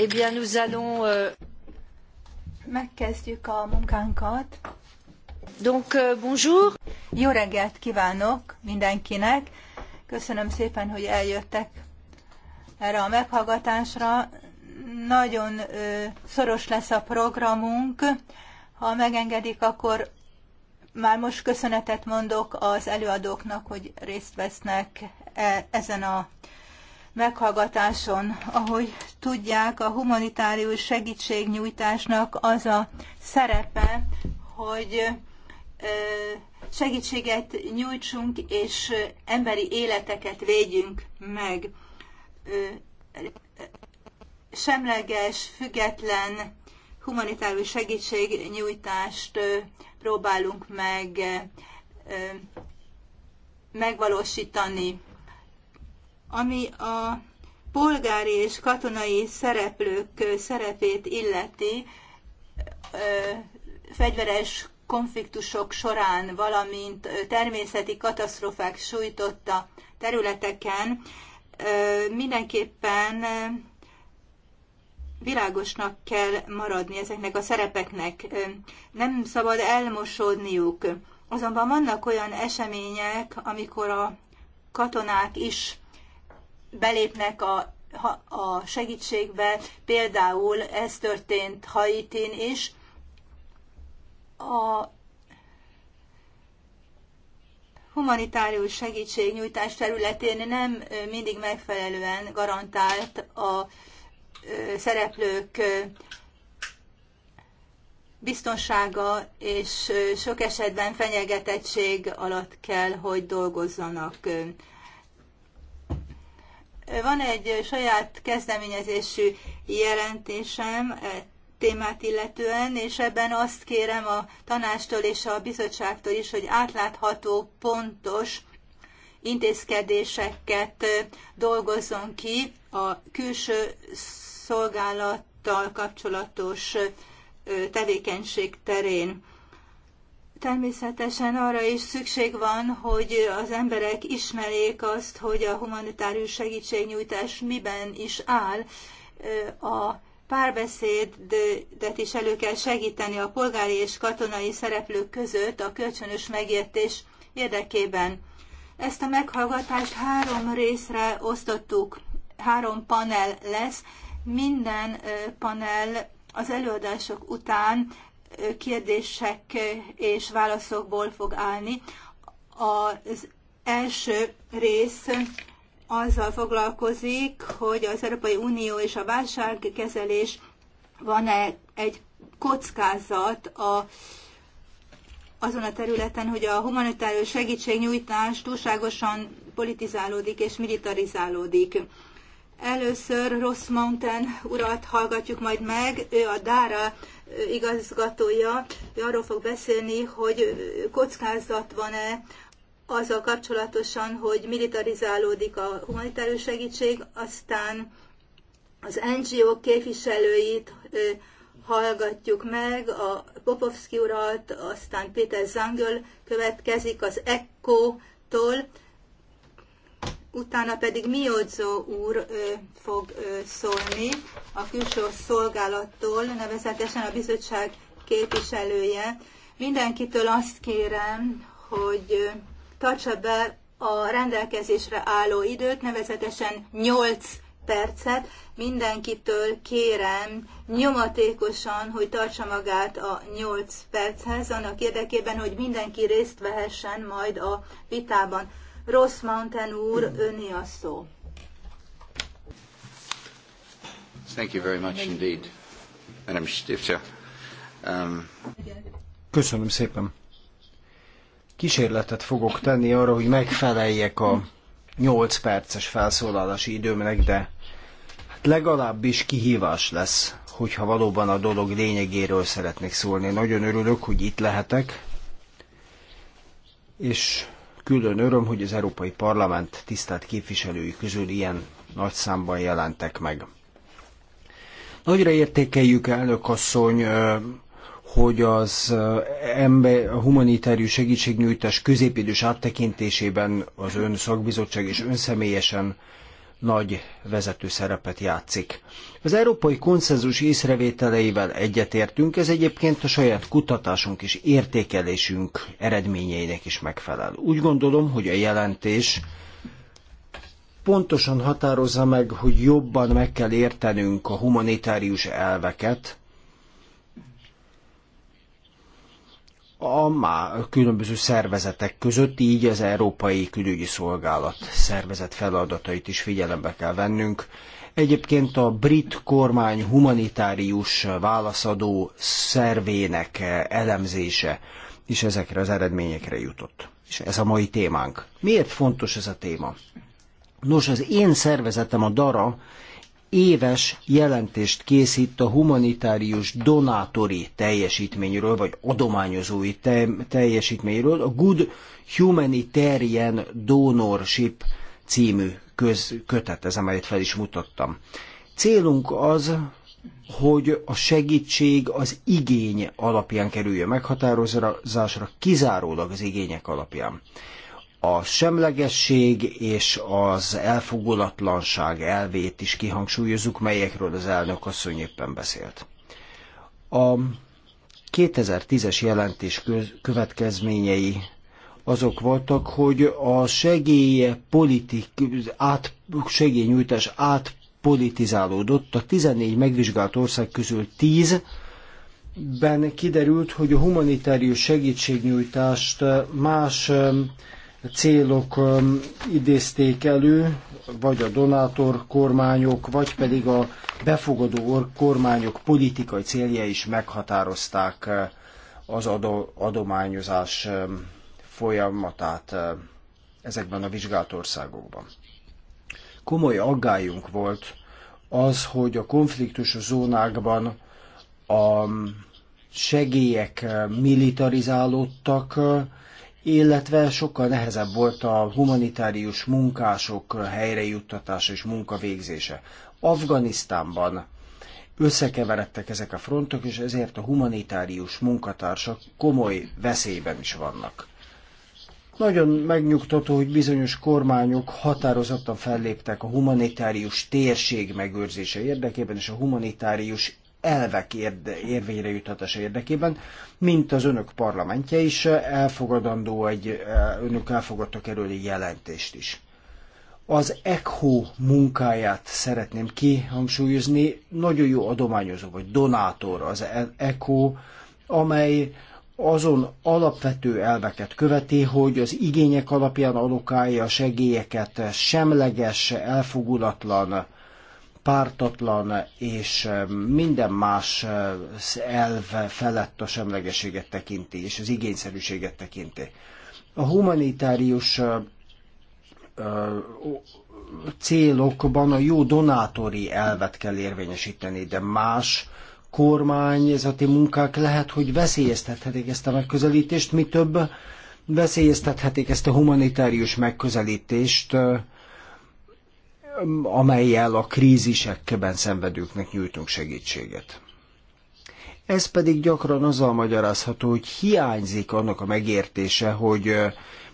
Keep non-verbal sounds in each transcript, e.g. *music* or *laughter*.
Eh bien, nous allons... Euh, Megkezdjük a munkánkat. Donc, euh, bonjour. Jó reggelt kívánok mindenkinek. Köszönöm szépen, hogy eljöttek erre a meghallgatásra. Nagyon ö, szoros lesz a programunk. Ha megengedik, akkor már most köszönetet mondok az előadóknak, hogy részt vesznek e, ezen a meghallgatáson. Ahogy tudják, a humanitárius segítségnyújtásnak az a szerepe, hogy segítséget nyújtsunk és emberi életeket védjünk meg. Semleges, független humanitárius segítségnyújtást próbálunk meg megvalósítani. Ami a polgári és katonai szereplők szerepét illeti fegyveres konfliktusok során, valamint természeti katasztrofák sújtotta területeken mindenképpen világosnak kell maradni ezeknek a szerepeknek. Nem szabad elmosódniuk. Azonban vannak olyan események, amikor a katonák is belépnek a, a segítségbe, például ez történt Haitin is. A humanitárius segítségnyújtás területén nem mindig megfelelően garantált a szereplők biztonsága és sok esetben fenyegetettség alatt kell, hogy dolgozzanak. Van egy saját kezdeményezésű jelentésem e témát illetően, és ebben azt kérem a tanástól és a bizottságtól is, hogy átlátható, pontos intézkedéseket dolgozzon ki a külső szolgálattal kapcsolatos tevékenység terén. Természetesen arra is szükség van, hogy az emberek ismerjék azt, hogy a humanitárius segítségnyújtás miben is áll. A párbeszédet is elő kell segíteni a polgári és katonai szereplők között a kölcsönös megértés érdekében. Ezt a meghallgatást három részre osztottuk, három panel lesz. Minden eh, panel az előadások után kérdések és válaszokból fog állni. Az első rész azzal foglalkozik, hogy az Európai Unió és a válságkezelés van-e egy kockázat a, azon a területen, hogy a humanitárius segítségnyújtás túlságosan politizálódik és militarizálódik. Először Ross Mountain urat hallgatjuk majd meg, ő a DÁRA igazgatója, ő arról fog beszélni, hogy kockázat van-e azzal kapcsolatosan, hogy militarizálódik a humanitárius segítség, aztán az NGO képviselőit hallgatjuk meg, a Popovski urat, aztán Péter Zangöl következik az ECCO-tól, utána pedig Miozzo úr fog szólni a külső szolgálattól, nevezetesen a bizottság képviselője. Mindenkitől azt kérem, hogy tartsa be a rendelkezésre álló időt, nevezetesen 8 percet. Mindenkitől kérem nyomatékosan, hogy tartsa magát a 8 perchez, annak érdekében, hogy mindenki részt vehessen majd a vitában. Ross Mountain úr, öné a szó. Thank you very much indeed, Madam Stifter. Um... Köszönöm szépen. Kísérletet fogok tenni arra, hogy megfeleljek a 8 perces felszólalási időmnek, de hát legalábbis kihívás lesz, hogyha valóban a dolog lényegéről szeretnék szólni. Nagyon örülök, hogy itt lehetek, és külön öröm, hogy az Európai Parlament tisztelt képviselői közül ilyen nagy számban jelentek meg. Nagyra értékeljük, elnök asszony, hogy az ember, a humanitárius segítségnyújtás középidős áttekintésében az ön szakbizottság és ön személyesen nagy vezető szerepet játszik. Az európai konszenzus észrevételeivel egyetértünk, ez egyébként a saját kutatásunk és értékelésünk eredményeinek is megfelel. Úgy gondolom, hogy a jelentés pontosan határozza meg, hogy jobban meg kell értenünk a humanitárius elveket, a már különböző szervezetek között, így az Európai Külügyi Szolgálat szervezet feladatait is figyelembe kell vennünk. Egyébként a brit kormány humanitárius válaszadó szervének elemzése is ezekre az eredményekre jutott. És ez a mai témánk. Miért fontos ez a téma? Nos, az én szervezetem a DARA éves jelentést készít a humanitárius donátori teljesítményről, vagy adományozói te- teljesítményről, a Good Humanitarian Donorship című kötet, ez amelyet fel is mutattam. Célunk az, hogy a segítség az igény alapján kerüljön meghatározásra, kizárólag az igények alapján a semlegesség és az elfogulatlanság elvét is kihangsúlyozzuk, melyekről az elnök asszony éppen beszélt. A 2010-es jelentés következményei azok voltak, hogy a segély politik, át, segélynyújtás átpolitizálódott. A 14 megvizsgált ország közül 10 ben kiderült, hogy a humanitárius segítségnyújtást más célok um, idézték elő, vagy a donátor kormányok, vagy pedig a befogadó kormányok politikai célja is meghatározták uh, az adományozás um, folyamatát uh, ezekben a vizsgált országokban. Komoly aggályunk volt az, hogy a konfliktus zónákban a um, segélyek uh, militarizálódtak, illetve sokkal nehezebb volt a humanitárius munkások helyrejuttatása és munkavégzése. Afganisztánban összekeveredtek ezek a frontok, és ezért a humanitárius munkatársak komoly veszélyben is vannak. Nagyon megnyugtató, hogy bizonyos kormányok határozottan felléptek a humanitárius térség megőrzése érdekében, és a humanitárius elvek érde, érvényre juthatás érdekében, mint az önök parlamentje is eh, elfogadandó egy, eh, önök elfogadtak előli jelentést is. Az ECHO munkáját szeretném kihangsúlyozni, nagyon jó adományozó vagy donátor az ECHO, amely azon alapvető elveket követi, hogy az igények alapján alokálja a segélyeket semleges, elfogulatlan pártatlan és minden más elv felett a semlegességet tekinti, és az igényszerűséget tekinti. A humanitárius célokban a jó donátori elvet kell érvényesíteni, de más kormányzati munkák lehet, hogy veszélyeztethetik ezt a megközelítést, mi több veszélyeztethetik ezt a humanitárius megközelítést, amelyel a krízisekben szenvedőknek nyújtunk segítséget. Ez pedig gyakran azzal magyarázható, hogy hiányzik annak a megértése, hogy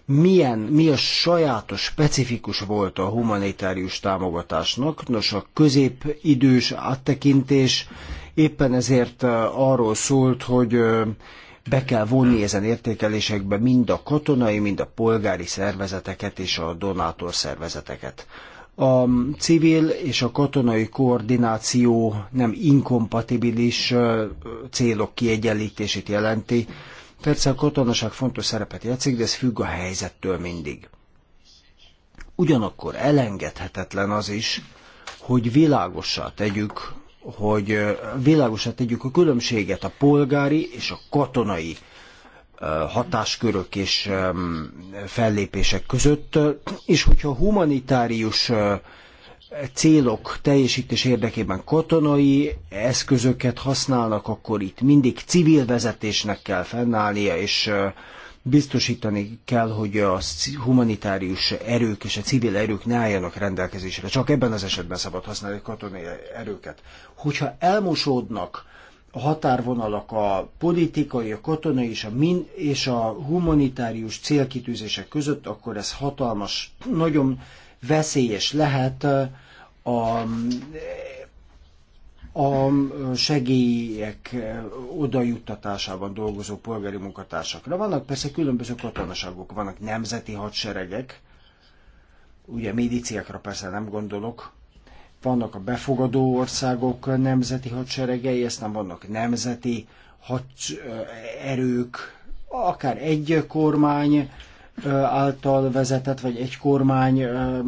milyen, mi a sajátos, specifikus volt a humanitárius támogatásnak. Nos, a középidős áttekintés éppen ezért arról szólt, hogy be kell vonni ezen értékelésekbe mind a katonai, mind a polgári szervezeteket és a donátor szervezeteket a civil és a katonai koordináció nem inkompatibilis célok kiegyenlítését jelenti. Persze a katonaság fontos szerepet játszik, de ez függ a helyzettől mindig. Ugyanakkor elengedhetetlen az is, hogy világosá tegyük, hogy világosá tegyük a különbséget a polgári és a katonai hatáskörök és fellépések között, és hogyha humanitárius célok teljesítés érdekében katonai eszközöket használnak, akkor itt mindig civil vezetésnek kell fennállnia, és biztosítani kell, hogy a humanitárius erők és a civil erők ne álljanak rendelkezésre. Csak ebben az esetben szabad használni katonai erőket. Hogyha elmosódnak határvonalak a politikai, a katonai és a, min- és a humanitárius célkitűzések között, akkor ez hatalmas, nagyon veszélyes lehet a, a segélyek odajuttatásában dolgozó polgári munkatársakra. Vannak persze különböző katonaságok, vannak nemzeti hadseregek, ugye médiciákra persze nem gondolok, vannak a befogadó országok nemzeti hadseregei, aztán vannak nemzeti hadsz eh, erők, akár egy kormány eh, által vezetett, vagy egy kormány, eh,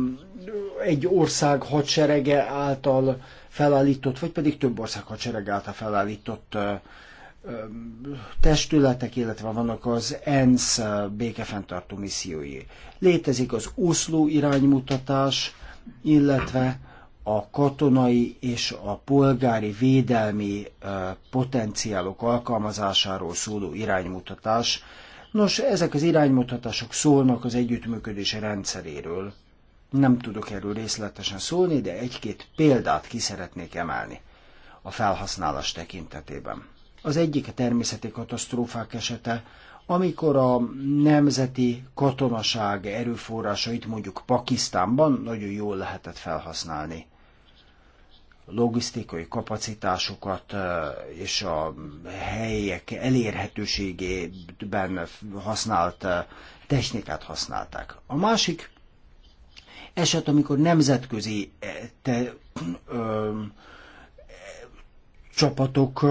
egy ország hadserege által felállított, vagy pedig több ország hadsereg által felállított testületek, illetve vannak az ENSZ békefenntartó missziói. Létezik az Oszló iránymutatás, illetve a katonai és a polgári védelmi potenciálok alkalmazásáról szóló iránymutatás. Nos, ezek az iránymutatások szólnak az együttműködés rendszeréről. Nem tudok erről részletesen szólni, de egy-két példát ki szeretnék emelni a felhasználás tekintetében. Az egyik a természeti katasztrófák esete, amikor a nemzeti katonaság erőforrásait mondjuk Pakisztánban nagyon jól lehetett felhasználni logisztikai kapacitásokat és a helyek elérhetőségében használt technikát használták. A másik eset, amikor nemzetközi e, te, ö, csapatok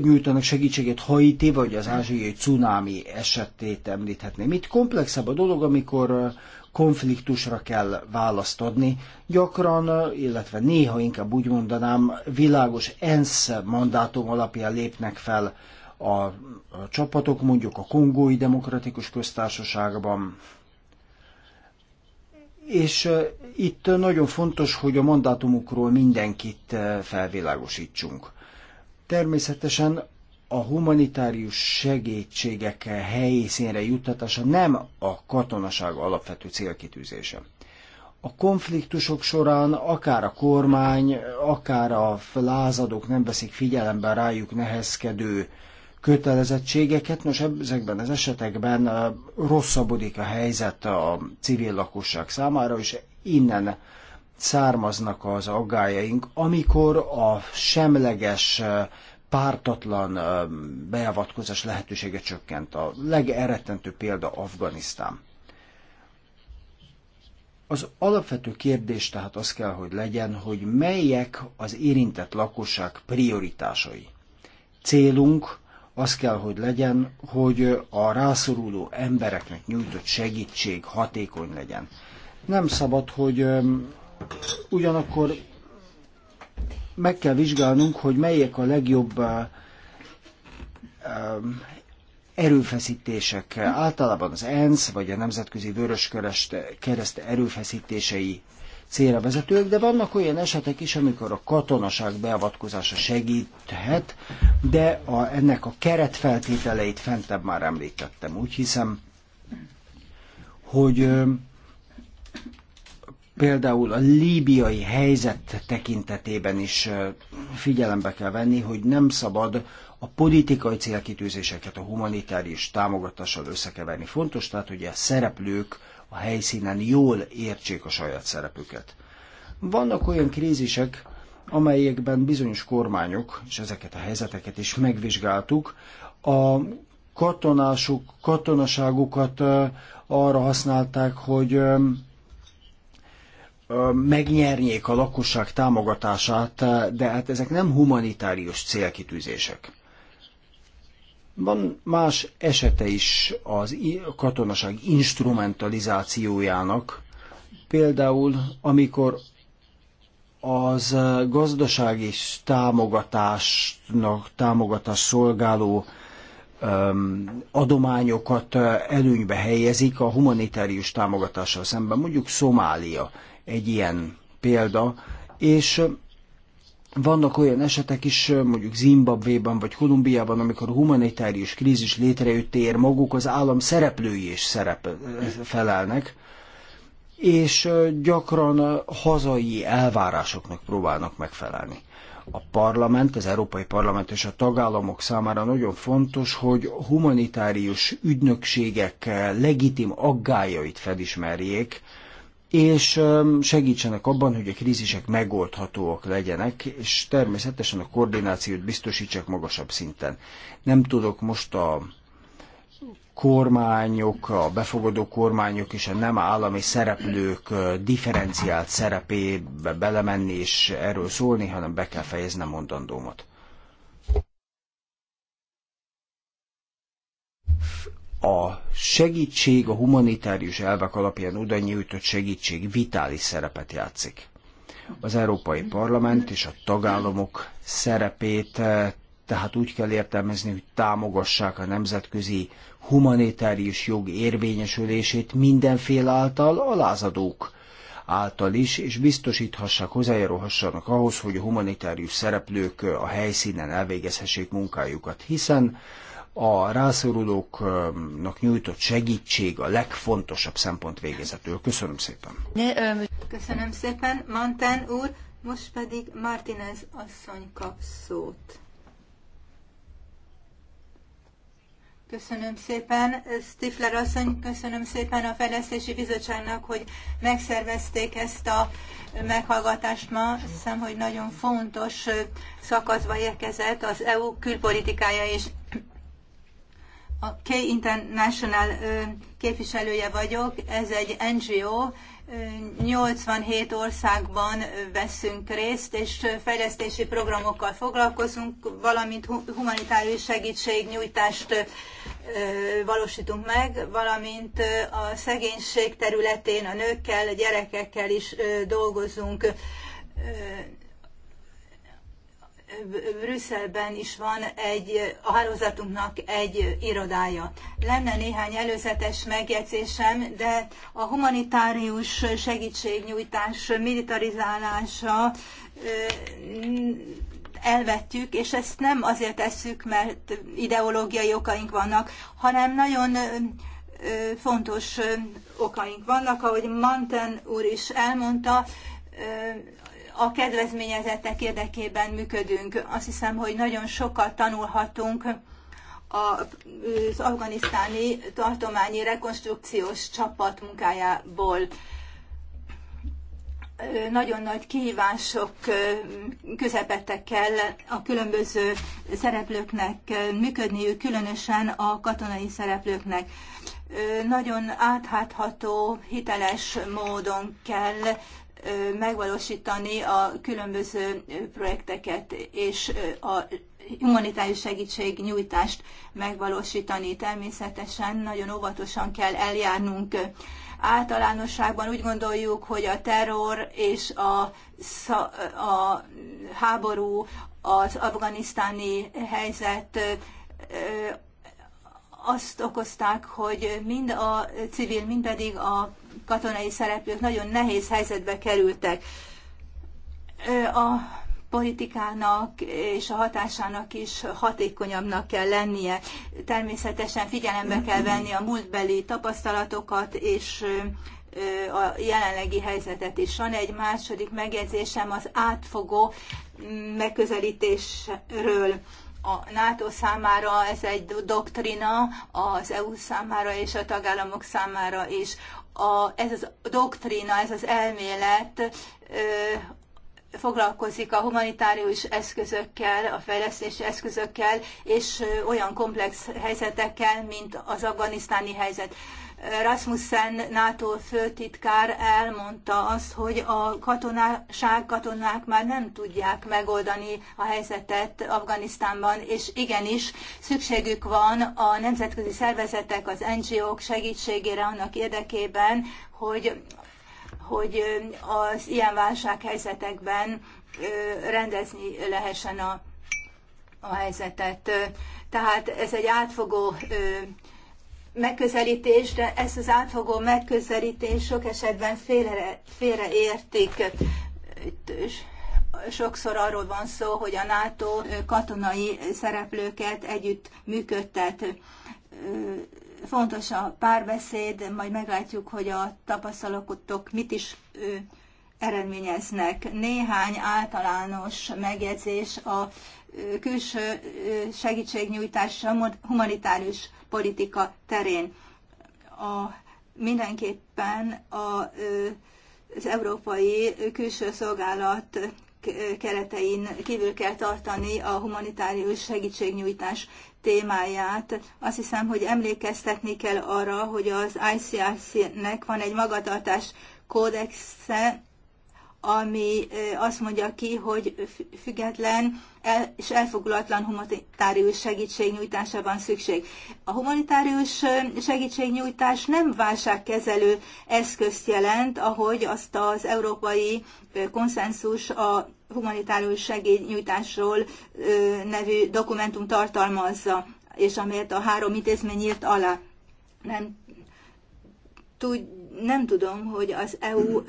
nyújtanak segítséget Haiti, vagy az ázsiai cunámi esetét említhetném. Itt komplexebb a dolog, amikor konfliktusra kell választ adni. Gyakran, illetve néha inkább úgy mondanám, világos ENSZ mandátum alapján lépnek fel a, a csapatok, mondjuk a Kongói Demokratikus Köztársaságban, és itt nagyon fontos, hogy a mandátumukról mindenkit felvilágosítsunk. Természetesen a humanitárius segítségek helyszínre juttatása nem a katonaság alapvető célkitűzése. A konfliktusok során akár a kormány, akár a lázadók nem veszik figyelembe rájuk nehezkedő kötelezettségeket, nos ezekben az esetekben rosszabbodik a helyzet a civil lakosság számára, és innen származnak az aggájaink, amikor a semleges pártatlan beavatkozás lehetősége csökkent. A legerettentő példa Afganisztán. Az alapvető kérdés tehát az kell, hogy legyen, hogy melyek az érintett lakosság prioritásai. Célunk az kell, hogy legyen, hogy a rászoruló embereknek nyújtott segítség hatékony legyen. Nem szabad, hogy ugyanakkor meg kell vizsgálnunk, hogy melyek a legjobb uh, um, erőfeszítések, általában az ENSZ vagy a Nemzetközi Vörös Kereszt erőfeszítései célra vezetők, de vannak olyan esetek is, amikor a katonaság beavatkozása segíthet, de a, ennek a keretfeltételeit fentebb már említettem. Úgy hiszem, hogy um, például a líbiai helyzet tekintetében is figyelembe kell venni, hogy nem szabad a politikai célkitűzéseket a humanitárius támogatással összekeverni. Fontos tehát, hogy a szereplők a helyszínen jól értsék a saját szerepüket. Vannak olyan krízisek, amelyekben bizonyos kormányok, és ezeket a helyzeteket is megvizsgáltuk, a katonásuk, katonaságukat arra használták, hogy megnyernék a lakosság támogatását, de hát ezek nem humanitárius célkitűzések. Van más esete is az katonaság instrumentalizációjának, például amikor az gazdasági támogatásnak támogatás szolgáló adományokat előnybe helyezik a humanitárius támogatással szemben, mondjuk Szomália egy ilyen példa, és vannak olyan esetek is, mondjuk Zimbabvében vagy Kolumbiában, amikor a humanitárius krízis létrejött ér maguk az állam szereplői is szerep, felelnek, és gyakran hazai elvárásoknak próbálnak megfelelni. A parlament, az Európai Parlament és a tagállamok számára nagyon fontos, hogy humanitárius ügynökségek legitim aggájait felismerjék, és segítsenek abban, hogy a krízisek megoldhatóak legyenek, és természetesen a koordinációt biztosítsák magasabb szinten. Nem tudok most a kormányok, a befogadó kormányok és a nem állami szereplők differenciált szerepébe belemenni és erről szólni, hanem be kell fejeznem mondandómat a segítség, a humanitárius elvek alapján oda nyújtott segítség vitális szerepet játszik. Az Európai Parlament és a tagállamok szerepét eh, tehát úgy kell értelmezni, hogy támogassák a nemzetközi humanitárius jog érvényesülését mindenféle által alázadók által is, és biztosíthassák, hozzájárulhassanak ahhoz, hogy a humanitárius szereplők a helyszínen elvégezhessék munkájukat, hiszen a rászorulóknak nyújtott segítség a legfontosabb szempont végezetül. Köszönöm szépen. Köszönöm szépen, Mantán úr. Most pedig Martinez asszony kap szót. Köszönöm szépen, Stifler asszony, köszönöm szépen a Fejlesztési Bizottságnak, hogy megszervezték ezt a meghallgatást ma. Hiszem, hogy nagyon fontos szakaszba érkezett az EU külpolitikája és a K International képviselője vagyok, ez egy NGO, 87 országban veszünk részt, és fejlesztési programokkal foglalkozunk, valamint humanitárius segítségnyújtást valósítunk meg, valamint a szegénység területén a nőkkel, a gyerekekkel is dolgozunk Brüsszelben is van egy, a hálózatunknak egy irodája. Lenne néhány előzetes megjegyzésem, de a humanitárius segítségnyújtás militarizálása elvettük, és ezt nem azért tesszük, mert ideológiai okaink vannak, hanem nagyon fontos okaink vannak, ahogy Manten úr is elmondta, a kedvezményezettek érdekében működünk. Azt hiszem, hogy nagyon sokat tanulhatunk az afganisztáni tartományi rekonstrukciós csapat munkájából. Nagyon nagy kihívások közepette kell a különböző szereplőknek működniük, különösen a katonai szereplőknek. Nagyon áthátható, hiteles módon kell megvalósítani a különböző projekteket és a humanitárius segítségnyújtást megvalósítani. Természetesen nagyon óvatosan kell eljárnunk. Általánosságban úgy gondoljuk, hogy a terror és a, a háború, az afganisztáni helyzet azt okozták, hogy mind a civil, mind pedig a katonai szereplők nagyon nehéz helyzetbe kerültek. A politikának és a hatásának is hatékonyabbnak kell lennie. Természetesen figyelembe kell venni a múltbeli tapasztalatokat és a jelenlegi helyzetet is. Van egy második megjegyzésem az átfogó mm, megközelítésről. A NATO számára ez egy doktrina, az EU számára és a tagállamok számára is a, ez a doktrína, ez az elmélet foglalkozik a humanitárius eszközökkel, a fejlesztési eszközökkel, és olyan komplex helyzetekkel, mint az afganisztáni helyzet. Rasmussen NATO főtitkár elmondta azt, hogy a katonáság katonák már nem tudják megoldani a helyzetet Afganisztánban, és igenis szükségük van a nemzetközi szervezetek, az NGO-k segítségére annak érdekében, hogy, hogy az ilyen válsághelyzetekben rendezni lehessen a, a helyzetet. Tehát ez egy átfogó megközelítés, de ezt az átfogó megközelítés sok esetben félre, félreértik. Sokszor arról van szó, hogy a NATO katonai szereplőket együtt működtet. Fontos a párbeszéd, majd meglátjuk, hogy a tapasztalatok mit is eredményeznek. Néhány általános megjegyzés a külső segítségnyújtásra, humanitárius politika terén. A, mindenképpen a, az Európai Külső Szolgálat keretein kívül kell tartani a humanitárius segítségnyújtás témáját. Azt hiszem, hogy emlékeztetni kell arra, hogy az ICRC-nek van egy magatartás kódexe, ami eh, azt mondja ki, hogy független el, és elfoglalatlan humanitárius segítségnyújtása van szükség. A humanitárius segítségnyújtás nem válságkezelő eszközt jelent, ahogy azt az európai konszenzus a humanitárius segélynyújtásról nevű dokumentum tartalmazza, és amelyet a három intézmény írt alá. Nem, tud, nem tudom, hogy az EU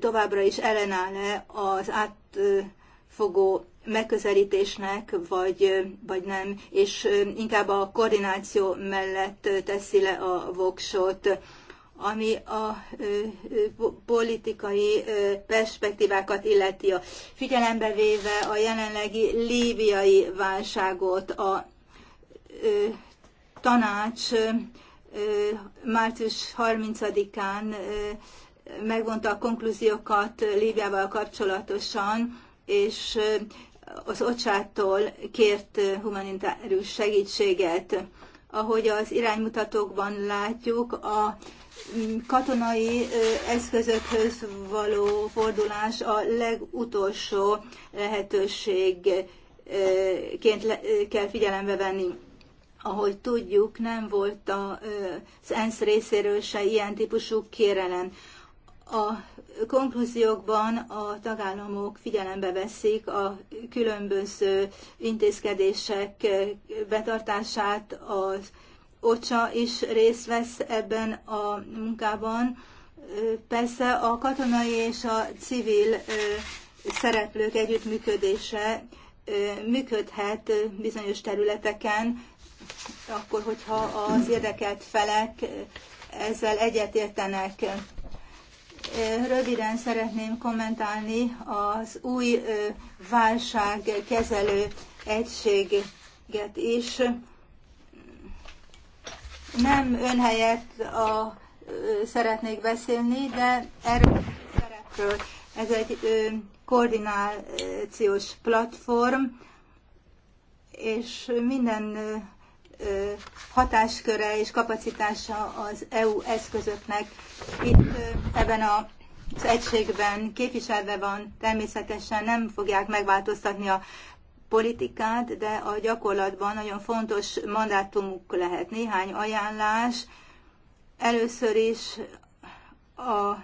továbbra is ellenáll-e az átfogó megközelítésnek, vagy, vagy nem, és inkább a koordináció mellett teszi le a voksot ami a politikai perspektívákat illeti, a figyelembe véve a jelenlegi líbiai válságot, a tanács március 30-án megvonta a konklúziókat Líbiával kapcsolatosan, és az ocsától kért eh, humanitárius segítséget. Ahogy az iránymutatókban látjuk, a mm, katonai eh, eszközökhöz való fordulás a legutolsó lehetőségként eh, kell figyelembe venni. Ahogy tudjuk, nem volt az ENSZ részéről se ilyen típusú kérelem. A konklúziókban a tagállamok figyelembe veszik a különböző intézkedések betartását, az OCSA is részt vesz ebben a munkában. Persze a katonai és a civil szereplők együttműködése működhet bizonyos területeken, akkor, hogyha az érdekelt felek ezzel egyetértenek. Röviden szeretném kommentálni az új válságkezelő egységet is. Nem önhelyett a, szeretnék beszélni, de erről szerepről. Ez egy koordinációs platform, és minden hatásköre és kapacitása az EU eszközöknek. Itt ebben a az egységben képviselve van, természetesen nem fogják megváltoztatni a politikát, de a gyakorlatban nagyon fontos mandátumuk lehet néhány ajánlás. Először is a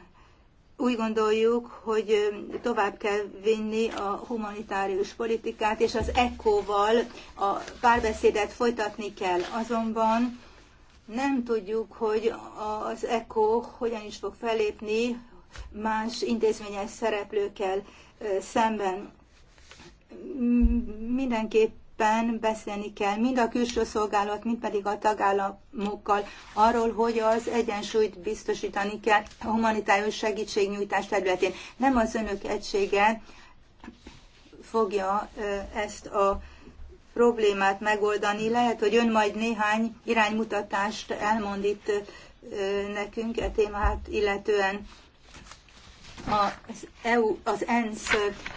úgy gondoljuk, hogy tovább kell vinni a humanitárius politikát, és az ECO-val a párbeszédet folytatni kell. Azonban nem tudjuk, hogy az ECO hogyan is fog felépni, más intézményes szereplőkkel szemben mindenképp mindenképpen beszélni kell mind a külső szolgálat, mind pedig a tagállamokkal arról, hogy az egyensúlyt biztosítani kell a humanitárius segítségnyújtás területén. Nem az önök egysége fogja ezt a problémát megoldani. Lehet, hogy ön majd néhány iránymutatást elmond itt nekünk e témát illetően az, EU, az ENSZ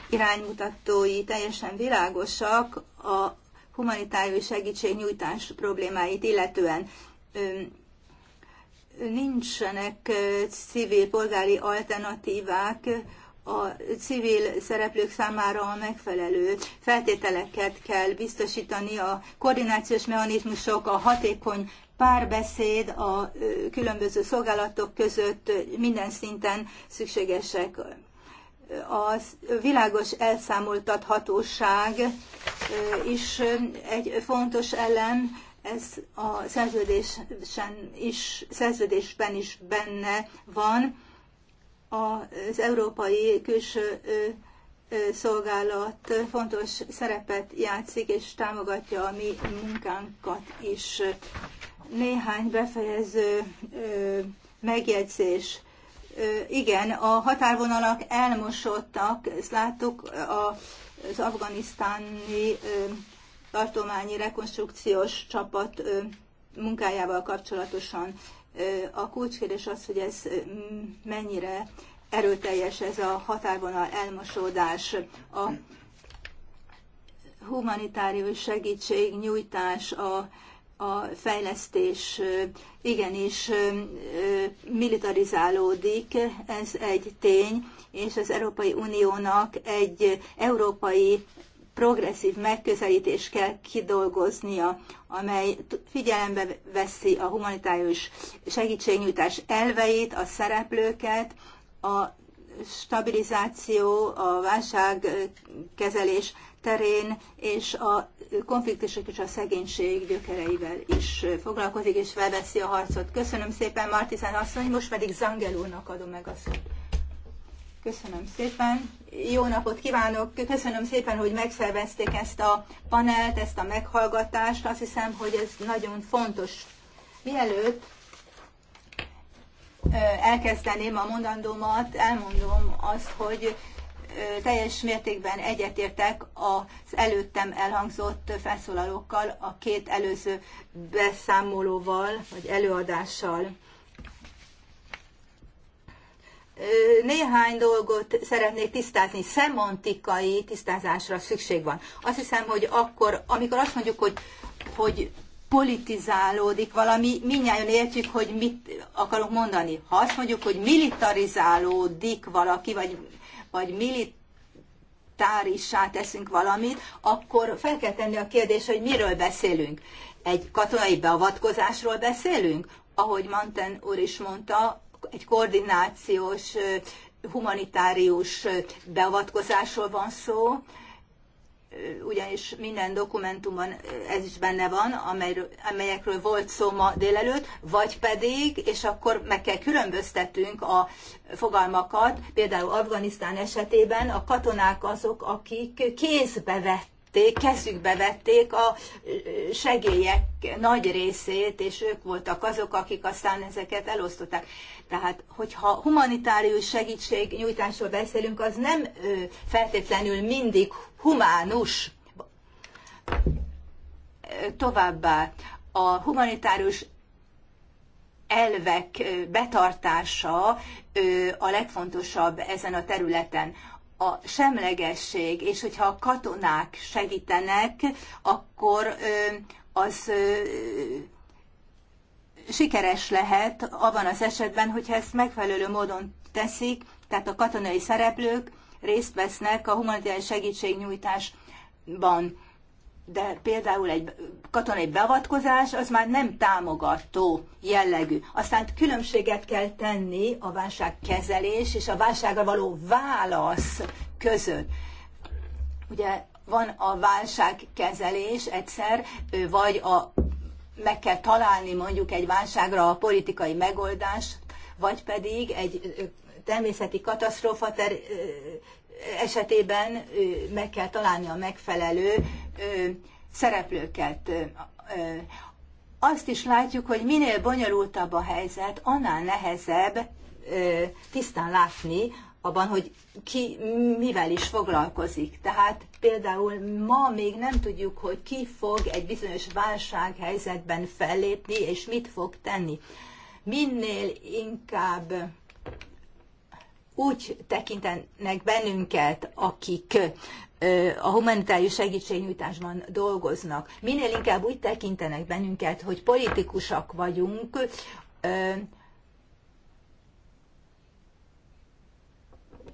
iránymutatói teljesen világosak a humanitárius segítségnyújtás problémáit illetően. Nincsenek civil polgári alternatívák, a civil szereplők számára a megfelelő feltételeket kell biztosítani, a koordinációs mechanizmusok, a hatékony párbeszéd a különböző szolgálatok között minden szinten szükségesek a világos elszámoltathatóság is egy fontos elem, ez a szerződésen is, szerződésben is benne van. Az Európai Külső Szolgálat fontos szerepet játszik és támogatja a mi munkánkat is. Néhány befejező megjegyzés igen, a határvonalak elmosottak, ezt láttuk az afganisztáni tartományi rekonstrukciós csapat munkájával kapcsolatosan. A kulcskérdés az, hogy ez mennyire erőteljes ez a határvonal elmosódás. A humanitárius segítség nyújtás a a fejlesztés igenis militarizálódik, ez egy tény, és az Európai Uniónak egy európai progresszív megközelítést kell kidolgoznia, amely figyelembe veszi a humanitárius segítségnyújtás elveit, a szereplőket, a stabilizáció, a válságkezelés terén, és a konfliktusok és a szegénység gyökereivel is foglalkozik, és felveszi a harcot. Köszönöm szépen, Martizán asszony, most pedig Zangelónak adom meg a szót. Köszönöm szépen. Jó napot kívánok. Köszönöm szépen, hogy megszervezték ezt a panelt, ezt a meghallgatást. Azt hiszem, hogy ez nagyon fontos. Mielőtt elkezdeném a mondandómat, elmondom azt, hogy teljes mértékben egyetértek az előttem elhangzott felszólalókkal, a két előző beszámolóval, vagy előadással. Néhány dolgot szeretnék tisztázni, szemantikai tisztázásra szükség van. Azt hiszem, hogy akkor, amikor azt mondjuk, hogy, hogy politizálódik valami, minnyáján értjük, hogy mit akarok mondani. Ha azt mondjuk, hogy militarizálódik valaki, vagy vagy militárissá teszünk valamit, akkor fel kell tenni a kérdés, hogy miről beszélünk. Egy katonai beavatkozásról beszélünk? Ahogy Manten úr is mondta, egy koordinációs humanitárius beavatkozásról van szó, ugyanis minden dokumentumban ez is benne van, amelyről, amelyekről volt szó ma délelőtt, vagy pedig, és akkor meg kell különböztetünk a fogalmakat, például Afganisztán esetében a katonák azok, akik kézbe vett vették, kezükbe vették a segélyek nagy részét, és ők voltak azok, akik aztán ezeket elosztották. Tehát, hogyha humanitárius segítségnyújtásról beszélünk, az nem feltétlenül mindig humánus. Továbbá a humanitárius elvek betartása a legfontosabb ezen a területen a semlegesség, és hogyha a katonák segítenek, akkor az sikeres lehet abban az esetben, hogyha ezt megfelelő módon teszik, tehát a katonai szereplők részt vesznek a humanitárius segítségnyújtásban de például egy katonai beavatkozás az már nem támogató jellegű. Aztán különbséget kell tenni a válságkezelés és a válságra való válasz között. Ugye van a válságkezelés egyszer, vagy a, meg kell találni mondjuk egy válságra a politikai megoldást, vagy pedig egy természeti katasztrófa ter, esetében meg kell találni a megfelelő szereplőket. Azt is látjuk, hogy minél bonyolultabb a helyzet, annál nehezebb tisztán látni abban, hogy ki mivel is foglalkozik. Tehát például ma még nem tudjuk, hogy ki fog egy bizonyos válsághelyzetben fellépni, és mit fog tenni. Minél inkább úgy tekintenek bennünket, akik a humanitárius segítségnyújtásban dolgoznak, minél inkább úgy tekintenek bennünket, hogy politikusak vagyunk,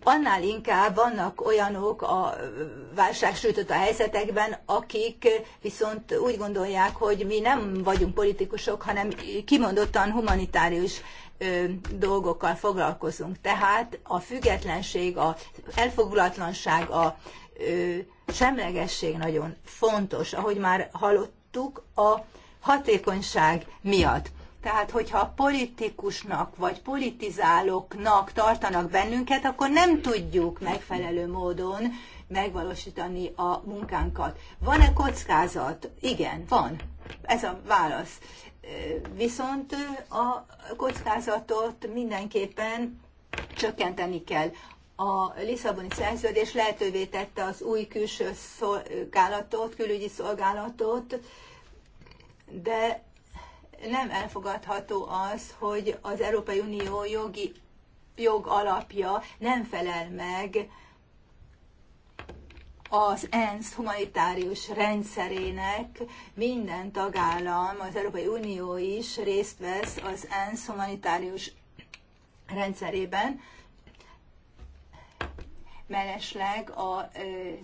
annál inkább vannak olyanok a válság sújtotta a helyzetekben, akik viszont úgy gondolják, hogy mi nem vagyunk politikusok, hanem kimondottan humanitárius dolgokkal foglalkozunk. Tehát a függetlenség, a elfogulatlanság, a semlegesség nagyon fontos, ahogy már hallottuk, a hatékonyság miatt. Tehát, hogyha politikusnak vagy politizálóknak tartanak bennünket, akkor nem tudjuk megfelelő módon megvalósítani a munkánkat. Van-e kockázat? Igen, van. Ez a válasz viszont a kockázatot mindenképpen csökkenteni kell. A Lisszaboni szerződés lehetővé tette az új külső szolgálatot, külügyi szolgálatot, de nem elfogadható az, hogy az Európai Unió jogi jog alapja nem felel meg az ENSZ humanitárius rendszerének minden tagállam, az Európai Unió is részt vesz az ENSZ humanitárius rendszerében. Mellesleg a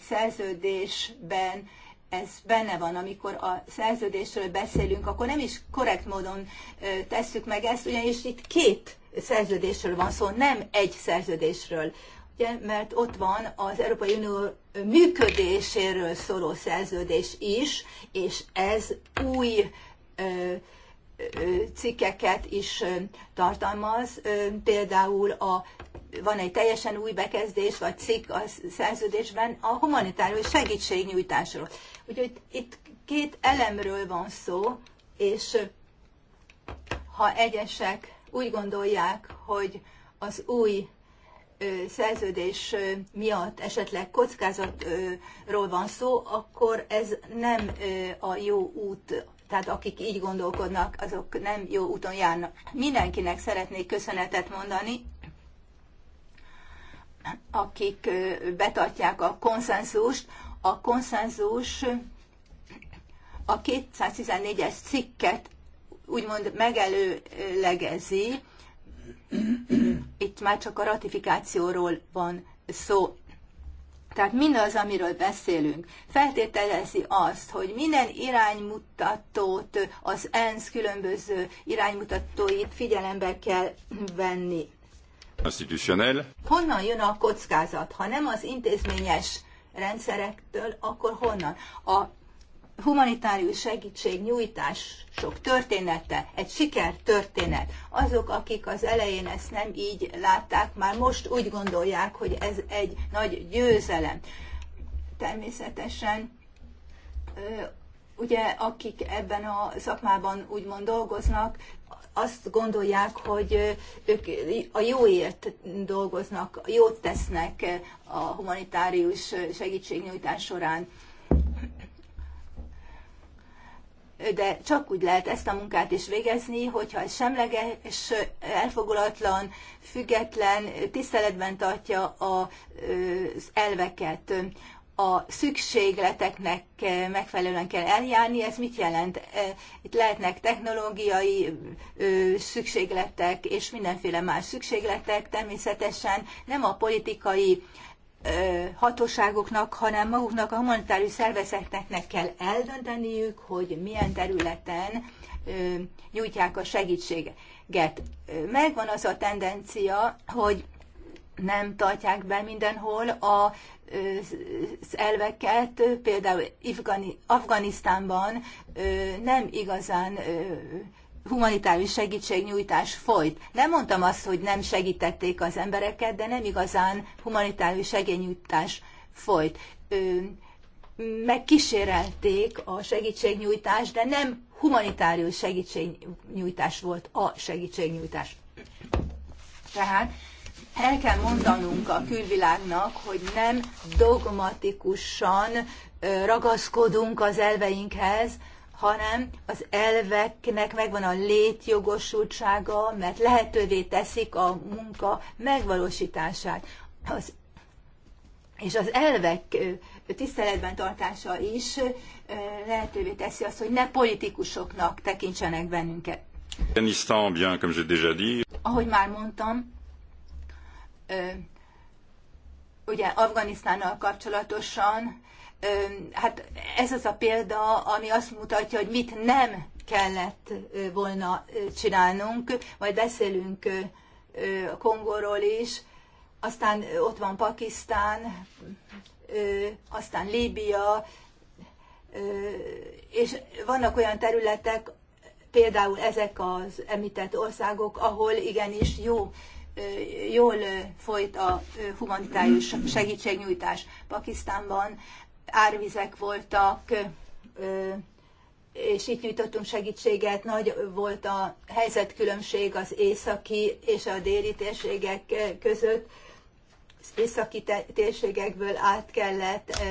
szerződésben ez benne van, amikor a szerződésről beszélünk, akkor nem is korrekt módon tesszük meg ezt, ugyanis itt két szerződésről van szó, nem egy szerződésről mert ott van az Európai Unió működéséről szóló szerződés is, és ez új cikkeket is tartalmaz. Például a, van egy teljesen új bekezdés vagy cikk a szerződésben a humanitárius segítségnyújtásról. Úgyhogy itt két elemről van szó, és ha egyesek úgy gondolják, hogy az új szerződés miatt esetleg kockázatról van szó, akkor ez nem a jó út. Tehát akik így gondolkodnak, azok nem jó úton járnak. Mindenkinek szeretnék köszönetet mondani, akik betartják a konszenzust. A konszenzus a 214-es cikket úgymond megelőlegezi, itt már csak a ratifikációról van szó. Tehát mindaz, amiről beszélünk, feltételezi azt, hogy minden iránymutatót, az ENSZ különböző iránymutatóit figyelembe kell venni. Honnan jön a kockázat? Ha nem az intézményes rendszerektől, akkor honnan? A humanitárius segítségnyújtás sok története, egy sikertörténet. Azok, akik az elején ezt nem így látták, már most úgy gondolják, hogy ez egy nagy győzelem. Természetesen ugye akik ebben a szakmában úgymond dolgoznak, azt gondolják, hogy ők a jóért dolgoznak, jót tesznek a humanitárius segítségnyújtás során. de csak úgy lehet ezt a munkát is végezni, hogyha ez semleges, elfogulatlan, független, tiszteletben tartja az elveket. A szükségleteknek megfelelően kell eljárni, ez mit jelent? E, itt lehetnek technológiai szükségletek és mindenféle más szükségletek, természetesen nem a politikai hatóságoknak, hanem maguknak a humanitárius szervezeteknek kell eldönteniük, hogy milyen területen nyújtják a segítséget. Megvan az a tendencia, hogy nem tartják be mindenhol a az elveket, például Afganisztánban nem igazán humanitárius segítségnyújtás folyt. Nem mondtam azt, hogy nem segítették az embereket, de nem igazán humanitárius segélynyújtás folyt. Megkísérelték a segítségnyújtást, de nem humanitárius segítségnyújtás volt a segítségnyújtás. Tehát el kell mondanunk a külvilágnak, hogy nem dogmatikusan ragaszkodunk az elveinkhez, hanem az elveknek megvan a létjogosultsága, mert lehetővé teszik a munka megvalósítását. Az, és az elvek tiszteletben tartása is lehetővé teszi azt, hogy ne politikusoknak tekintsenek bennünket. comme j'ai déjà dit. Ahogy már mondtam, ugye Afganisztánnal kapcsolatosan, hát ez az a példa, ami azt mutatja, hogy mit nem kellett volna csinálnunk, majd beszélünk a Kongóról is, aztán ott van Pakisztán, aztán Líbia, és vannak olyan területek, például ezek az említett országok, ahol igenis jó jól folyt a humanitárius segítségnyújtás. Pakisztánban árvizek voltak, és itt nyújtottunk segítséget. Nagy volt a helyzetkülönbség az északi és a déli térségek között. Az északi térségekből át kellett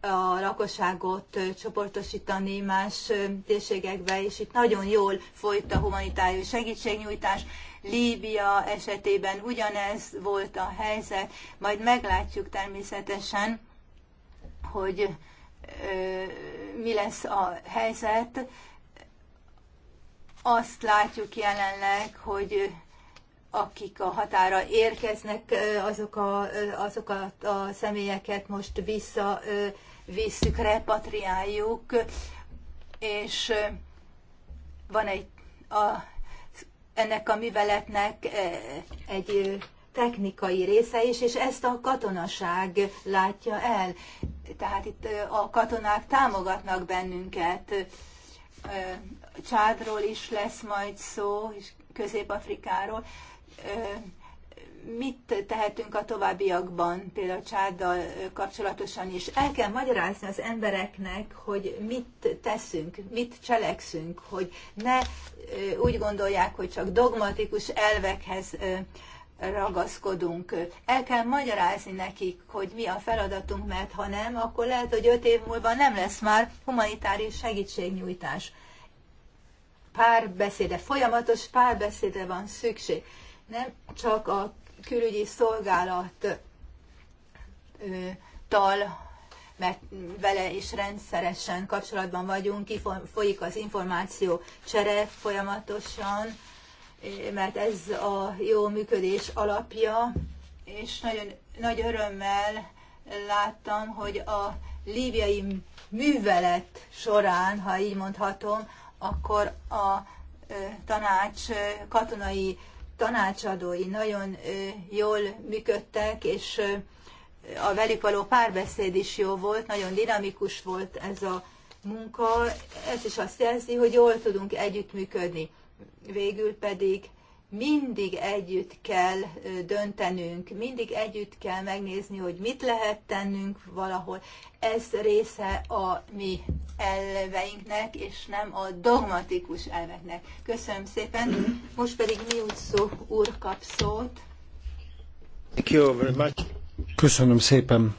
a lakosságot csoportosítani más térségekbe, és itt nagyon jól folyt a humanitárius segítségnyújtás. Líbia esetében ugyanez volt a helyzet, majd meglátjuk természetesen, hogy mi lesz a helyzet. Azt látjuk jelenleg, hogy akik a határa érkeznek, azok a, azokat a személyeket most vissza visszük, repatriáljuk, és van egy a ennek a műveletnek eh, egy eh, technikai része is, és ezt a katonaság látja el. Tehát itt eh, a katonák támogatnak bennünket. Csádról is lesz majd szó, és Közép-Afrikáról mit tehetünk a továbbiakban, például csáddal kapcsolatosan is. El kell magyarázni az embereknek, hogy mit teszünk, mit cselekszünk, hogy ne úgy gondolják, hogy csak dogmatikus elvekhez ragaszkodunk. El kell magyarázni nekik, hogy mi a feladatunk, mert ha nem, akkor lehet, hogy öt év múlva nem lesz már humanitárius segítségnyújtás. Párbeszéde, folyamatos párbeszéde van szükség. Nem csak a külügyi szolgálattal, mert vele is rendszeresen kapcsolatban vagyunk, folyik az információ csere folyamatosan, mert ez a jó működés alapja, és nagyon nagy örömmel láttam, hogy a líbiai művelet során, ha így mondhatom, akkor a tanács katonai tanácsadói nagyon jól működtek, és a velük való párbeszéd is jó volt, nagyon dinamikus volt ez a munka. Ez is azt jelzi, hogy jól tudunk együttműködni. Végül pedig mindig együtt kell döntenünk, mindig együtt kell megnézni, hogy mit lehet tennünk valahol. Ez része a mi elveinknek, és nem a dogmatikus elveknek. Köszönöm szépen. Most pedig Miutszó úr kap szót. Köszönöm szépen.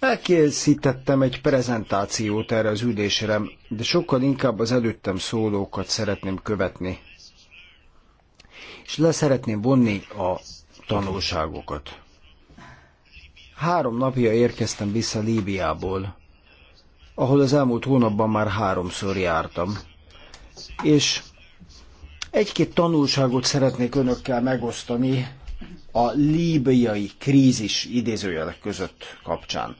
Elkészítettem egy prezentációt erre az ülésre, de sokkal inkább az előttem szólókat szeretném követni. És le szeretném vonni a tanulságokat. Három napja érkeztem vissza Líbiából, ahol az elmúlt hónapban már háromszor jártam. És egy-két tanulságot szeretnék önökkel megosztani a líbiai krízis idézőjelek között kapcsán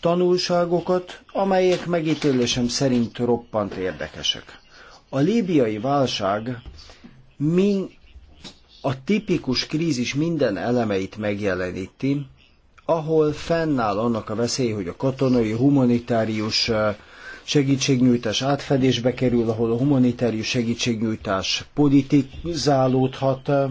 tanulságokat, amelyek megítélésem szerint roppant érdekesek. A líbiai válság min a tipikus krízis minden elemeit megjeleníti, ahol fennáll annak a veszély, hogy a katonai humanitárius eh, segítségnyújtás átfedésbe kerül, ahol a humanitárius segítségnyújtás politizálódhat, eh,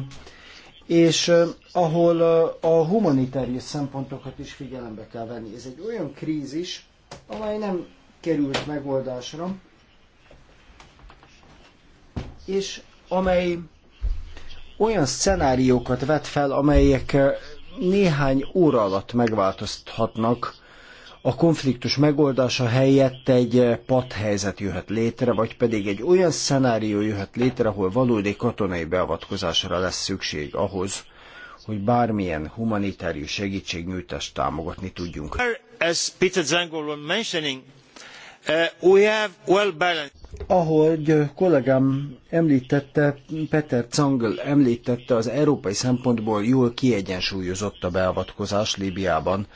és ahol a humanitárius szempontokat is figyelembe kell venni. Ez egy olyan krízis, amely nem került megoldásra, és amely olyan szenáriókat vet fel, amelyek néhány óra alatt megváltozhatnak a konfliktus megoldása helyett egy eh, padhelyzet jöhet létre, vagy pedig egy olyan szenárió jöhet létre, ahol valódi katonai beavatkozásra lesz szükség ahhoz, hogy bármilyen humanitárius segítségnyújtást támogatni tudjunk. Eh, Ahogy eh, kollégám említette, Peter Zangl említette, az európai szempontból jól kiegyensúlyozott a beavatkozás Líbiában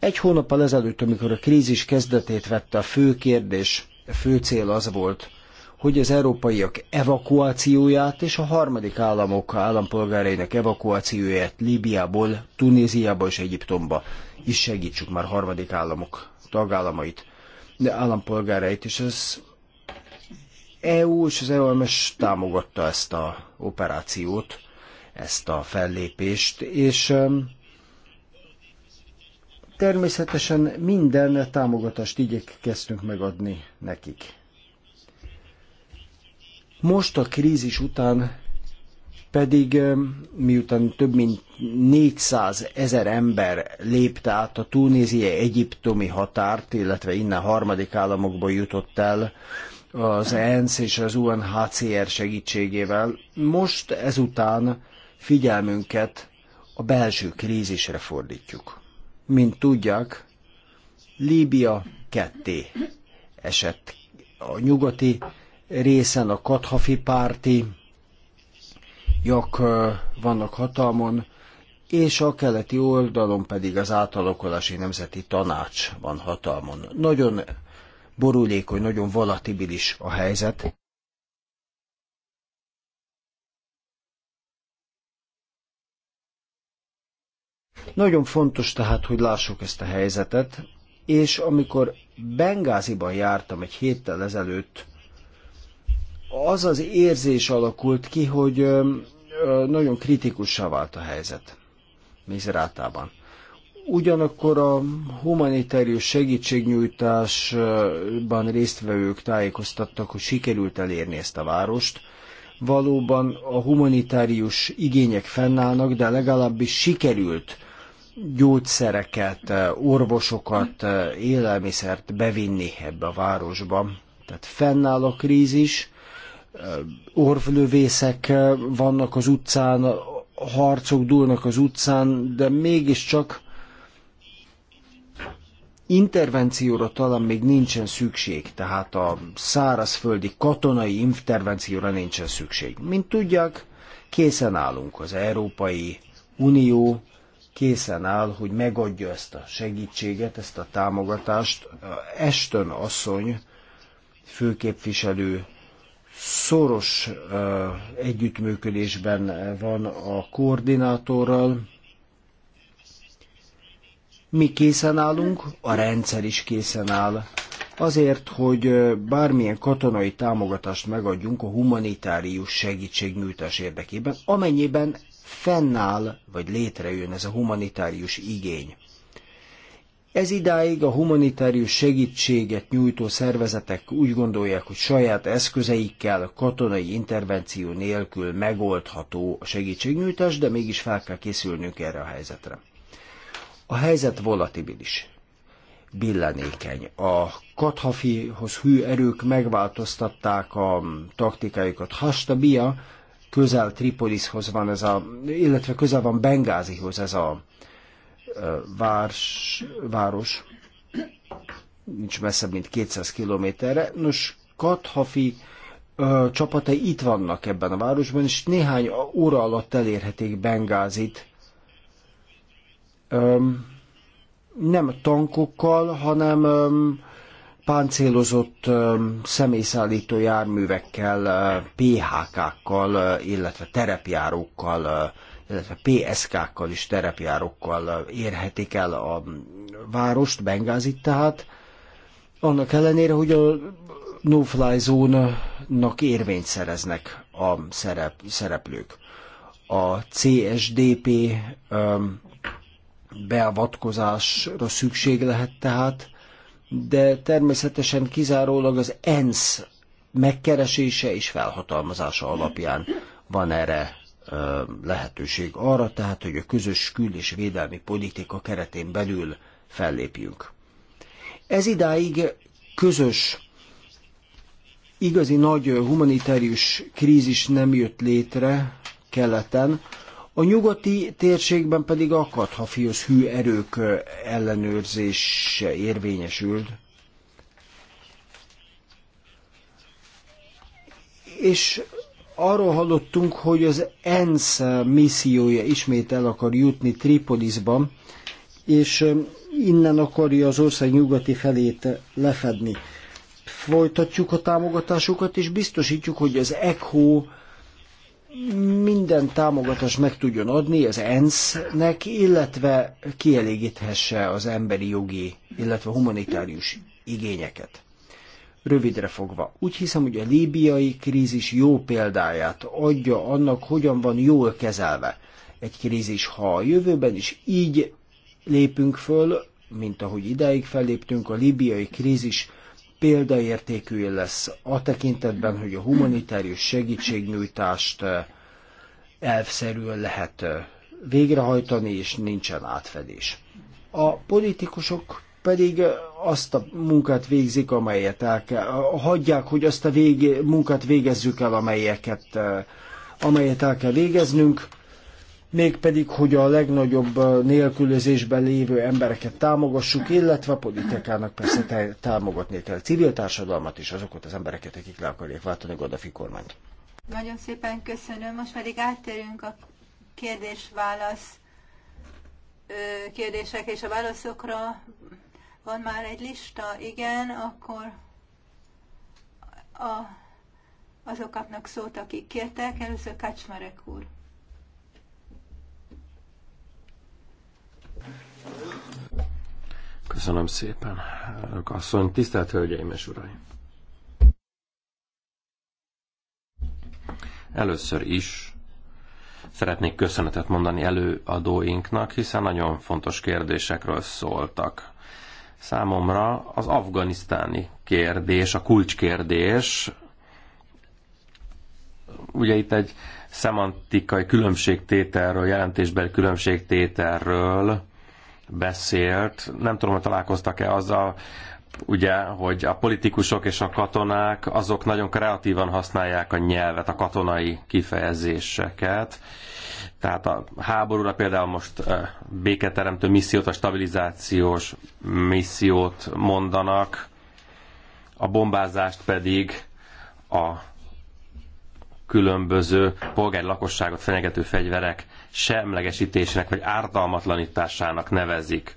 egy hónappal ezelőtt, amikor a krízis kezdetét vette, a fő kérdés, a fő cél az volt, hogy az európaiak evakuációját és a harmadik államok állampolgárainak evakuációját Líbiából, Tunéziába és Egyiptomba is segítsük már harmadik államok tagállamait, de állampolgárait, és ez EU és az EOMS támogatta ezt a operációt, ezt a fellépést, és um, Természetesen minden támogatást igyekeztünk megadni nekik. Most a krízis után pedig miután több mint 400 ezer ember lépte át a tunéziai-egyiptomi határt, illetve innen harmadik államokba jutott el az ENSZ és az UNHCR segítségével, most ezután figyelmünket a belső krízisre fordítjuk. Mint tudják, Líbia ketté esett. A nyugati részen a Kadhafi párti jak vannak hatalmon, és a keleti oldalon pedig az átalakulási nemzeti tanács van hatalmon. Nagyon borulékony, nagyon volatibilis a helyzet. Nagyon fontos tehát, hogy lássuk ezt a helyzetet, és amikor Bengáziban jártam egy héttel ezelőtt, az az érzés alakult ki, hogy nagyon kritikussá vált a helyzet Mizrátában. Ugyanakkor a humanitárius segítségnyújtásban résztvevők tájékoztattak, hogy sikerült elérni ezt a várost. Valóban a humanitárius igények fennállnak, de legalábbis sikerült gyógyszereket, orvosokat, élelmiszert bevinni ebbe a városba. Tehát fennáll a krízis, orvlövészek vannak az utcán, harcok dúlnak az utcán, de mégiscsak intervencióra talán még nincsen szükség, tehát a szárazföldi katonai intervencióra nincsen szükség. Mint tudják, készen állunk az Európai Unió készen áll, hogy megadja ezt a segítséget, ezt a támogatást. Eston asszony, főképviselő szoros együttműködésben van a koordinátorral. Mi készen állunk, a rendszer is készen áll, azért, hogy bármilyen katonai támogatást megadjunk a humanitárius segítségnyújtás érdekében, amennyiben fennáll, vagy létrejön ez a humanitárius igény. Ez idáig a humanitárius segítséget nyújtó szervezetek úgy gondolják, hogy saját eszközeikkel, katonai intervenció nélkül megoldható a segítségnyújtás, de mégis fel kell készülnünk erre a helyzetre. A helyzet volatibilis, billenékeny. A Kathafihoz hű erők megváltoztatták a taktikájukat. Hastabia közel Tripolishoz van ez a, illetve közel van Bengázihoz ez a várs város nincs messzebb, mint 200 kilométerre. Nos, Kathafi csapatai itt vannak ebben a városban, és néhány óra alatt elérhetik Bengázit. nem tankokkal, hanem páncélozott személyszállító járművekkel, PHK-kkal, illetve terepjárókkal, illetve PSK-kkal is terepjárókkal érhetik el a várost, Bengázit tehát, annak ellenére, hogy a no-fly zone-nak érvényt szereznek a szerep, szereplők. A CSDP beavatkozásra szükség lehet tehát, de természetesen kizárólag az ENSZ megkeresése és felhatalmazása alapján van erre lehetőség arra, tehát, hogy a közös kül- és védelmi politika keretén belül fellépjünk. Ez idáig közös, igazi nagy humanitárius krízis nem jött létre keleten, a nyugati térségben pedig a kathafiusz hű erők ellenőrzése érvényesült. És arról hallottunk, hogy az ENSZ missziója ismét el akar jutni Tripolisban, és innen akarja az ország nyugati felét lefedni. Folytatjuk a támogatásukat, és biztosítjuk, hogy az ECHO minden támogatás meg tudjon adni az ENSZ-nek, illetve kielégíthesse az emberi jogi, illetve humanitárius igényeket. Rövidre fogva, úgy hiszem, hogy a líbiai krízis jó példáját adja annak, hogyan van jól kezelve egy krízis. Ha a jövőben is így lépünk föl, mint ahogy idáig felléptünk, a líbiai krízis példaértékű lesz a tekintetben, hogy a humanitárius segítségnyújtást eh, elvszerűen lehet eh, végrehajtani, és nincsen átfedés. A politikusok pedig eh, azt a munkát végzik, amelyet el kell, hagyják, hogy azt a vég, munkát végezzük el, amelyeket, amelyet el kell végeznünk, mégpedig, hogy a legnagyobb nélkülözésben lévő embereket támogassuk, illetve a politikának persze támogatni kell a civil társadalmat és azokat az embereket, akik le akarják váltani Gaddafi kormányt. Nagyon szépen köszönöm. Most pedig áttérünk a kérdés-válasz kérdések és a válaszokra. Van már egy lista? Igen, akkor a, azok kapnak szót, akik kértek. Először Kacsmarek úr. Köszönöm szépen, elnök asszony. Tisztelt Hölgyeim és Uraim! Először is szeretnék köszönetet mondani előadóinknak, hiszen nagyon fontos kérdésekről szóltak. Számomra az afganisztáni kérdés, a kulcskérdés, ugye itt egy szemantikai különbségtételről, jelentésbeli különbségtételről beszélt. Nem tudom, hogy találkoztak-e azzal, ugye, hogy a politikusok és a katonák azok nagyon kreatívan használják a nyelvet, a katonai kifejezéseket. Tehát a háborúra például most béketeremtő missziót, a stabilizációs missziót mondanak, a bombázást pedig a különböző polgári lakosságot fenyegető fegyverek semlegesítésének vagy ártalmatlanításának nevezik.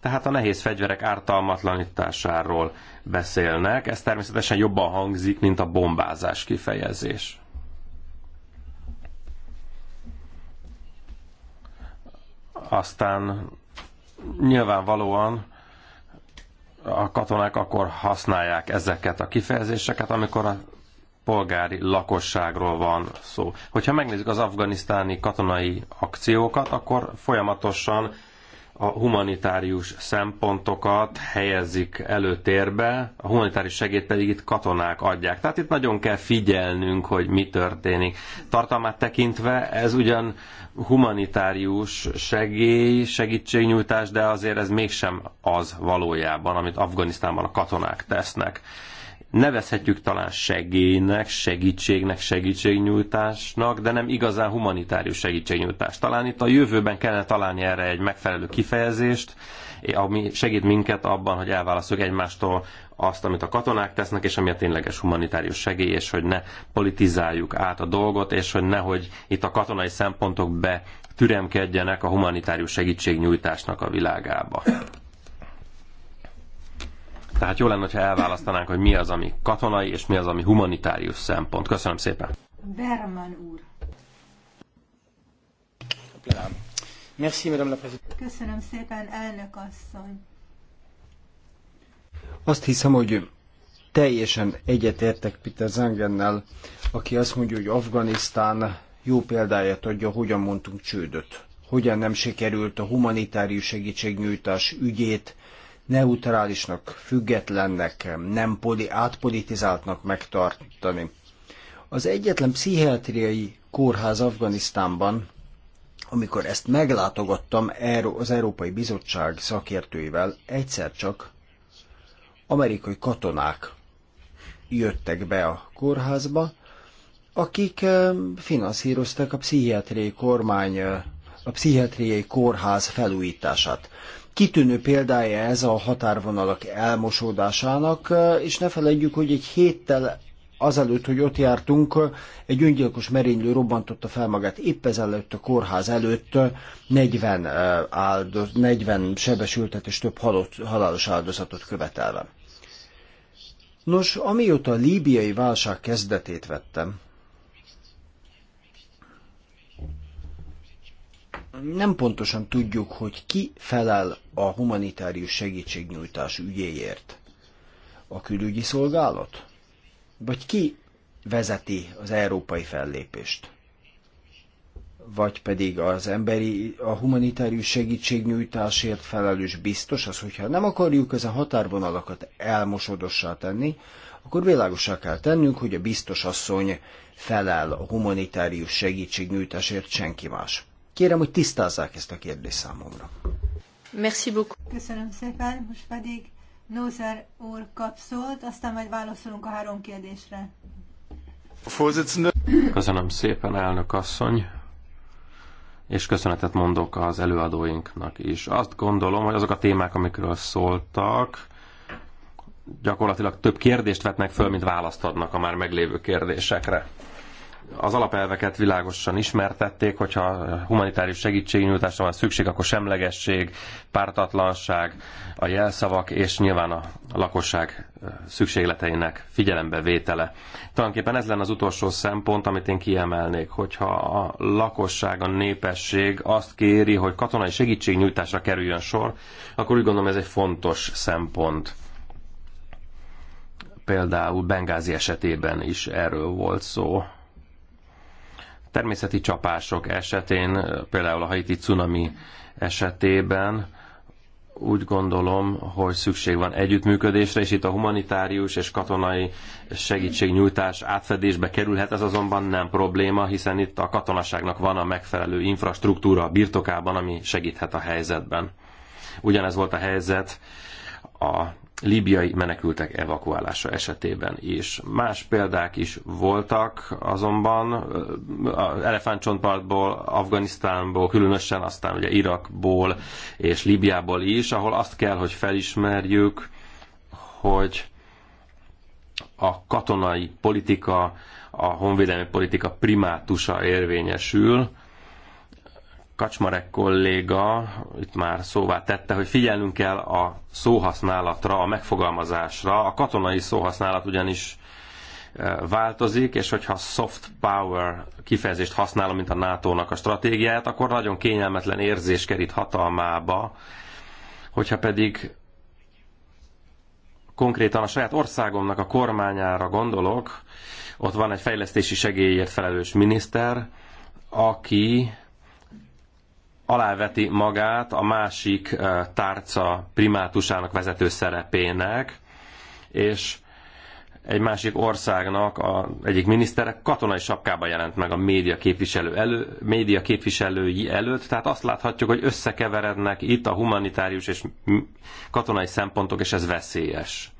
Tehát a nehéz fegyverek ártalmatlanításáról beszélnek. Ez természetesen jobban hangzik, mint a bombázás kifejezés. Aztán nyilvánvalóan a katonák akkor használják ezeket a kifejezéseket, amikor a polgári lakosságról van szó. Hogyha megnézzük az afganisztáni katonai akciókat, akkor folyamatosan a humanitárius szempontokat helyezik előtérbe, a humanitárius segét pedig itt katonák adják. Tehát itt nagyon kell figyelnünk, hogy mi történik. Tartalmát tekintve ez ugyan humanitárius segély, segítségnyújtás, de azért ez mégsem az valójában, amit Afganisztánban a katonák tesznek nevezhetjük talán segélynek, segítségnek, segítségnyújtásnak, de nem igazán humanitárius segítségnyújtás. Talán itt a jövőben kellene találni erre egy megfelelő kifejezést, ami segít minket abban, hogy elválaszoljuk egymástól azt, amit a katonák tesznek, és ami a tényleges humanitárius segély, és hogy ne politizáljuk át a dolgot, és hogy nehogy itt a katonai szempontok be türemkedjenek a humanitárius segítségnyújtásnak a világába. Tehát jó lenne, ha elválasztanánk, hogy mi az, ami katonai, és mi az, ami humanitárius szempont. Köszönöm szépen. Berman úr. Merci, madame la Köszönöm szépen, elnök asszony. Azt hiszem, hogy teljesen egyetértek Peter Zengennel, aki azt mondja, hogy Afganisztán jó példáját adja, hogyan mondtunk csődöt. Hogyan nem sikerült a humanitárius segítségnyújtás ügyét neutrálisnak, függetlennek, nem poli, átpolitizáltnak megtartani. Az egyetlen pszichiátriai kórház Afganisztánban, amikor ezt meglátogattam az Európai Bizottság szakértőivel, egyszer csak amerikai katonák jöttek be a kórházba, akik eh, finanszírozták a pszichiátriai kormány, eh, a pszichiátriai kórház felújítását. Kitűnő példája ez a határvonalak elmosódásának, és ne felejtjük, hogy egy héttel azelőtt, hogy ott jártunk, egy öngyilkos merénylő robbantotta fel magát épp ezelőtt a kórház előtt 40, eh, áldoz, 40 sebesültet és több halott, halálos áldozatot követelve. Nos, amióta a líbiai válság kezdetét vettem, nem pontosan tudjuk, hogy ki felel a humanitárius segítségnyújtás ügyéért. A külügyi szolgálat? Vagy ki vezeti az európai fellépést? Vagy pedig az emberi, a humanitárius segítségnyújtásért felelős biztos az, hogyha nem akarjuk ezen határvonalakat elmosodossá tenni, akkor világosá kell tennünk, hogy a biztos asszony felel a humanitárius segítségnyújtásért senki más. Kérem, hogy tisztázzák ezt a kérdést számomra. Merci beaucoup. Köszönöm szépen, most pedig Nozer úr kap szólt, aztán majd válaszolunk a három kérdésre. Köszönöm szépen, elnök asszony, és köszönetet mondok az előadóinknak is. Azt gondolom, hogy azok a témák, amikről szóltak, gyakorlatilag több kérdést vetnek föl, mint választ adnak a már meglévő kérdésekre az alapelveket világosan ismertették, hogyha humanitárius segítségnyújtásra van szükség, akkor semlegesség, pártatlanság, a jelszavak és nyilván a lakosság szükségleteinek figyelembevétele. Tulajdonképpen ez lenne az utolsó szempont, amit én kiemelnék, hogyha a lakosság, a népesség azt kéri, hogy katonai segítségnyújtásra kerüljön sor, akkor úgy gondolom ez egy fontos szempont például Bengázi esetében is erről volt szó. Természeti csapások esetén, például a haiti cunami esetében úgy gondolom, hogy szükség van együttműködésre, és itt a humanitárius és katonai segítségnyújtás átfedésbe kerülhet, ez azonban nem probléma, hiszen itt a katonaságnak van a megfelelő infrastruktúra a birtokában, ami segíthet a helyzetben. Ugyanez volt a helyzet a líbiai menekültek evakuálása esetében is. Más példák is voltak azonban, az elefántcsontpartból, Afganisztánból, különösen aztán ugye Irakból és Líbiából is, ahol azt kell, hogy felismerjük, hogy a katonai politika, a honvédelmi politika primátusa érvényesül, Kacsmarek kolléga itt már szóvá tette, hogy figyelnünk kell a szóhasználatra, a megfogalmazásra. A katonai szóhasználat ugyanis e, változik, és hogyha soft power kifejezést használom, mint a NATO-nak a stratégiáját, akkor nagyon kényelmetlen érzés kerít hatalmába, hogyha pedig konkrétan a saját országomnak a kormányára gondolok, ott van egy fejlesztési segélyért felelős miniszter, aki aláveti magát a másik eh, tárca primátusának vezető szerepének, és egy másik országnak a egyik minisztere katonai sapkába jelent meg a média, képviselő elő, média képviselői előtt, tehát azt láthatjuk, hogy összekeverednek itt a humanitárius és katonai szempontok, és ez veszélyes.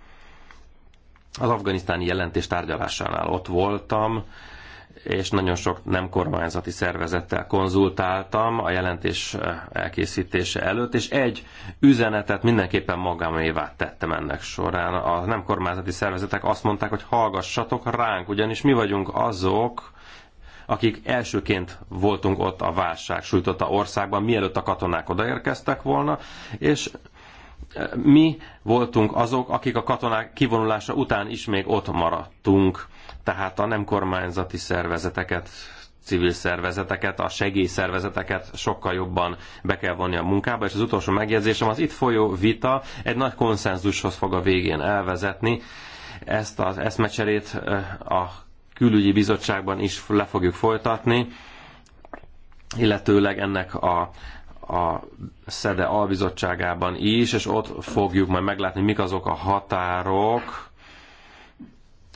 Az afganisztáni jelentés tárgyalásánál ott voltam, és nagyon sok nem kormányzati szervezettel konzultáltam a jelentés elkészítése előtt, és egy üzenetet mindenképpen magamévá tettem ennek során. A nem kormányzati szervezetek azt mondták, hogy hallgassatok ránk, ugyanis mi vagyunk azok, akik elsőként voltunk ott a válság sújtotta országban, mielőtt a katonák odaérkeztek volna, és e, mi voltunk azok, akik a katonák kivonulása után is még ott maradtunk tehát a nem kormányzati szervezeteket civil szervezeteket, a segélyszervezeteket sokkal jobban be kell vonni a munkába, és az utolsó megjegyzésem az itt folyó vita egy nagy konszenzushoz fog a végén elvezetni. Ezt az eszmecserét eh, a külügyi bizottságban is le fogjuk folytatni, illetőleg ennek a a SZEDE albizottságában is, és ott fogjuk majd meglátni, mik azok a határok,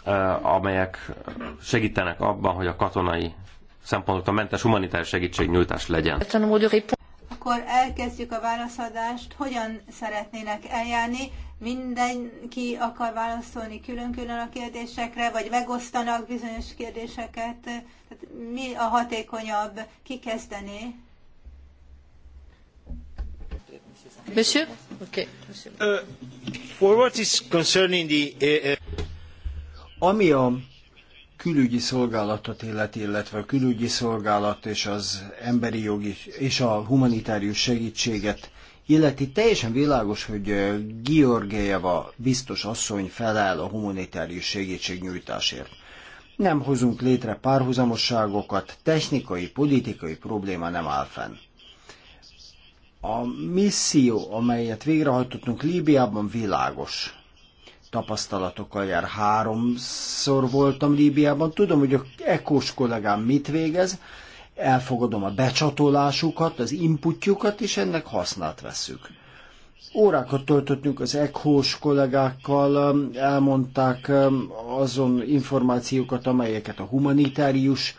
Eh, amelyek segítenek abban, hogy a katonai szempontoktól mentes humanitárius segítségnyújtás legyen. Akkor elkezdjük a válaszadást. Hogyan szeretnének eljárni? Mindenki akar válaszolni külön-külön a kérdésekre, vagy megosztanak bizonyos kérdéseket? Tehát mi a hatékonyabb? Ki kezdené? Monsieur? Okay. Uh, for what is concerning the, uh, uh ami a külügyi szolgálatot illeti, illetve a külügyi szolgálat és az emberi jogi és a humanitárius segítséget illeti, teljesen világos, hogy Georgieva biztos asszony felel a humanitárius segítségnyújtásért. Nem hozunk létre párhuzamosságokat, technikai, politikai probléma nem áll fenn. A misszió, amelyet végrehajtottunk Líbiában világos tapasztalatokkal jár. Háromszor voltam Líbiában, tudom, hogy a ekós kollégám mit végez, elfogadom a becsatolásukat, az inputjukat, és ennek hasznát vesszük. Órákat töltöttünk az ECHO-s kollégákkal, um, elmondták um, azon információkat, amelyeket a humanitárius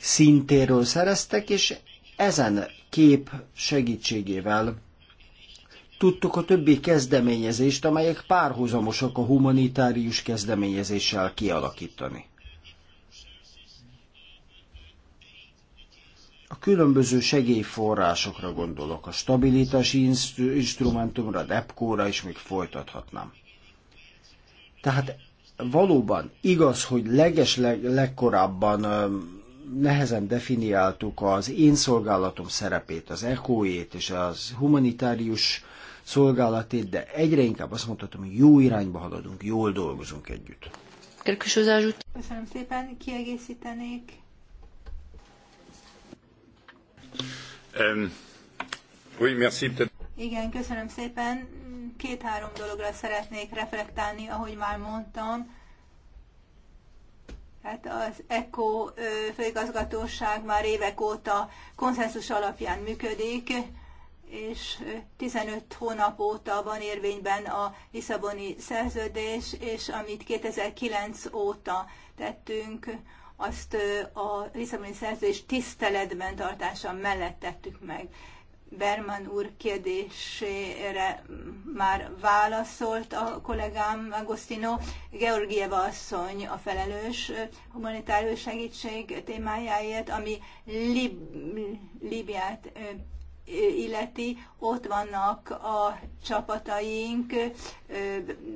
szintéről szereztek, és ezen kép segítségével tudtuk a többi kezdeményezést, amelyek párhuzamosak a humanitárius kezdeményezéssel kialakítani. A különböző segélyforrásokra gondolok, a stabilitási instrumentumra, a DEPCO-ra is még folytathatnám. Tehát valóban igaz, hogy legesleg legkorábban nehezen definiáltuk az én szolgálatom szerepét, az ECO-ét és az humanitárius szolgálatét, de egyre inkább azt mondhatom, hogy jó irányba haladunk, jól dolgozunk együtt. Köszönöm szépen, kiegészítenék. Um, oui, Igen, köszönöm szépen. Két-három dologra szeretnék reflektálni, ahogy már mondtam. Hát az ECO főigazgatóság már évek óta konszenzus alapján működik és 15 hónap óta van érvényben a Lisszaboni szerződés, és amit 2009 óta tettünk, azt a Lisszaboni szerződés tiszteletben tartása mellett tettük meg. Berman úr kérdésére már válaszolt a kollégám Agostino. Georgieva asszony a felelős humanitárius segítség témájáért, ami Lib- Libiát illeti, ott vannak a csapataink,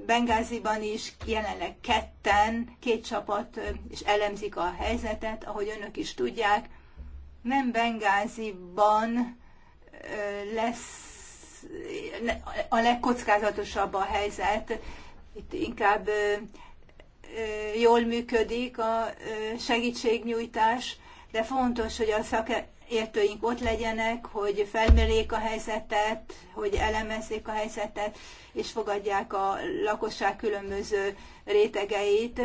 Bengáziban is jelenleg ketten, két csapat, és elemzik a helyzetet, ahogy önök is tudják. Nem Bengáziban lesz a legkockázatosabb a helyzet, itt inkább jól működik a segítségnyújtás, de fontos, hogy a szake, szakértőink ott legyenek, hogy felmérjék a helyzetet, hogy elemezzék a helyzetet, és fogadják a lakosság különböző rétegeit.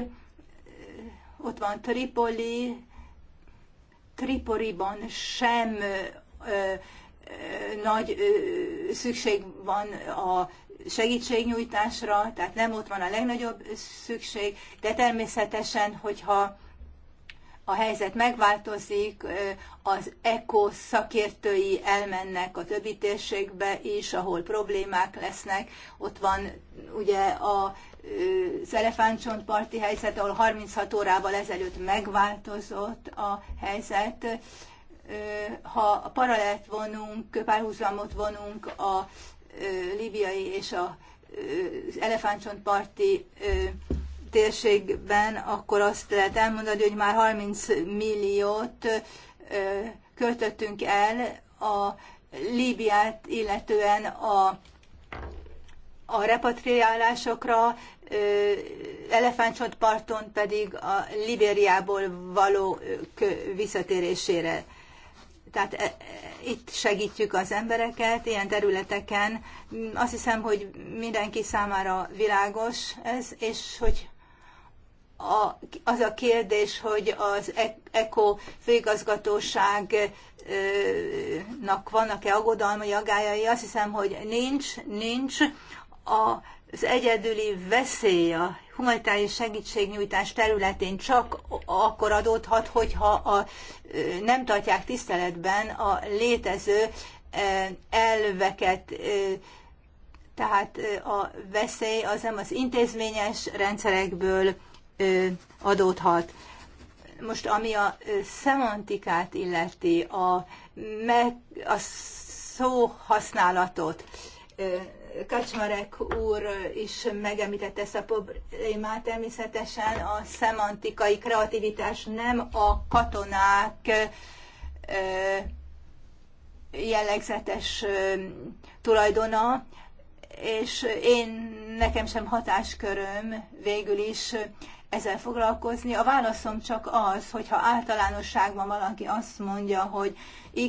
Ott van Tripoli, Tripoliban sem ö, ö, nagy ö, szükség van a segítségnyújtásra, tehát nem ott van a legnagyobb szükség, de természetesen, hogyha a helyzet megváltozik, az ECO szakértői elmennek a többi térségbe is, ahol problémák lesznek. Ott van ugye a, az elefántcsontparti helyzet, ahol 36 órával ezelőtt megváltozott a helyzet. Ha a paralelt vonunk, párhuzamot vonunk a libiai és a, az elefántcsontparti térségben, akkor azt lehet elmondani, hogy már 30 milliót költöttünk el a Líbiát, illetően a, a repatriálásokra, elefántcsontparton pedig a Libériából való visszatérésére. Tehát e, e, itt segítjük az embereket ilyen területeken. Azt hiszem, hogy mindenki számára világos ez, és hogy a, az a kérdés, hogy az e- ECO főigazgatóságnak vannak-e aggodalmai, agályai, azt hiszem, hogy nincs, nincs. A, az egyedüli veszély a humanitárius segítségnyújtás területén csak akkor adódhat, hogyha a, nem tartják tiszteletben a létező elveket, tehát a veszély az nem az intézményes rendszerekből adódhat. Most ami a szemantikát illeti, a, meg, a szó használatot, Kacsmarek úr is megemlítette ezt a problémát, természetesen a szemantikai kreativitás nem a katonák jellegzetes tulajdona, és én nekem sem hatásköröm végül is ezzel foglalkozni. A válaszom csak az, hogyha általánosságban valaki azt mondja, hogy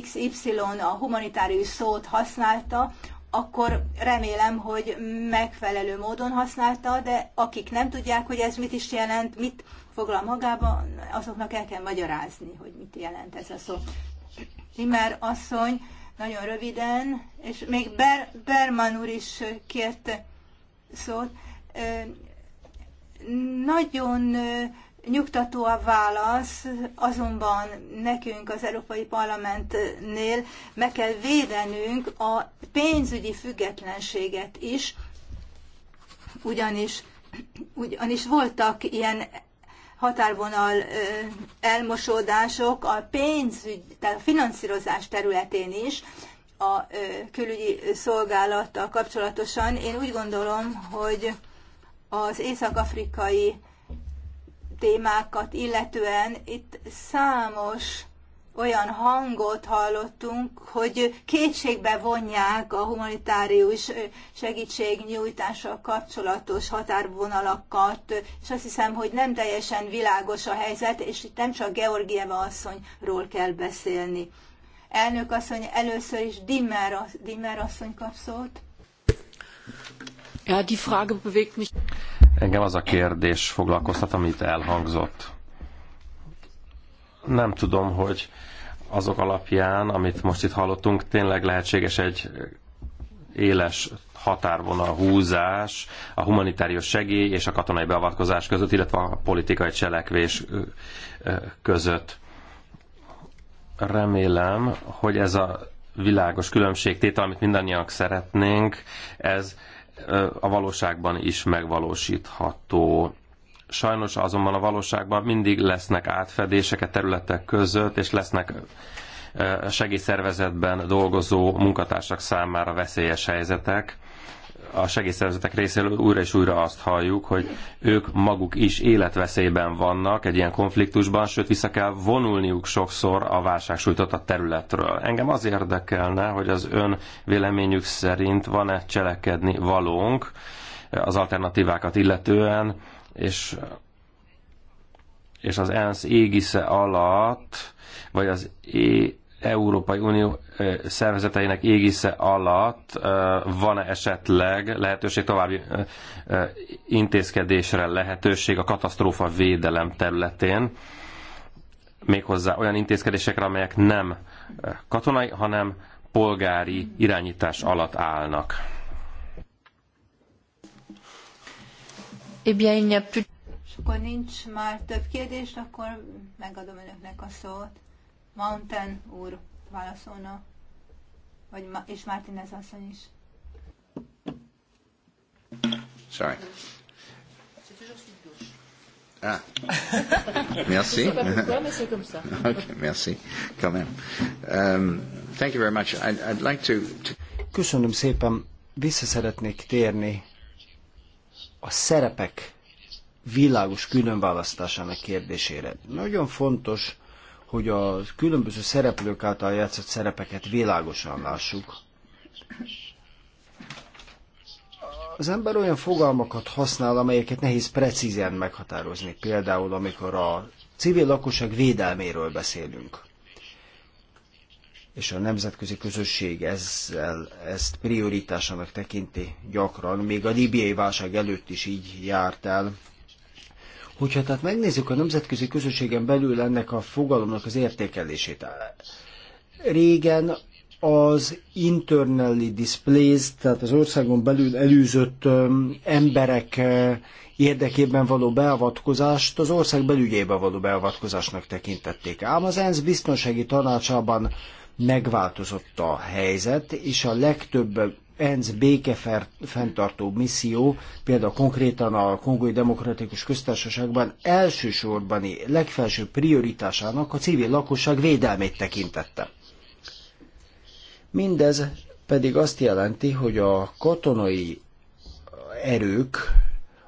XY a humanitárius szót használta, akkor remélem, hogy megfelelő módon használta, de akik nem tudják, hogy ez mit is jelent, mit foglal magába, azoknak el kell magyarázni, hogy mit jelent ez a szó. Timmer asszony, nagyon röviden, és még Ber- Berman úr is kért szót. Nagyon nyugtató a válasz, azonban nekünk az Európai Parlamentnél meg kell védenünk a pénzügyi függetlenséget is, ugyanis, ugyanis voltak ilyen határvonal elmosódások a pénzügy, tehát a finanszírozás területén is, a külügyi szolgálattal kapcsolatosan. Én úgy gondolom, hogy az észak-afrikai témákat illetően itt számos olyan hangot hallottunk, hogy kétségbe vonják a humanitárius segítségnyújtással kapcsolatos határvonalakat, és azt hiszem, hogy nem teljesen világos a helyzet, és itt nem csak Georgieva asszonyról kell beszélni. Elnök asszony, először is Dimmer, Dimmer asszony kap szót. Engem az a kérdés foglalkoztat, amit elhangzott. Nem tudom, hogy azok alapján, amit most itt hallottunk, tényleg lehetséges egy éles határvonal húzás a humanitárius segély és a katonai beavatkozás között, illetve a politikai cselekvés között. Remélem, hogy ez a világos különbségtétel, amit mindannyian szeretnénk, ez a valóságban is megvalósítható. Sajnos azonban a valóságban mindig lesznek átfedések a területek között, és lesznek segélyszervezetben dolgozó munkatársak számára veszélyes helyzetek a segélyszervezetek részéről újra és újra azt halljuk, hogy ők maguk is életveszélyben vannak egy ilyen konfliktusban, sőt vissza kell vonulniuk sokszor a válság sújtotta területről. Engem az érdekelne, hogy az ön véleményük szerint van-e cselekedni valónk az alternatívákat illetően, és, és az ENSZ égisze alatt, vagy az é Európai Unió szervezeteinek égisze alatt van-e esetleg lehetőség további intézkedésre lehetőség a katasztrófa védelem területén, méghozzá olyan intézkedésekre, amelyek nem katonai, hanem polgári irányítás alatt állnak. Eh bien, akkor nincs már több kérdés, akkor megadom önöknek a szót. Mountain úr válaszolna, vagy Ma- és Martinez asszony is. Sorry. Ah. Merci. *laughs* *laughs* okay, merci. Quand même. Um, thank you very much. I'd, I'd like to, to... Köszönöm szépen. Vissza szeretnék térni a szerepek világos különválasztásának kérdésére. Nagyon fontos, hogy a különböző szereplők által játszott szerepeket világosan lássuk. Az ember olyan fogalmakat használ, amelyeket nehéz precízen meghatározni, például amikor a civil lakosság védelméről beszélünk és a nemzetközi közösség ezzel, ezt prioritásának tekinti gyakran, még a libiai válság előtt is így járt el. Hogyha tehát megnézzük a nemzetközi közösségen belül ennek a fogalomnak az értékelését, régen az internally displaced, tehát az országon belül előzött emberek érdekében való beavatkozást az ország belügyébe való beavatkozásnak tekintették. Ám az ENSZ biztonsági tanácsában megváltozott a helyzet, és a legtöbb ENSZ békefenntartó misszió, például konkrétan a Kongói Demokratikus Köztársaságban elsősorban legfelső prioritásának a civil lakosság védelmét tekintette. Mindez pedig azt jelenti, hogy a katonai erők,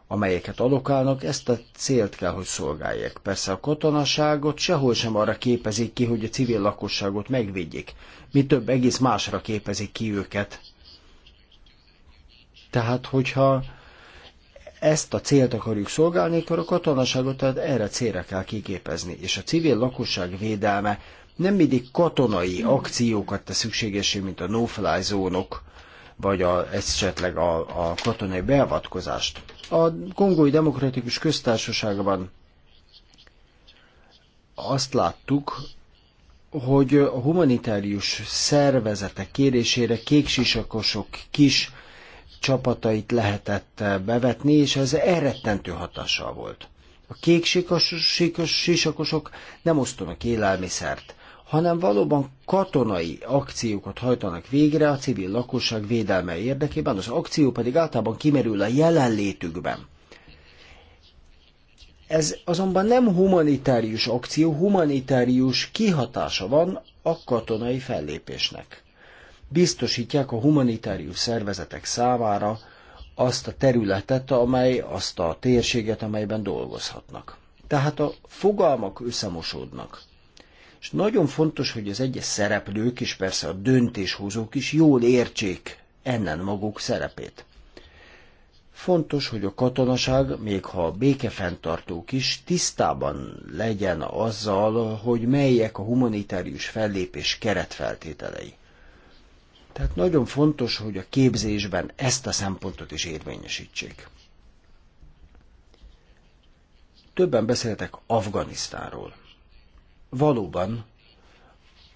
amelyeket alokálnak, ezt a célt kell, hogy szolgálják. Persze a katonaságot sehol sem arra képezik ki, hogy a civil lakosságot megvédjék. Mi több egész másra képezik ki őket. Tehát, hogyha ezt a célt akarjuk szolgálni, akkor a katonaságot tehát erre célra kell kiképezni. És a civil lakosság védelme nem mindig katonai akciókat tesz szükségesé, mint a no-fly zónok, vagy a, esetleg a, a katonai beavatkozást. A Kongói Demokratikus Köztársaságban azt láttuk, hogy a humanitárius szervezetek kérésére kéksisakosok kis csapatait lehetett eh, bevetni, és ez elrettentő hatással volt. A kék sisakosok nem osztanak élelmiszert, hanem valóban katonai akciókat hajtanak végre a civil lakosság védelme érdekében, az akció pedig általában kimerül a jelenlétükben. Ez azonban nem humanitárius akció, humanitárius kihatása van a katonai fellépésnek biztosítják a humanitárius szervezetek számára azt a területet, amely, azt a térséget, amelyben dolgozhatnak. Tehát a fogalmak összemosódnak. És nagyon fontos, hogy az egyes szereplők és persze a döntéshozók is jól értsék ennen maguk szerepét. Fontos, hogy a katonaság, még ha a békefenntartók is, tisztában legyen azzal, hogy melyek a humanitárius fellépés keretfeltételei. Tehát nagyon fontos, hogy a képzésben ezt a szempontot is érvényesítsék. Többen beszéltek Afganisztánról. Valóban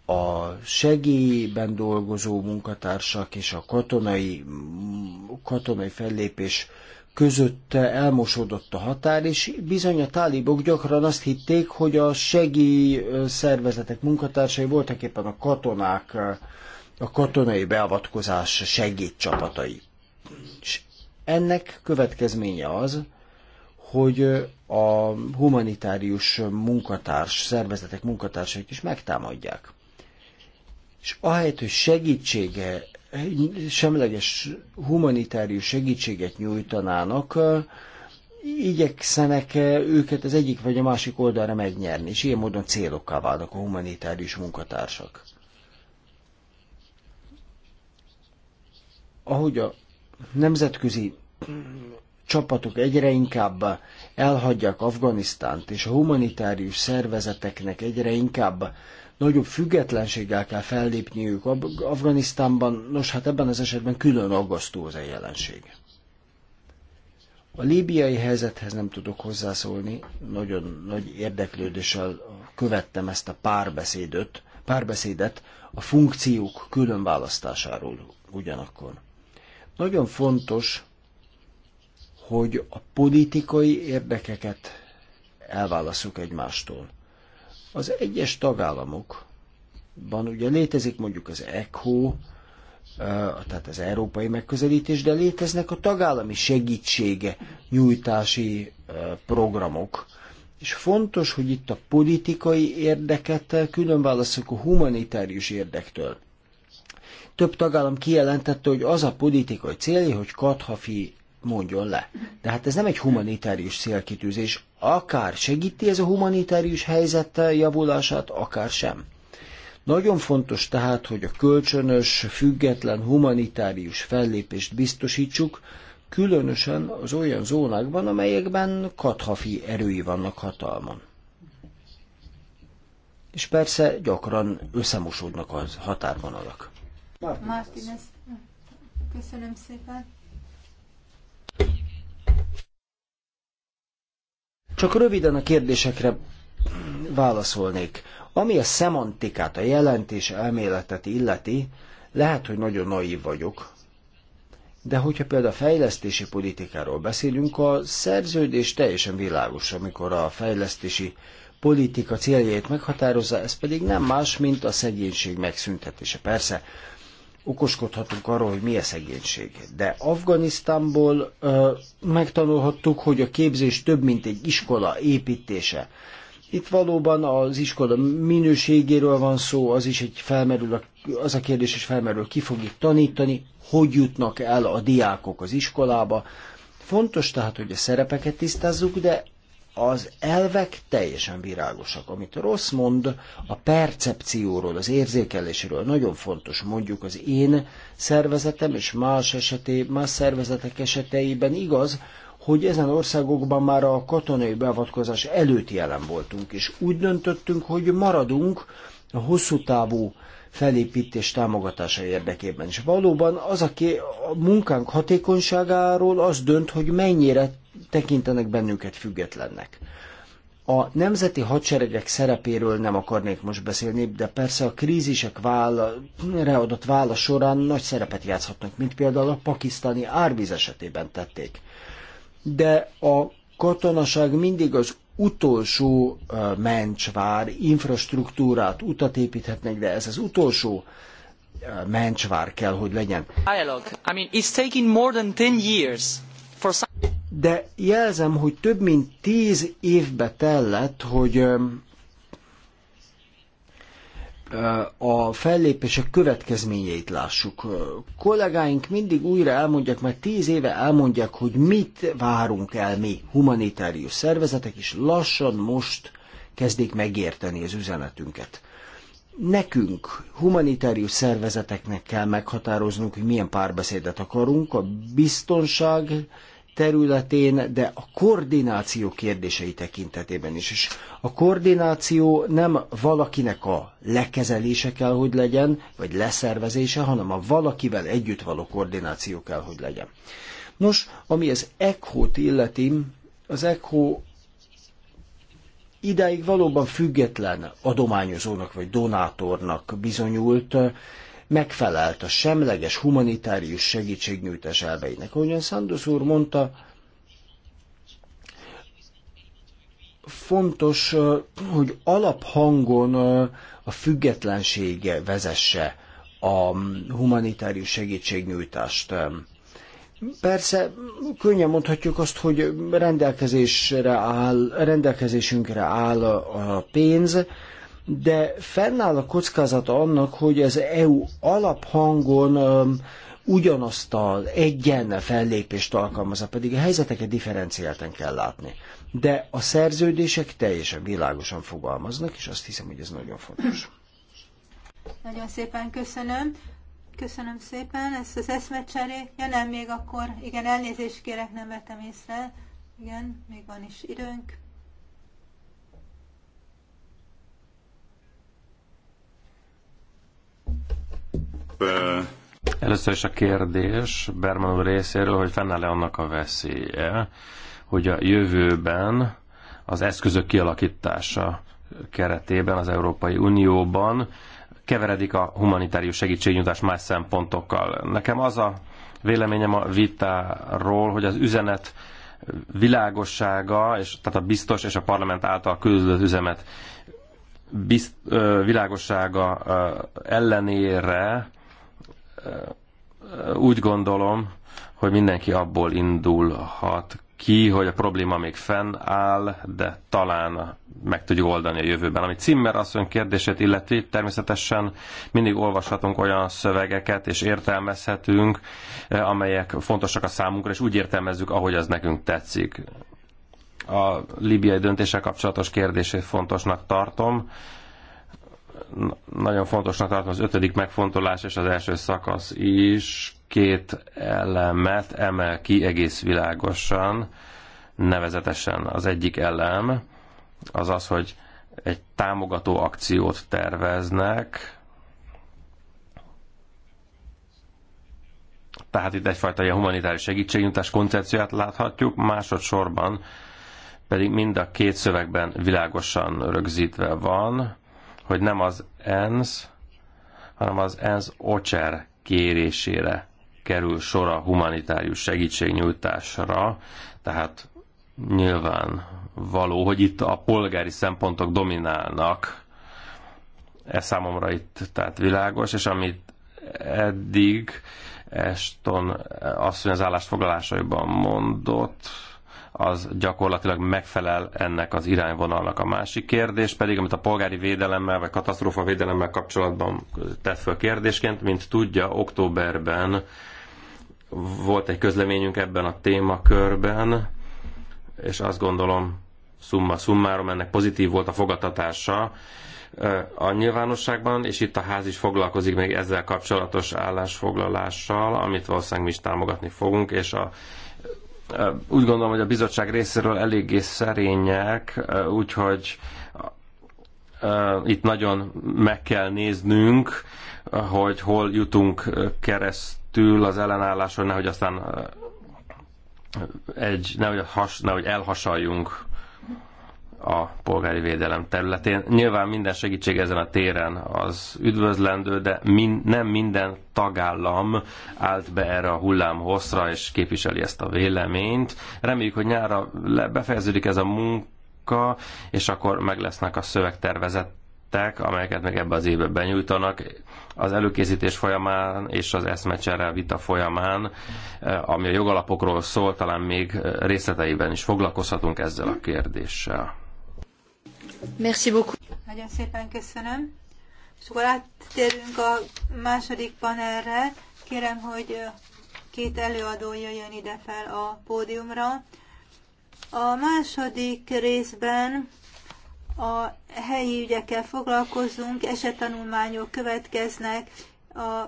a segélyben dolgozó munkatársak és a katonai, katonai fellépés között elmosódott a határ, és bizony a tálibok gyakran azt hitték, hogy a segély szervezetek munkatársai voltak éppen a katonák a katonai beavatkozás segédcsapatai. És ennek következménye az, hogy a humanitárius munkatárs, szervezetek munkatársait is megtámadják. És ahelyett, hogy segítsége, semleges humanitárius segítséget nyújtanának, igyekszenek őket az egyik vagy a másik oldalra megnyerni, és ilyen módon célokká válnak a humanitárius munkatársak. ahogy a nemzetközi csapatok egyre inkább elhagyják Afganisztánt, és a humanitárius szervezeteknek egyre inkább nagyobb függetlenséggel kell fellépniük Afganisztánban, nos hát ebben az esetben külön aggasztó az a jelenség. A líbiai helyzethez nem tudok hozzászólni, nagyon nagy érdeklődéssel követtem ezt a párbeszédet, párbeszédet a funkciók különválasztásáról ugyanakkor. Nagyon fontos, hogy a politikai érdekeket elválaszok egymástól. Az egyes tagállamokban ugye létezik mondjuk az ECHO, tehát az európai megközelítés, de léteznek a tagállami segítsége nyújtási programok. És fontos, hogy itt a politikai érdeket külön a humanitárius érdektől. Több tagállam kijelentette, hogy az a politikai célja, hogy Kadhafi mondjon le. De hát ez nem egy humanitárius célkitűzés. Akár segíti ez a humanitárius helyzet javulását, akár sem. Nagyon fontos tehát, hogy a kölcsönös, független humanitárius fellépést biztosítsuk, különösen az olyan zónákban, amelyekben kathafi erői vannak hatalmon. És persze gyakran összemosódnak az határvonalak. Martínez. Köszönöm szépen. Csak röviden a kérdésekre válaszolnék. Ami a szemantikát, a jelentés elméletet illeti, lehet, hogy nagyon naív vagyok, de hogyha például a fejlesztési politikáról beszélünk, a szerződés teljesen világos, amikor a fejlesztési politika céljait meghatározza, ez pedig nem más, mint a szegénység megszüntetése. Persze, okoskodhatunk arról, hogy mi a szegénység. De Afganisztánból ö, megtanulhattuk, hogy a képzés több, mint egy iskola építése. Itt valóban az iskola minőségéről van szó, az is egy felmerül, az a kérdés is felmerül, ki fog itt tanítani, hogy jutnak el a diákok az iskolába. Fontos tehát, hogy a szerepeket tisztázzuk, de az elvek teljesen virágosak. Amit Rossz mond, a percepcióról, az érzékelésről nagyon fontos. Mondjuk az én szervezetem és más, eseté, más szervezetek eseteiben igaz, hogy ezen országokban már a katonai beavatkozás előtt jelen voltunk, és úgy döntöttünk, hogy maradunk a hosszú távú felépítés támogatása érdekében. És valóban az, aki a munkánk hatékonyságáról az dönt, hogy mennyire tekintenek bennünket függetlennek. A nemzeti hadseregek szerepéről nem akarnék most beszélni, de persze a krízisek vála, adott vála során nagy szerepet játszhatnak, mint például a pakisztáni árvíz esetében tették. De a katonaság mindig az utolsó mencsvár, infrastruktúrát, utat építhetnek, de ez az utolsó mencsvár kell, hogy legyen. De jelzem, hogy több mint tíz évbe tellett, hogy a fellépések következményeit lássuk. Kollégáink mindig újra elmondják, mert tíz éve elmondják, hogy mit várunk el mi, humanitárius szervezetek, és lassan most kezdik megérteni az üzenetünket. Nekünk, humanitárius szervezeteknek kell meghatároznunk, hogy milyen párbeszédet akarunk a biztonság területén, de a koordináció kérdései tekintetében is. És a koordináció nem valakinek a lekezelése kell, hogy legyen, vagy leszervezése, hanem a valakivel együtt való koordináció kell, hogy legyen. Nos, ami az ECHO-t illeti, az ECHO idáig valóban független adományozónak vagy donátornak bizonyult, megfelelt a semleges humanitárius segítségnyújtás elveinek. Ahogyan Sandos úr mondta, fontos, hogy alaphangon a függetlensége vezesse a humanitárius segítségnyújtást. Persze, könnyen mondhatjuk azt, hogy rendelkezésre áll, rendelkezésünkre áll a pénz, de fennáll a kockázat annak, hogy az EU alaphangon um, ugyanazt az egyen fellépést alkalmazza, pedig a helyzeteket differenciáltan kell látni. De a szerződések teljesen világosan fogalmaznak, és azt hiszem, hogy ez nagyon fontos. Nagyon szépen köszönöm. Köszönöm szépen ezt az eszmecseré. Ja nem, még akkor, igen, elnézést kérek, nem vettem észre. Igen, még van is időnk. Először is a kérdés Berman úr részéről, hogy fennáll-e annak a veszélye, hogy a jövőben az eszközök kialakítása keretében az Európai Unióban keveredik a humanitárius segítségnyújtás más szempontokkal. Nekem az a véleményem a vitáról, hogy az üzenet világossága, és, tehát a biztos és a parlament által küldött üzemet bizt, világossága ellenére úgy gondolom, hogy mindenki abból indulhat ki, hogy a probléma még fennáll, de talán meg tudjuk oldani a jövőben. Ami Cimmer asszony kérdését illeti, természetesen mindig olvashatunk olyan szövegeket, és értelmezhetünk, eh, amelyek fontosak a számunkra, és úgy értelmezzük, ahogy az nekünk tetszik. A libiai döntése kapcsolatos kérdését fontosnak tartom, nagyon fontosnak tartom az ötödik megfontolás és az első szakasz is két elemet emel ki egész világosan, nevezetesen az egyik elem az az, hogy egy támogató akciót terveznek, tehát itt egyfajta ilyen humanitárius segítségnyújtás koncepcióját láthatjuk, másodszorban pedig mind a két szövegben világosan rögzítve van, hogy nem az ENSZ, hanem az ENSZ OCSER kérésére kerül sor a humanitárius segítségnyújtásra, tehát nyilván való, hogy itt a polgári szempontok dominálnak. Ez számomra itt tehát világos, és amit eddig Eston asszony az állásfoglalásaiban mondott, az gyakorlatilag megfelel ennek az irányvonalnak. A másik kérdés pedig, amit a polgári védelemmel vagy katasztrófa védelemmel kapcsolatban tett föl kérdésként, mint tudja, októberben volt egy közleményünk ebben a témakörben, és azt gondolom, szumma szummárom ennek pozitív volt a fogadtatása a nyilvánosságban, és itt a ház is foglalkozik még ezzel kapcsolatos állásfoglalással, amit valószínűleg mi is támogatni fogunk, és a úgy gondolom, hogy a bizottság részéről eléggé szerények, úgyhogy itt nagyon meg kell néznünk, hogy hol jutunk keresztül az ellenálláson, nehogy aztán egy, nehogy, has, nehogy elhasaljunk a polgári védelem területén. Nyilván minden segítség ezen a téren az üdvözlendő, de min, nem minden tagállam állt be erre a hullám hosszra, és képviseli ezt a véleményt. Reméljük, hogy nyára befejeződik ez a munka, és akkor meg lesznek a szövegtervezet amelyeket meg ebbe az évben benyújtanak. Az előkészítés folyamán és az eszmecsere vita folyamán, eh, ami a jogalapokról szól, talán még részleteiben is foglalkozhatunk ezzel a kérdéssel. Merci beaucoup. Nagyon szépen köszönöm. És akkor áttérünk a második panelre. Kérem, hogy két előadó jöjjön ide fel a pódiumra. A második részben a helyi ügyekkel foglalkozunk, esettanulmányok következnek a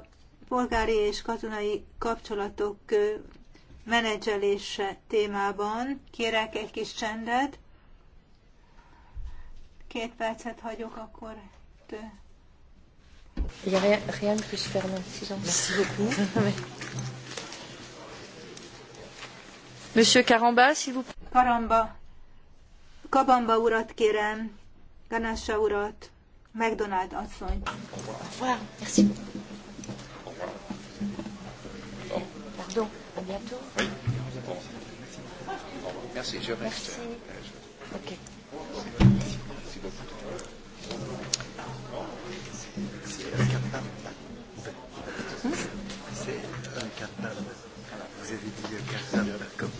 polgári és katonai kapcsolatok menedzselése témában. Kérek egy kis csendet két percet hagyok, akkor tő. Il n'y a rien, rien de plus fermant, Merci beaucoup. *laughs* Monsieur Karamba, s'il vous plaît. Caramba. Kabamba urat kérem, Ganassa urat, McDonald asszony. merci. Pardon, à bientôt. Oui, Merci, je reste. Merci. Ok.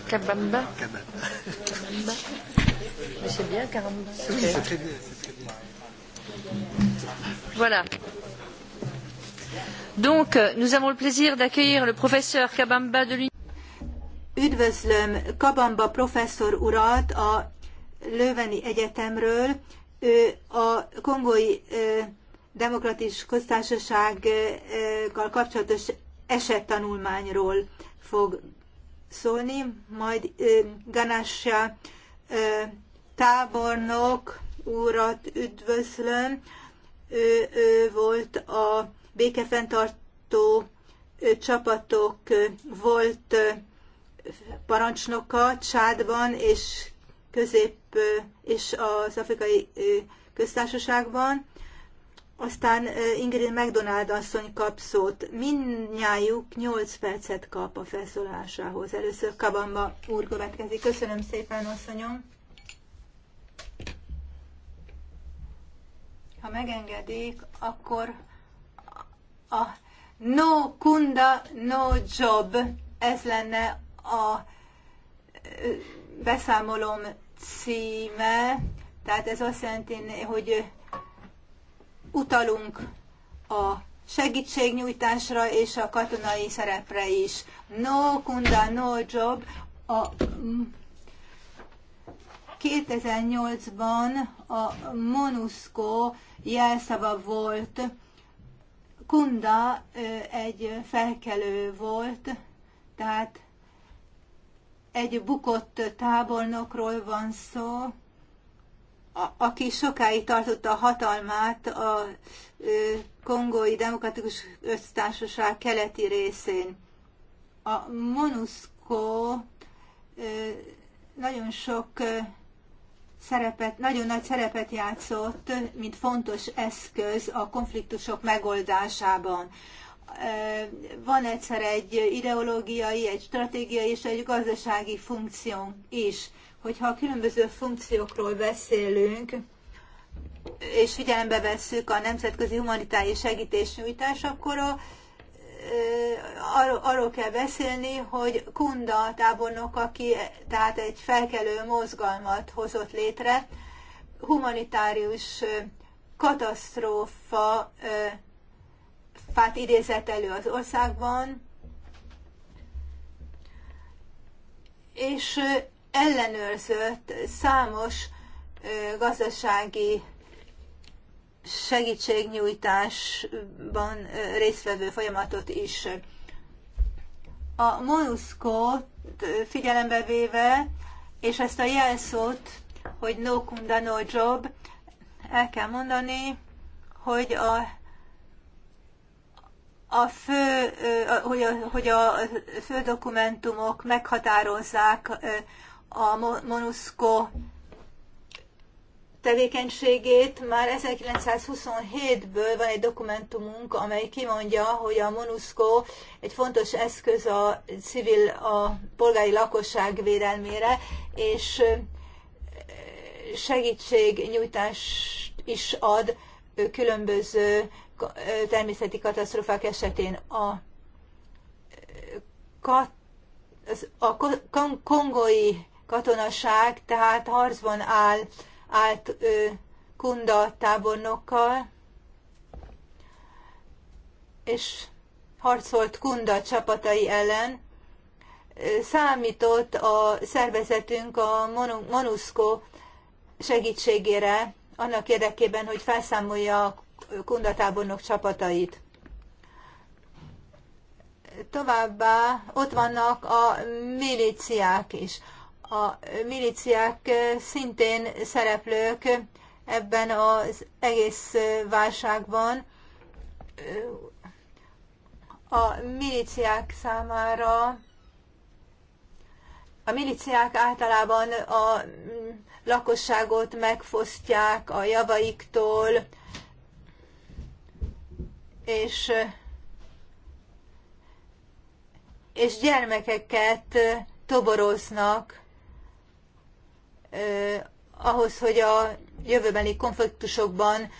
Cabamba. Cabamba. Mais c'est bien, Caramba. Oui, c'est très bien. Voilà. Donc, euh, nous avons le plaisir d'accueillir le professeur Kabamba de l'Union. Üdvözlöm Kabamba professzor urat a Löveni Egyetemről, a kongói demokratikus köztársasággal kapcsolatos esettanulmányról fog szólni, majd Ganássá tábornok úrat üdvözlöm. Ő, ő volt a békefenntartó csapatok volt parancsnoka Csádban és közép és az afrikai köztársaságban. Aztán Ingrid McDonald asszony kap szót. Mindnyájuk 8 percet kap a felszólásához. Először Kabamba úr következik. Köszönöm szépen, asszonyom. Ha megengedik, akkor a no kunda, no job, ez lenne a beszámolom címe, tehát ez azt jelenti, hogy utalunk a segítségnyújtásra és a katonai szerepre is. No kunda, no job. A 2008-ban mm, a MONUSCO jelszava volt, kunda egy felkelő volt, tehát egy bukott tábornokról van szó, a, aki sokáig tartotta a hatalmát a ö, Kongói Demokratikus Köztársaság keleti részén. A MONUSCO ö, nagyon sok ö, szerepet, nagyon nagy szerepet játszott, mint fontos eszköz a konfliktusok megoldásában van egyszer egy ideológiai, egy stratégiai és egy gazdasági funkció is. Hogyha a különböző funkciókról beszélünk, és figyelembe vesszük a nemzetközi humanitárius segítésnyújtás, akkor a, arról, arról kell beszélni, hogy Kunda tábornok, aki tehát egy felkelő mozgalmat hozott létre, humanitárius katasztrófa fát idézett elő az országban, és ellenőrzött számos gazdasági segítségnyújtásban résztvevő folyamatot is. A MONUSCO figyelembe véve, és ezt a jelszót, hogy no kunda, no job, el kell mondani, hogy a a fő, hogy a, hogy a fő dokumentumok meghatározzák a MONUSCO tevékenységét. Már 1927-ből van egy dokumentumunk, amely kimondja, hogy a MONUSCO egy fontos eszköz a civil, a polgári lakosság védelmére, és segítségnyújtást is ad különböző természeti katasztrófák esetén a, a kongói katonaság, tehát harcban áll, állt Kunda tábornokkal, és harcolt Kunda csapatai ellen, számított a szervezetünk a MONUSCO segítségére annak érdekében, hogy felszámolja a Kunda tábornok csapatait. Továbbá ott vannak a milíciák is. A milíciák szintén szereplők ebben az egész válságban. A milíciák számára a miliciák általában a lakosságot megfosztják a javaiktól, és, és gyermekeket toboroznak ahhoz, hogy a jövőbeni konfliktusokban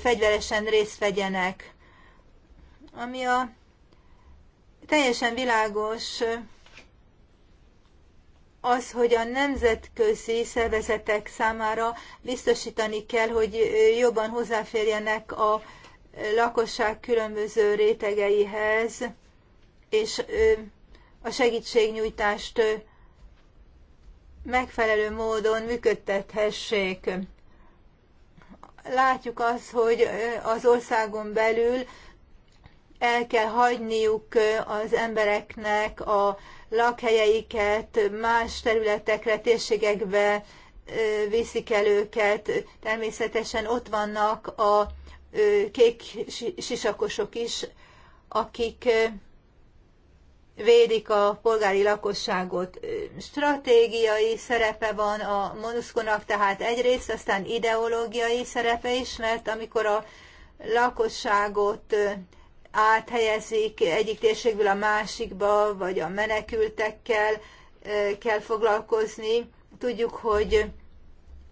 fegyveresen részt vegyenek. Ami a teljesen világos az, hogy a nemzetközi szervezetek számára biztosítani kell, hogy jobban hozzáférjenek a lakosság különböző rétegeihez, és a segítségnyújtást megfelelő módon működtethessék. Látjuk azt, hogy az országon belül el kell hagyniuk az embereknek a lakhelyeiket, más területekre, térségekbe viszik el őket. Természetesen ott vannak a kék sisakosok is, akik védik a polgári lakosságot. Stratégiai szerepe van a MONUSZKONak, tehát egyrészt, aztán ideológiai szerepe is, mert amikor a lakosságot áthelyezik egyik térségből a másikba, vagy a menekültekkel kell foglalkozni. Tudjuk, hogy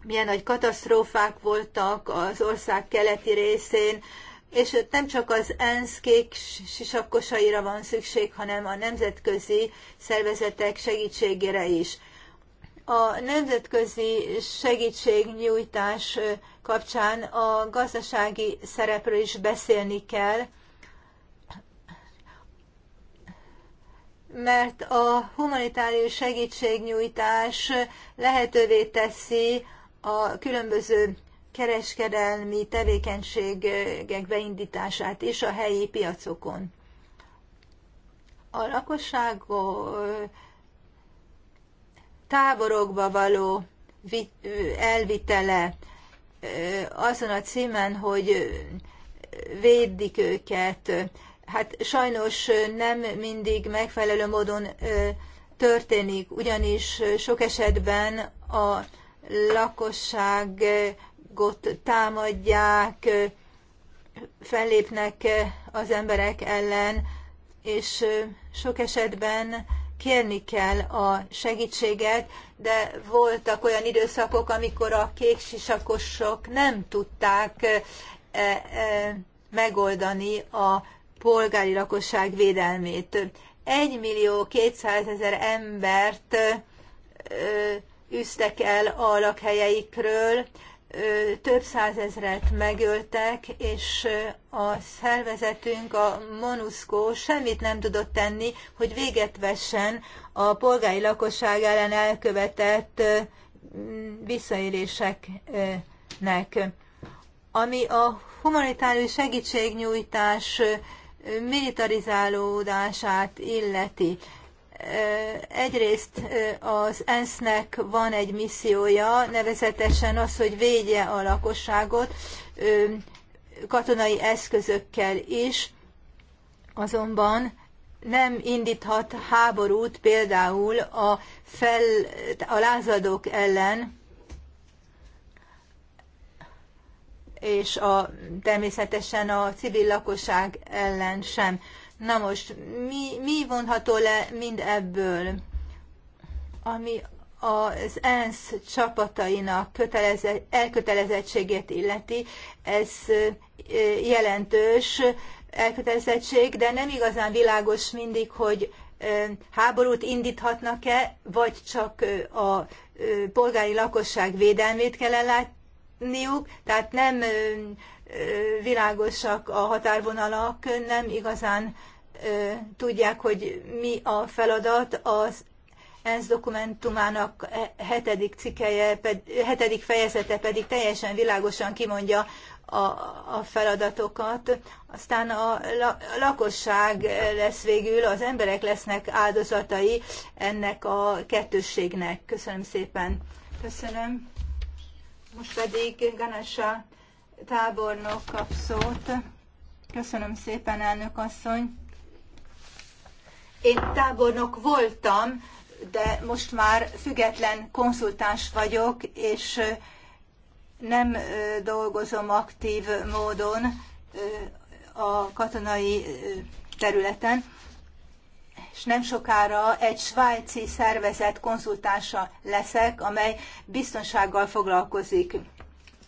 milyen nagy katasztrófák voltak az ország keleti részén, és nem csak az ENSZ kék sisakosaira van szükség, hanem a nemzetközi szervezetek segítségére is. A nemzetközi segítségnyújtás kapcsán a gazdasági szerepről is beszélni kell, mert a humanitárius segítségnyújtás lehetővé teszi a különböző kereskedelmi tevékenységek beindítását is a helyi piacokon. A lakosság táborokba való elvitele azon a címen, hogy védik őket, hát sajnos nem mindig megfelelő módon történik, ugyanis sok esetben a lakosságot támadják, fellépnek az emberek ellen, és sok esetben kérni kell a segítséget, de voltak olyan időszakok, amikor a kéksisakosok nem tudták e, e, megoldani a polgári lakosság védelmét. 1 millió 200 ezer embert e, üztek el a lakhelyeikről, több százezret megöltek, és a szervezetünk, a MONUSCO semmit nem tudott tenni, hogy véget vessen a polgári lakosság ellen elkövetett visszaéléseknek. Ami a humanitárius segítségnyújtás militarizálódását illeti. Egyrészt az ENSZ-nek van egy missziója, nevezetesen az, hogy védje a lakosságot katonai eszközökkel is, azonban nem indíthat háborút például a, fel, a lázadók ellen, és a, természetesen a civil lakosság ellen sem. Na most, mi, mi vonható le mind ebből, ami az ENSZ csapatainak kötelezett, elkötelezettségét illeti, ez jelentős elkötelezettség, de nem igazán világos mindig, hogy háborút indíthatnak-e, vagy csak a polgári lakosság védelmét kell ellátniuk, tehát nem világosak a határvonalak, nem igazán tudják, hogy mi a feladat. Az ENSZ dokumentumának hetedik, cikkeje, hetedik fejezete pedig teljesen világosan kimondja a, a feladatokat. Aztán a lakosság lesz végül, az emberek lesznek áldozatai ennek a kettősségnek. Köszönöm szépen. Köszönöm. Most pedig Ganesha tábornok kap szót. Köszönöm szépen, elnök asszony. Én tábornok voltam, de most már független konzultáns vagyok, és nem dolgozom aktív módon a katonai területen, és nem sokára egy svájci szervezet konzultánsa leszek, amely biztonsággal foglalkozik.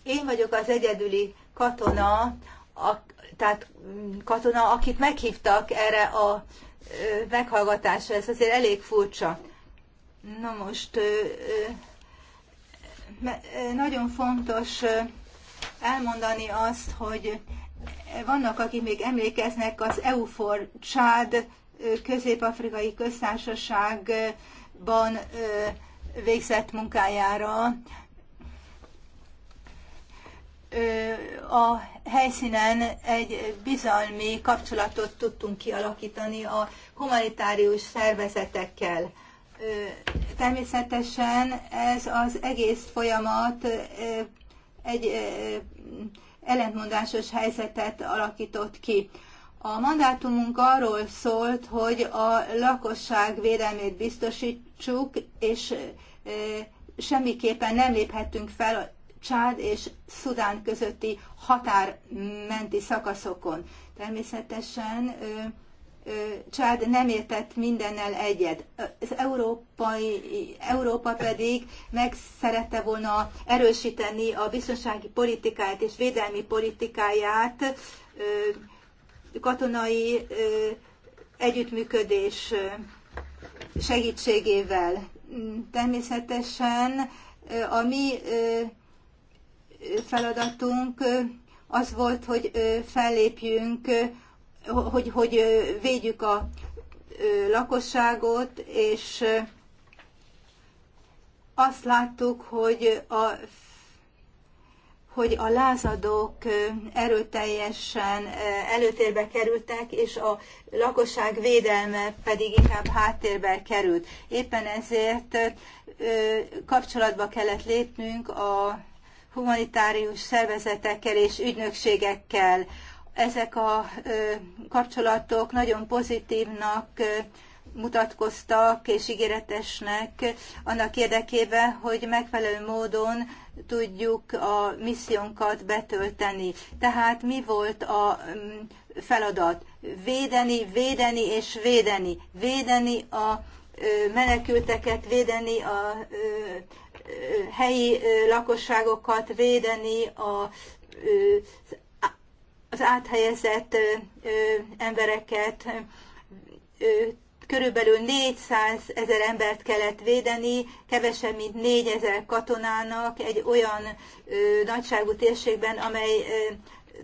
Én vagyok az egyedüli katona, a, tehát mm, katona, akit meghívtak erre a ö, meghallgatásra. Ez azért elég furcsa. Na most ö, ö, nagyon fontos elmondani azt, hogy vannak, akik még emlékeznek az EUFOR Csád közép-afrikai köztársaságban végzett munkájára a helyszínen egy bizalmi kapcsolatot tudtunk kialakítani a humanitárius szervezetekkel. Természetesen ez az egész folyamat egy ellentmondásos helyzetet alakított ki. A mandátumunk arról szólt, hogy a lakosság védelmét biztosítsuk, és semmiképpen nem léphetünk fel Csád és Szudán közötti határmenti szakaszokon. Természetesen Csád nem értett mindennel egyet. Az európai, Európa pedig meg szerette volna erősíteni a biztonsági politikáját és védelmi politikáját katonai együttműködés segítségével. Természetesen a mi feladatunk az volt, hogy fellépjünk, hogy, hogy védjük a lakosságot, és azt láttuk, hogy a, hogy a lázadók erőteljesen előtérbe kerültek, és a lakosság védelme pedig inkább háttérbe került. Éppen ezért kapcsolatba kellett lépnünk a humanitárius szervezetekkel és ügynökségekkel. Ezek a kapcsolatok nagyon pozitívnak mutatkoztak és ígéretesnek annak érdekében, hogy megfelelő módon tudjuk a missziónkat betölteni. Tehát mi volt a mm, feladat? Védeni, védeni és védeni. Védeni a menekülteket, védeni a helyi lakosságokat védeni, a, az áthelyezett embereket, körülbelül 400 ezer embert kellett védeni, kevesebb, mint 4 ezer katonának egy olyan ö, nagyságú térségben, amely ö,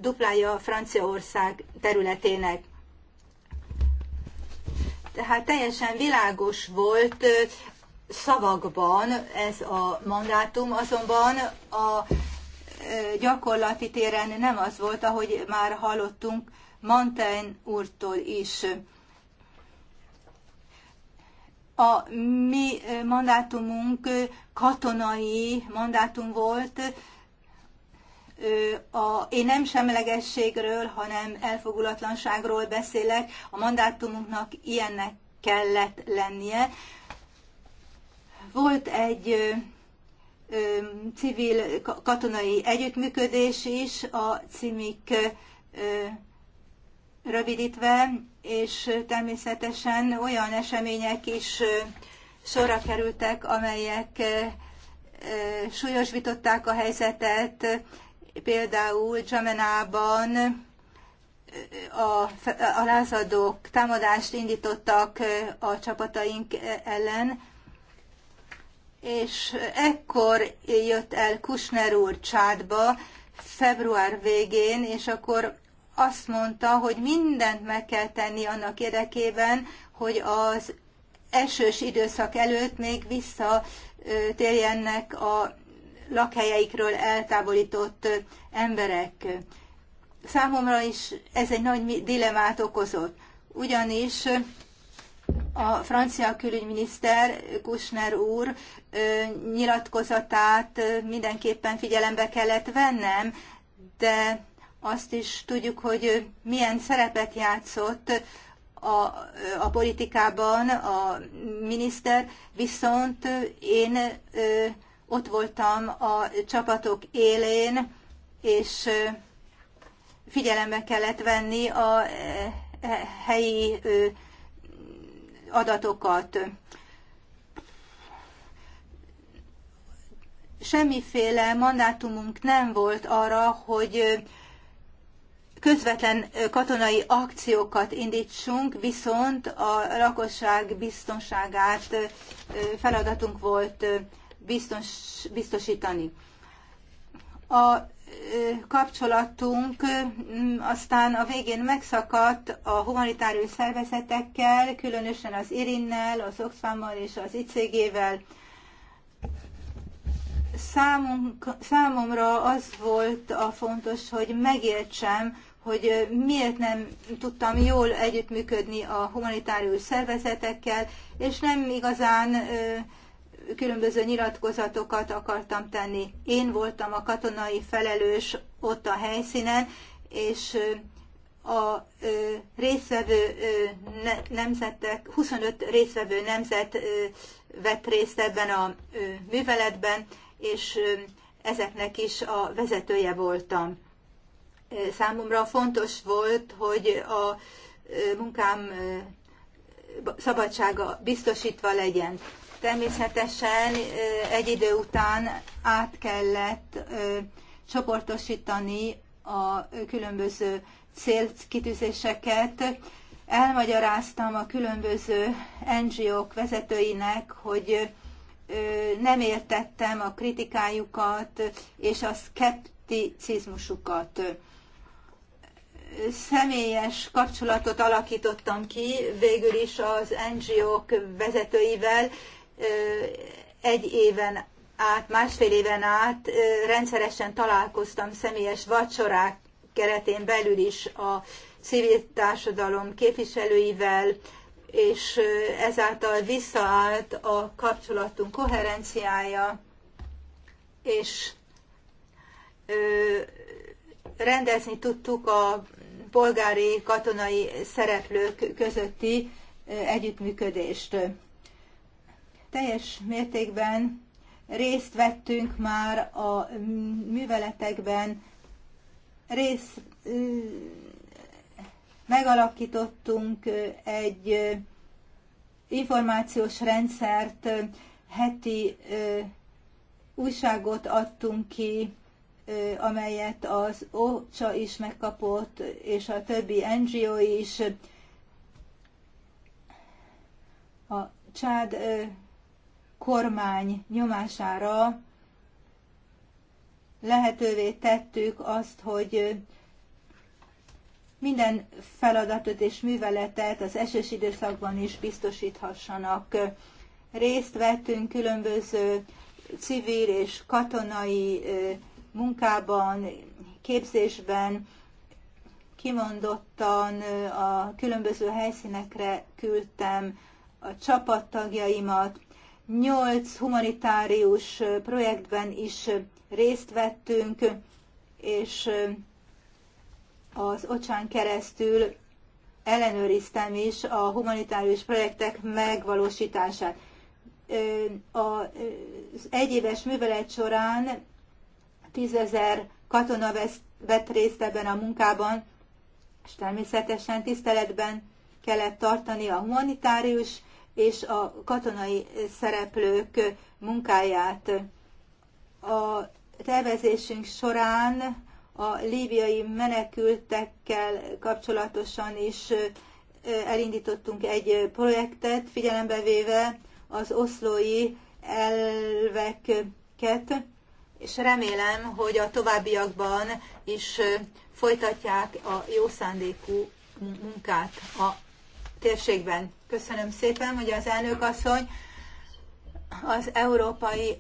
duplája Franciaország területének. Tehát teljesen világos volt szavakban ez a mandátum, azonban a gyakorlati téren nem az volt, ahogy már hallottunk Montaigne úrtól is. A mi mandátumunk katonai mandátum volt, a, én nem semlegességről, hanem elfogulatlanságról beszélek, a mandátumunknak ilyennek kellett lennie. Volt egy civil katonai együttműködés is a címik rövidítve, és természetesen olyan események is sorra kerültek, amelyek súlyosították a helyzetet, például Jamenában a, a lázadók támadást indítottak a csapataink ellen, és ekkor jött el Kusner úr Csádba, február végén, és akkor azt mondta, hogy mindent meg kell tenni annak érdekében, hogy az esős időszak előtt még visszatérjenek a lakhelyeikről eltávolított emberek. Számomra is ez egy nagy dilemát okozott, ugyanis a francia külügyminiszter Kushner úr nyilatkozatát mindenképpen figyelembe kellett vennem, de azt is tudjuk, hogy milyen szerepet játszott a, a politikában a miniszter, viszont én ö, ott voltam a csapatok élén, és figyelembe kellett venni a e, e, helyi adatokat. Semmiféle mandátumunk nem volt arra, hogy közvetlen katonai akciókat indítsunk, viszont a lakosság biztonságát feladatunk volt biztos, biztosítani. A kapcsolatunk mm, aztán a végén megszakadt a humanitárius szervezetekkel, különösen az Irinnel, az Oxfammal és az ICG-vel. Számunk, számomra az volt a fontos, hogy megértsem, hogy miért nem tudtam jól együttműködni a humanitárius szervezetekkel, és nem igazán ö, különböző nyilatkozatokat akartam tenni. Én voltam a katonai felelős ott a helyszínen, és a részvevő nemzetek, 25 részvevő nemzet vett részt ebben a műveletben, és ezeknek is a vezetője voltam. Számomra fontos volt, hogy a munkám szabadsága biztosítva legyen természetesen egy idő után át kellett csoportosítani a különböző célkitűzéseket. Elmagyaráztam a különböző NGO-k vezetőinek, hogy nem értettem a kritikájukat és a szkepticizmusukat. Személyes kapcsolatot alakítottam ki végül is az NGO-k vezetőivel, egy éven át, másfél éven át rendszeresen találkoztam személyes vacsorák keretén belül is a civil társadalom képviselőivel, és ezáltal visszaállt a kapcsolatunk koherenciája, és rendezni tudtuk a polgári katonai szereplők közötti együttműködést teljes mértékben részt vettünk már a műveletekben, részt megalakítottunk egy információs rendszert, heti újságot adtunk ki, amelyet az OCSA is megkapott, és a többi NGO is. A Csád kormány nyomására lehetővé tettük azt, hogy minden feladatot és műveletet az esős időszakban is biztosíthassanak. Részt vettünk különböző civil és katonai munkában, képzésben, kimondottan a különböző helyszínekre küldtem a csapattagjaimat, nyolc humanitárius projektben is részt vettünk, és az ocsán keresztül ellenőriztem is a humanitárius projektek megvalósítását. Az egyéves művelet során tízezer katona vett részt ebben a munkában, és természetesen tiszteletben kellett tartani a humanitárius és a katonai szereplők munkáját. A tervezésünk során a líbiai menekültekkel kapcsolatosan is elindítottunk egy projektet, figyelembe véve az oszlói elveket, és remélem, hogy a továbbiakban is folytatják a jó szándékú munkát a térségben. Köszönöm szépen, hogy az elnök asszony az európai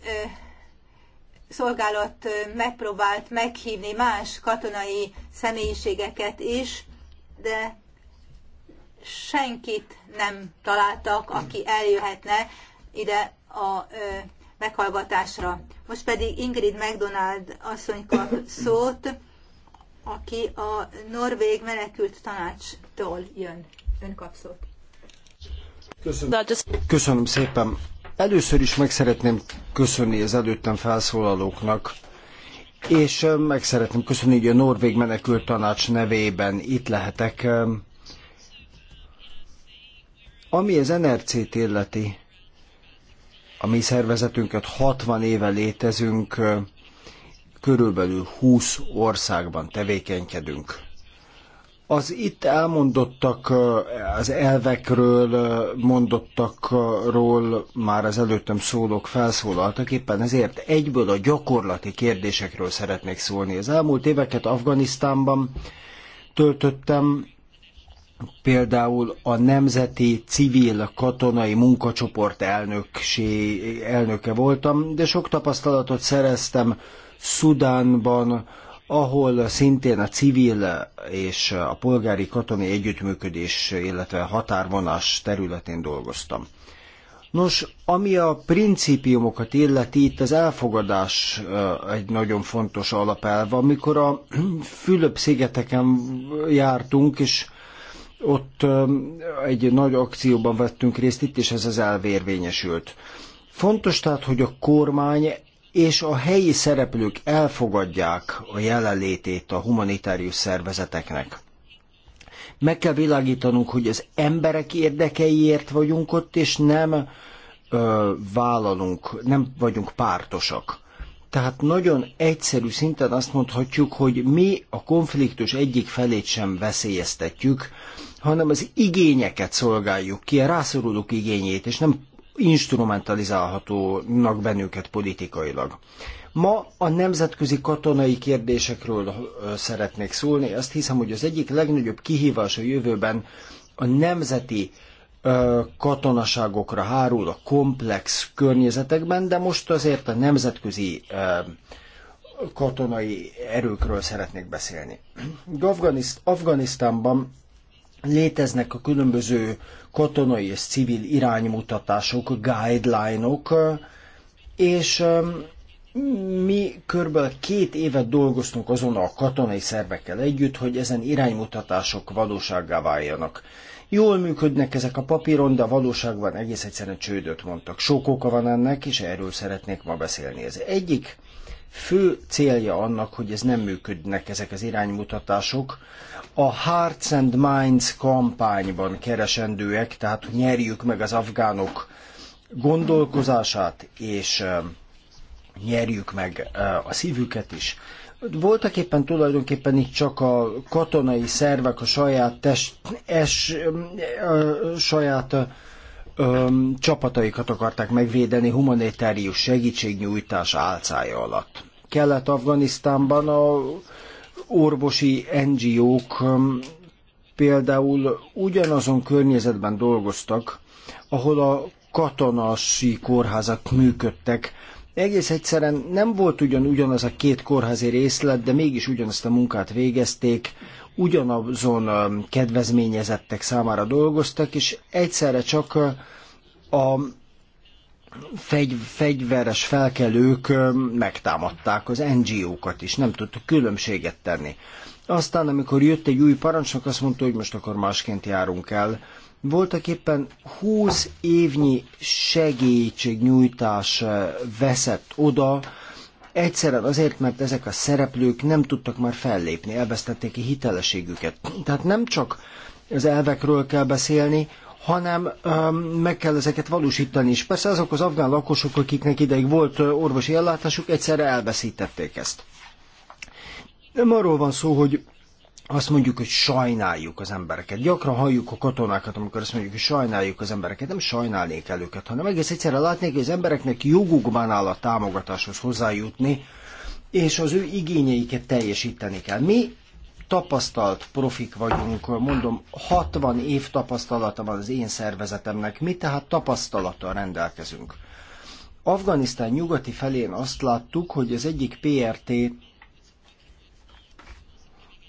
szolgálat megpróbált meghívni más katonai személyiségeket is, de senkit nem találtak, aki eljöhetne ide a meghallgatásra. Most pedig Ingrid McDonald asszony kap szót, aki a Norvég menekült tanácstól jön ön Köszönöm. Köszönöm szépen. Először is meg szeretném köszönni az előttem felszólalóknak, és meg szeretném köszönni, hogy a Norvég Menekült Tanács nevében itt lehetek. Ami az NRC-t illeti, a mi szervezetünket 60 éve létezünk, körülbelül 20 országban tevékenykedünk. Az itt elmondottak, az elvekről mondottakról már az előttem szólók felszólaltak, éppen ezért egyből a gyakorlati kérdésekről szeretnék szólni. Az elmúlt éveket Afganisztánban töltöttem, például a Nemzeti Civil Katonai Munkacsoport elnöksé, elnöke voltam, de sok tapasztalatot szereztem Szudánban, ahol szintén a civil és a polgári katonai együttműködés, illetve határvonás területén dolgoztam. Nos, ami a principiumokat illeti, itt az elfogadás egy nagyon fontos alapelve. Amikor a *clears throat* Fülöp-szigeteken jártunk, és ott egy nagy akcióban vettünk részt itt, és ez az elvérvényesült. Fontos tehát, hogy a kormány és a helyi szereplők elfogadják a jelenlétét a humanitárius szervezeteknek. Meg kell világítanunk, hogy az emberek érdekeiért vagyunk ott, és nem ö, vállalunk, nem vagyunk pártosak. Tehát nagyon egyszerű szinten azt mondhatjuk, hogy mi a konfliktus egyik felét sem veszélyeztetjük, hanem az igényeket szolgáljuk ki, a rászorulók igényét, és nem instrumentalizálhatónak bennünket politikailag. Ma a nemzetközi katonai kérdésekről szeretnék szólni. Azt hiszem, hogy az egyik legnagyobb kihívás a jövőben a nemzeti katonaságokra hárul a komplex környezetekben, de most azért a nemzetközi katonai erőkről szeretnék beszélni. Afganisztánban léteznek a különböző katonai és civil iránymutatások, guideline-ok, és um, mi körülbelül két évet dolgoztunk azon a katonai szervekkel együtt, hogy ezen iránymutatások valósággá váljanak. Jól működnek ezek a papíron, de a valóságban egész egyszerűen csődöt mondtak. Sok oka van ennek, és erről szeretnék ma beszélni. Ez egyik fő célja annak, hogy ez nem működnek ezek az iránymutatások, a Hearts and Minds kampányban keresendőek, tehát hogy nyerjük meg az afgánok gondolkozását, és nyerjük meg a szívüket is. Voltak éppen tulajdonképpen itt csak a katonai szervek a saját test, es, a saját öm, csapataikat akarták megvédeni humanitárius segítségnyújtás álcája alatt. Kelet-Afganisztánban a orvosi NGO-k például ugyanazon környezetben dolgoztak, ahol a katonasi kórházak működtek. Egész egyszerűen nem volt ugyan ugyanaz a két kórházi részlet, de mégis ugyanazt a munkát végezték, ugyanazon kedvezményezettek számára dolgoztak, és egyszerre csak a fegy, fegyveres felkelők megtámadták az NGO-kat is, nem tudtuk különbséget tenni. Aztán, amikor jött egy új parancsnok, azt mondta, hogy most akkor másként járunk el. Voltak éppen 20 évnyi segítségnyújtás veszett oda, Egyszerűen azért, mert ezek a szereplők nem tudtak már fellépni, elvesztették a hitelességüket. Tehát nem csak az elvekről kell beszélni, hanem um, meg kell ezeket valósítani is. Persze azok az afgán lakosok, akiknek ideig volt orvosi ellátásuk, egyszerre elveszítették ezt. Nem arról van szó, hogy azt mondjuk, hogy sajnáljuk az embereket. Gyakran halljuk a katonákat, amikor azt mondjuk, hogy sajnáljuk az embereket. Nem sajnálnék el őket, hanem egész egyszerre látnék, hogy az embereknek jogukban áll a támogatáshoz hozzájutni, és az ő igényeiket teljesíteni kell. Mi tapasztalt profik vagyunk, mondom, 60 év tapasztalata van az én szervezetemnek, mi tehát tapasztalattal rendelkezünk. Afganisztán nyugati felén azt láttuk, hogy az egyik PRT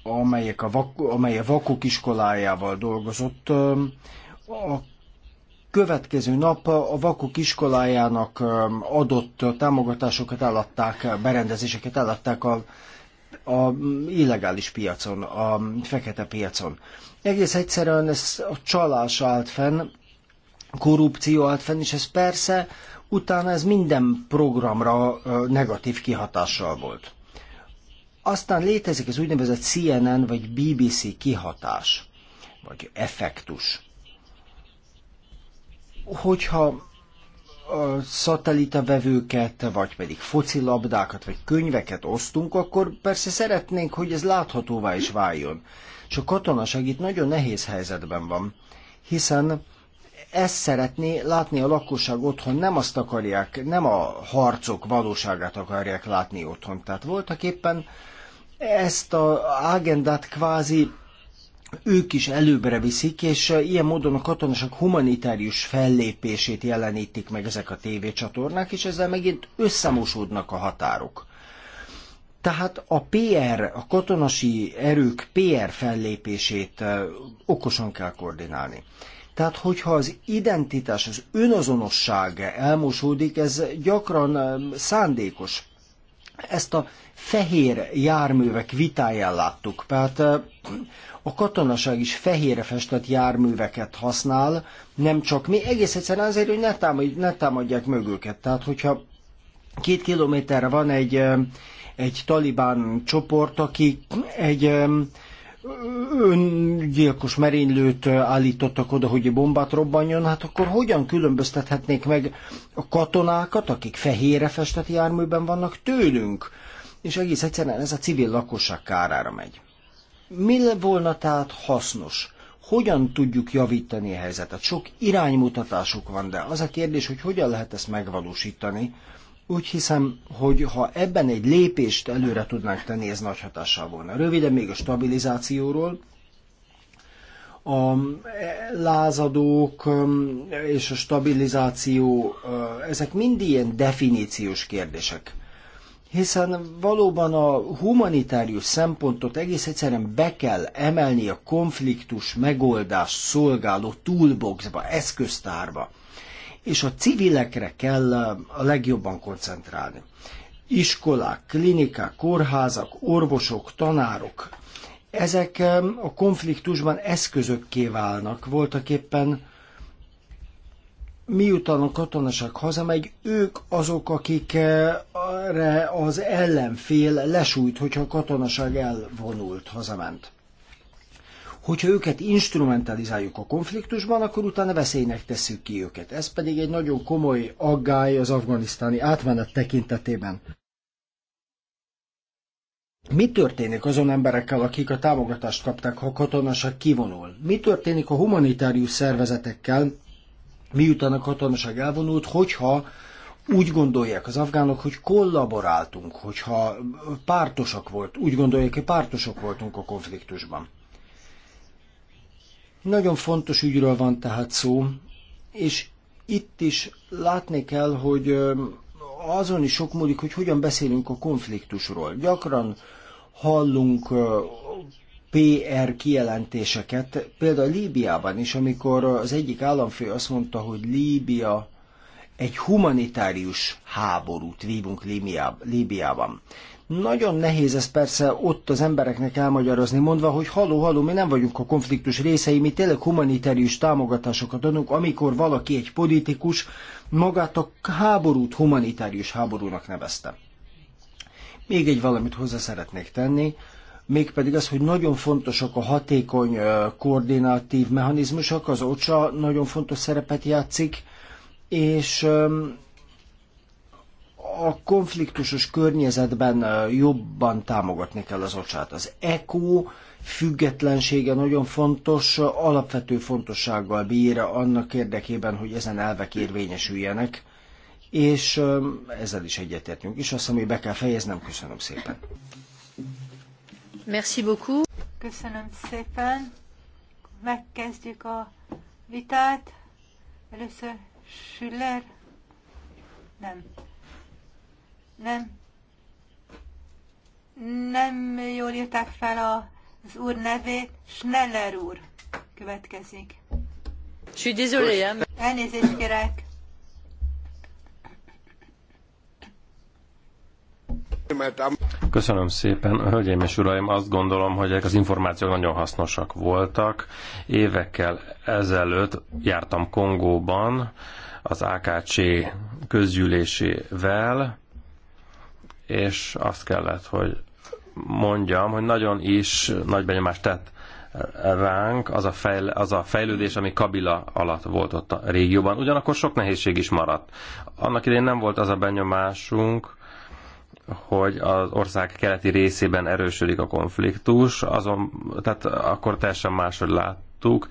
amelyek a vak, amely a vakok iskolájával dolgozott. A következő nap a vakok iskolájának adott támogatásokat eladták, berendezéseket eladták a, a illegális piacon, a fekete piacon. Egész egyszerűen ez a csalás állt fenn, korrupció állt fenn, és ez persze utána ez minden programra negatív kihatással volt. Aztán létezik az úgynevezett CNN vagy BBC kihatás, vagy effektus. Hogyha a vevőket vagy pedig focilabdákat, vagy könyveket osztunk, akkor persze szeretnénk, hogy ez láthatóvá is váljon. És a katonaság itt nagyon nehéz helyzetben van, hiszen ezt szeretné látni a lakosság otthon, nem azt akarják, nem a harcok valóságát akarják látni otthon. Tehát voltak éppen ezt a agendát kvázi ők is előbbre viszik, és e, ilyen módon a katonaság humanitárius fellépését jelenítik meg ezek a tévécsatornák, és ezzel megint összemosódnak a határok. Tehát a PR, a katonasi erők PR fellépését e, okosan kell koordinálni. Tehát, hogyha az identitás, az önazonosság elmosódik, ez gyakran e, szándékos. Ezt a fehér járművek vitáján láttuk. Tehát a katonaság is fehérre festett járműveket használ, nem csak mi, egész egyszerűen azért, hogy ne, támadj, ne támadják meg őket. Tehát, hogyha két kilométerre van egy, egy talibán csoport, aki egy öngyilkos merénylőt állítottak oda, hogy bombát robbanjon, hát akkor hogyan különböztethetnék meg a katonákat, akik fehérre festett járműben vannak tőlünk, és egész egyszerűen ez a civil lakosság kárára megy. Mi volna tehát hasznos? Hogyan tudjuk javítani a helyzetet? Sok iránymutatásuk van, de az a kérdés, hogy hogyan lehet ezt megvalósítani. Úgy hiszem, hogy ha ebben egy lépést előre tudnánk tenni, ez nagy hatással volna. Röviden még a stabilizációról, a lázadók um, és a stabilizáció, uh, ezek mind ilyen definíciós kérdések hiszen valóban a humanitárius szempontot egész egyszerűen be kell emelni a konfliktus megoldás szolgáló toolboxba, eszköztárba, és a civilekre kell eh, a legjobban koncentrálni. Iskolák, klinikák, kórházak, orvosok, tanárok, ezek eh, a konfliktusban eszközökké válnak voltak éppen, miután a katonaság hazamegy, ők azok, akikre az ellenfél lesújt, hogyha a katonaság elvonult, hazament. Hogyha őket instrumentalizáljuk a konfliktusban, akkor utána veszélynek tesszük ki őket. Ez pedig egy nagyon komoly aggály az afganisztáni átmenet tekintetében. Mi történik azon emberekkel, akik a támogatást kapták, ha katonaság kivonul? Mi történik a humanitárius szervezetekkel, miután a katonaság elvonult, hogyha úgy gondolják az afgánok, hogy kollaboráltunk, hogyha pártosak volt, úgy gondolják, hogy pártosak voltunk a konfliktusban. Nagyon fontos ügyről van tehát szó, és itt is látni kell, hogy azon is sok múlik, hogy hogyan beszélünk a konfliktusról. Gyakran hallunk PR kijelentéseket, például Líbiában is, amikor az egyik államfő azt mondta, hogy Líbia egy humanitárius háborút vívunk Líbiában. Nagyon nehéz ez persze ott az embereknek elmagyarázni, mondva, hogy haló, haló, mi nem vagyunk a konfliktus részei, mi tényleg humanitárius támogatásokat adunk, amikor valaki, egy politikus magát a háborút humanitárius háborúnak nevezte. Még egy valamit hozzá szeretnék tenni, mégpedig az, hogy nagyon fontosak a hatékony koordinatív mechanizmusok, az OCSA nagyon fontos szerepet játszik, és a konfliktusos környezetben jobban támogatni kell az ocsát. Az ECO függetlensége nagyon fontos, alapvető fontossággal bír annak érdekében, hogy ezen elvek érvényesüljenek, és ezzel is egyetértünk. És azt, ami be kell fejeznem, köszönöm szépen. Merci beaucoup. Köszönöm szépen. Megkezdjük a vitát. Először Schüller. Nem. Nem. Nem jól írták fel a, az úr nevét. Schneller úr következik. Je suis désolé, Elnézést kérek. Köszönöm szépen. Hölgyeim és uraim, azt gondolom, hogy ezek az információk nagyon hasznosak voltak. Évekkel ezelőtt jártam Kongóban az AKC közgyűlésével, és azt kellett, hogy mondjam, hogy nagyon is nagy benyomást tett ránk az a, fejl, az a fejlődés, ami Kabila alatt volt ott a régióban. Ugyanakkor sok nehézség is maradt. Annak idején nem volt az a benyomásunk, hogy az ország keleti részében erősödik a konfliktus, azon, tehát akkor teljesen máshogy láttuk.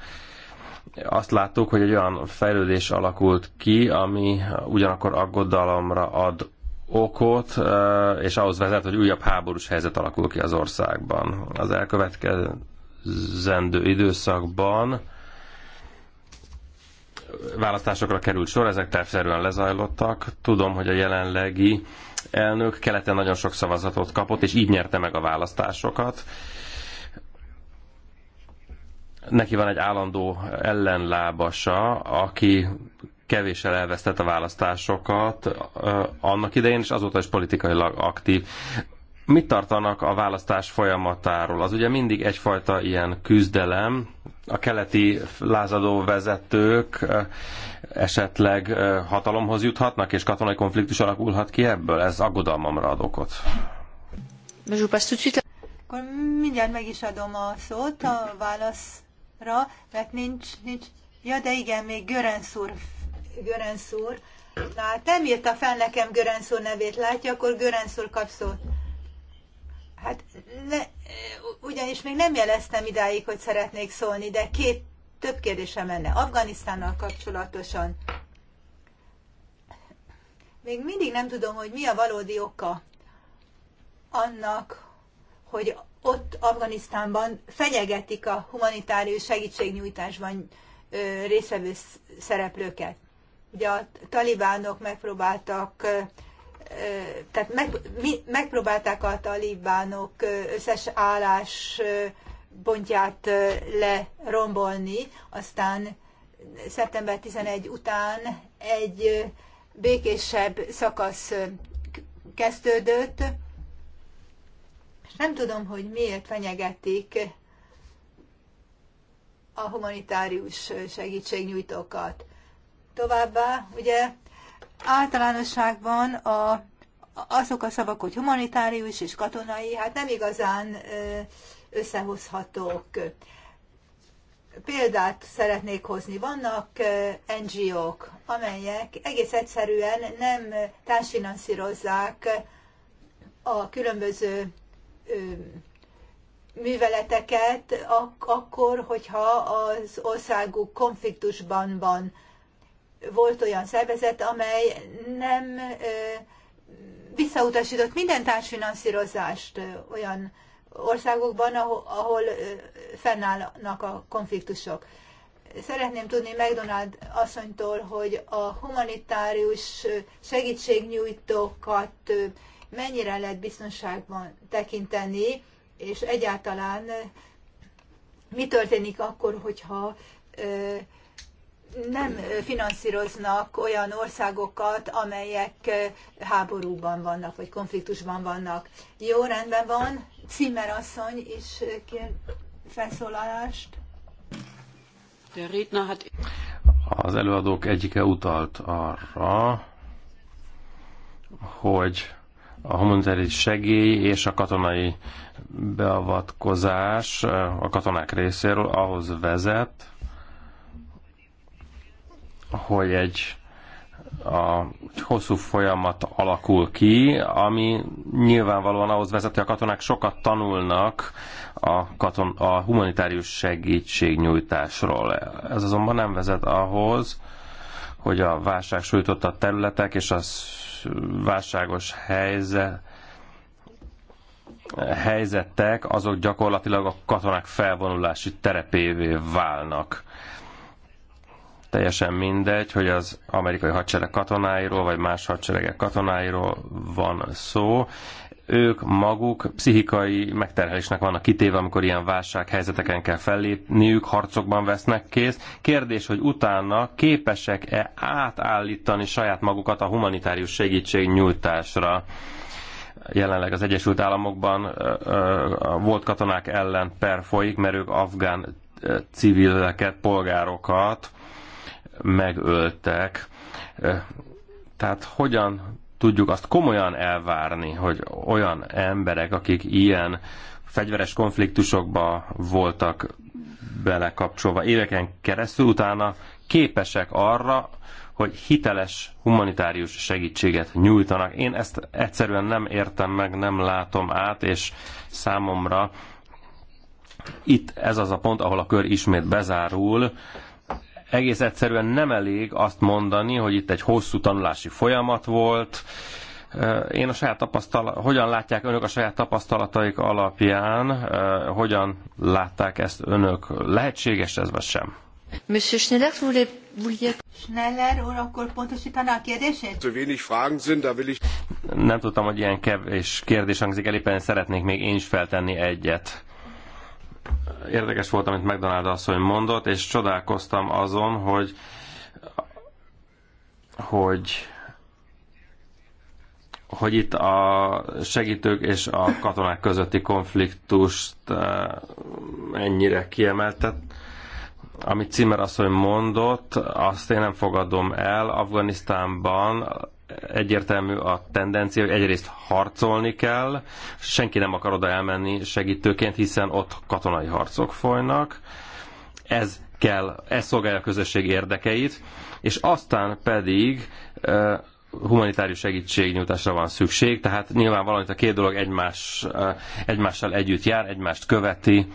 Azt láttuk, hogy egy olyan fejlődés alakult ki, ami ugyanakkor aggodalomra ad okot, eh, és ahhoz vezet, hogy újabb háborús helyzet alakul ki az országban. Az elkövetkezendő időszakban választásokra került sor, ezek tervszerűen lezajlottak. Tudom, hogy a jelenlegi elnök keleten nagyon sok szavazatot kapott, és így nyerte meg a választásokat. Neki van egy állandó ellenlábasa, aki kevéssel elvesztett a választásokat annak idején, és azóta is politikailag aktív mit tartanak a választás folyamatáról? Az ugye mindig egyfajta ilyen küzdelem. A keleti lázadó vezetők eh, esetleg eh, hatalomhoz juthatnak, és katonai konfliktus alakulhat ki ebből? Ez aggodalmamra ad okot. Akkor mindjárt meg is adom a szót a válaszra, mert nincs, nincs... Ja, de igen, még Görensz úr, Görensz úr. Na, hát nem írta fel nekem Görensz úr nevét, látja, akkor Görensz úr kap szót. Hát ne, ugyanis még nem jeleztem idáig, hogy szeretnék szólni, de két több kérdésem lenne Afganisztánnal kapcsolatosan. Még mindig nem tudom, hogy mi a valódi oka annak, hogy ott Afganisztánban fenyegetik a humanitárius segítségnyújtásban részvevő szereplőket. Ugye a talibánok megpróbáltak tehát meg, mi, megpróbálták a talibánok összes állás pontját lerombolni, aztán szeptember 11 után egy békésebb szakasz kezdődött, és nem tudom, hogy miért fenyegetik a humanitárius segítségnyújtókat. Továbbá, ugye általánosságban a, azok a szavak, hogy humanitárius és katonai, hát nem igazán összehozhatók. Példát szeretnék hozni. Vannak NGO-k, amelyek egész egyszerűen nem társfinanszírozzák a különböző műveleteket ak- akkor, hogyha az országuk konfliktusban van volt olyan szervezet, amely nem visszautasított minden társfinanszírozást olyan országokban, ahol, ahol fennállnak a konfliktusok. Szeretném tudni McDonald asszonytól, hogy a humanitárius segítségnyújtókat mennyire lehet biztonságban tekinteni, és egyáltalán mi történik akkor, hogyha nem finanszíroznak olyan országokat, amelyek háborúban vannak, vagy konfliktusban vannak. Jó, rendben van. Zimmer asszony is kér felszólalást. Hát- Az előadók egyike utalt arra, hogy a humanitárius segély és a katonai beavatkozás a katonák részéről ahhoz vezet, hogy egy a hosszú folyamat alakul ki, ami nyilvánvalóan ahhoz vezeti, a katonák sokat tanulnak a, katon, a humanitárius segítségnyújtásról. Ez azonban nem vezet ahhoz, hogy a válság sújtotta területek és a válságos helyzet helyzetek, azok gyakorlatilag a katonák felvonulási terepévé válnak Teljesen mindegy, hogy az amerikai hadsereg katonáiról, vagy más hadseregek katonáiról van szó. Ők maguk pszichikai megterhelésnek vannak kitéve, amikor ilyen válsághelyzeteken kell fellépniük, harcokban vesznek kész. Kérdés, hogy utána képesek-e átállítani saját magukat a humanitárius segítségnyújtásra jelenleg az Egyesült Államokban volt katonák ellen per folyik, mert ők afgán civileket, polgárokat megöltek. Tehát hogyan tudjuk azt komolyan elvárni, hogy olyan emberek, akik ilyen fegyveres konfliktusokba voltak belekapcsolva éveken keresztül, utána képesek arra, hogy hiteles humanitárius segítséget nyújtanak. Én ezt egyszerűen nem értem meg, nem látom át, és számomra itt ez az a pont, ahol a kör ismét bezárul, egész egyszerűen nem elég azt mondani, hogy itt egy hosszú tanulási folyamat volt. Én a saját tapasztalat, hogyan látják önök a saját tapasztalataik alapján, hogyan látták ezt önök? Lehetséges ez vagy sem? Monsieur Schneller, vous voulez... Schneller úr, akkor pontosítaná a kérdését? So wenig Fragen sind, da will ich... Nem tudtam, hogy ilyen kevés kérdés hangzik el, éppen szeretnék még én is feltenni egyet érdekes volt, amit McDonald asszony mondott, és csodálkoztam azon, hogy hogy hogy itt a segítők és a katonák közötti konfliktust eh, ennyire kiemeltet. Amit Cimmer asszony mondott, azt én nem fogadom el. Afganisztánban egyértelmű a tendencia, hogy egyrészt harcolni kell, senki nem akar oda elmenni segítőként, hiszen ott katonai harcok folynak. Ez kell, ez szolgálja a közösség érdekeit, és aztán pedig humanitárius segítségnyújtásra van szükség, tehát nyilván valamit a két dolog egymás, egymással együtt jár, egymást követi,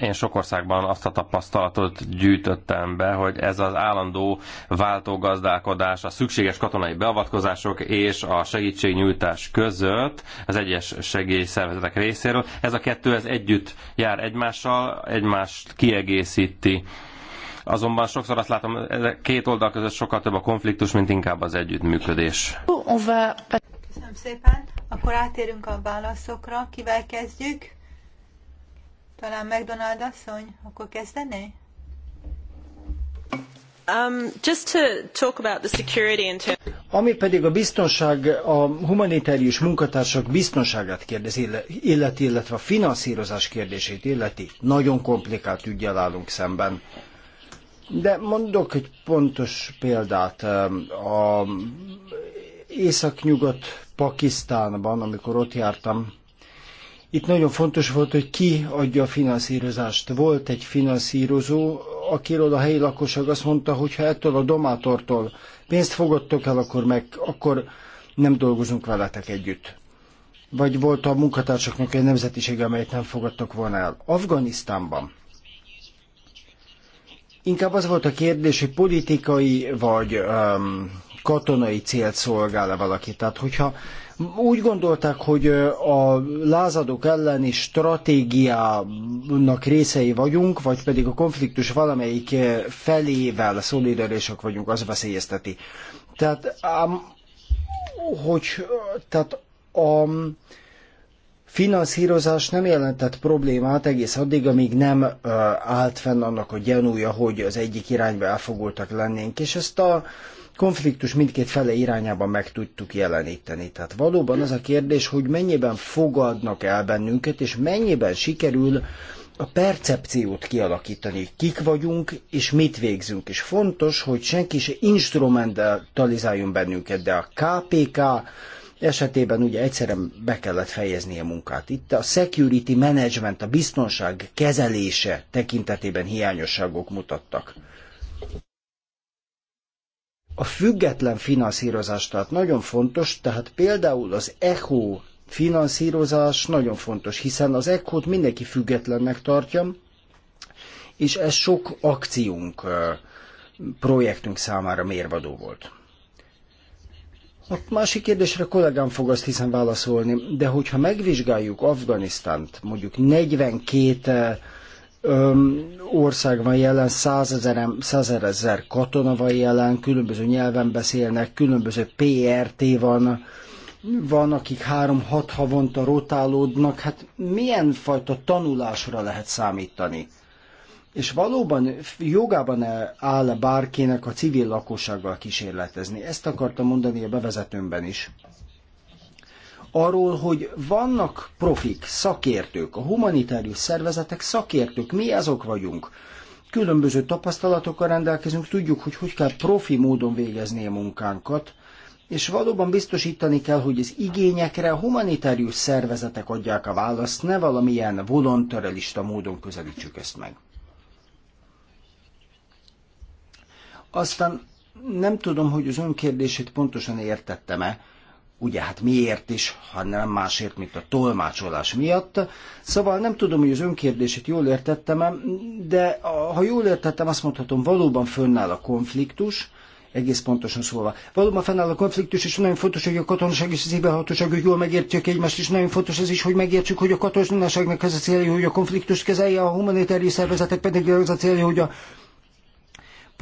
én sok országban azt a tapasztalatot gyűjtöttem be, hogy ez az állandó váltógazdálkodás, a szükséges katonai beavatkozások és a segítségnyújtás között az egyes segélyszervezetek részéről, ez a kettő ez együtt jár egymással, egymást kiegészíti. Azonban sokszor azt látom, ez két oldal között sokkal több a konfliktus, mint inkább az együttműködés. Köszönöm szépen. Akkor átérünk a válaszokra. Kivel kezdjük? Talán McDonald asszony, akkor kezdené? Um, just to talk about the security in terms... Ami pedig a biztonság, a humanitárius munkatársak biztonságát kérdezi, illeti, illetve a finanszírozás kérdését illeti, nagyon komplikált ügyel állunk szemben. De mondok egy pontos példát. Um, a északnyugat Pakisztánban, amikor ott jártam, itt nagyon fontos volt, hogy ki adja a finanszírozást. Volt egy finanszírozó, akiről a helyi lakosság azt mondta, hogy ha ettől a domátortól pénzt fogadtok el, akkor, meg, akkor nem dolgozunk veletek együtt. Vagy volt a munkatársaknak egy nemzetiség, amelyet nem fogadtak volna el. Afganisztánban Inkább az volt a kérdés, hogy politikai vagy um, katonai célt szolgál-e valaki. Tehát, hogyha úgy gondolták, hogy a lázadók elleni stratégiának részei vagyunk, vagy pedig a konfliktus valamelyik felével szolidarisok vagyunk, az veszélyezteti. Tehát, ám, hogy, tehát a, finanszírozás nem jelentett problémát egész addig, amíg nem állt fenn annak a gyanúja, hogy az egyik irányba elfogultak lennénk, és ezt a konfliktus mindkét fele irányában meg tudtuk jeleníteni. Tehát valóban az a kérdés, hogy mennyiben fogadnak el bennünket, és mennyiben sikerül a percepciót kialakítani, kik vagyunk, és mit végzünk. És fontos, hogy senki se instrumentalizáljon bennünket, de a KPK esetében ugye egyszerűen be kellett fejezni a munkát. Itt a security management, a biztonság kezelése tekintetében hiányosságok mutattak. A független finanszírozás tehát nagyon fontos, tehát például az ECHO finanszírozás nagyon fontos, hiszen az ECHO-t mindenki függetlennek tartja, és ez sok akciónk, projektünk számára mérvadó volt. A másik kérdésre kollégám fog azt hiszem válaszolni, de hogyha megvizsgáljuk Afganisztánt, mondjuk 42 eh, öm, ország van jelen, százezer, százezer katona van jelen, különböző nyelven beszélnek, különböző PRT van, van, akik három-hat havonta rotálódnak, hát milyen fajta tanulásra lehet számítani? és valóban jogában áll bárkinek a civil lakossággal kísérletezni. Ezt akartam mondani a bevezetőmben is. Arról, hogy vannak profik, szakértők, a humanitárius szervezetek szakértők, mi azok vagyunk. Különböző tapasztalatokkal rendelkezünk, tudjuk, hogy hogy kell profi módon végezni a munkánkat, és valóban biztosítani kell, hogy az igényekre a humanitárius szervezetek adják a választ, ne valamilyen volontarelista módon közelítsük ezt meg. Aztán nem tudom, hogy az önkérdését pontosan értettem-e, ugye hát miért is, ha nem másért, mint a tolmácsolás miatt. Szóval nem tudom, hogy az önkérdését jól értettem -e, de ha jól értettem, azt mondhatom, valóban fönnáll a konfliktus, egész pontosan szólva. Valóban fennáll a konfliktus, és nagyon fontos, hogy a katonaság és az éberhatóság jól megértjük egymást, és nagyon fontos ez is, hogy megértsük, hogy a katonaságnak ez a célja, hogy a konfliktust kezelje, a humanitári szervezetek pedig az a célja, hogy a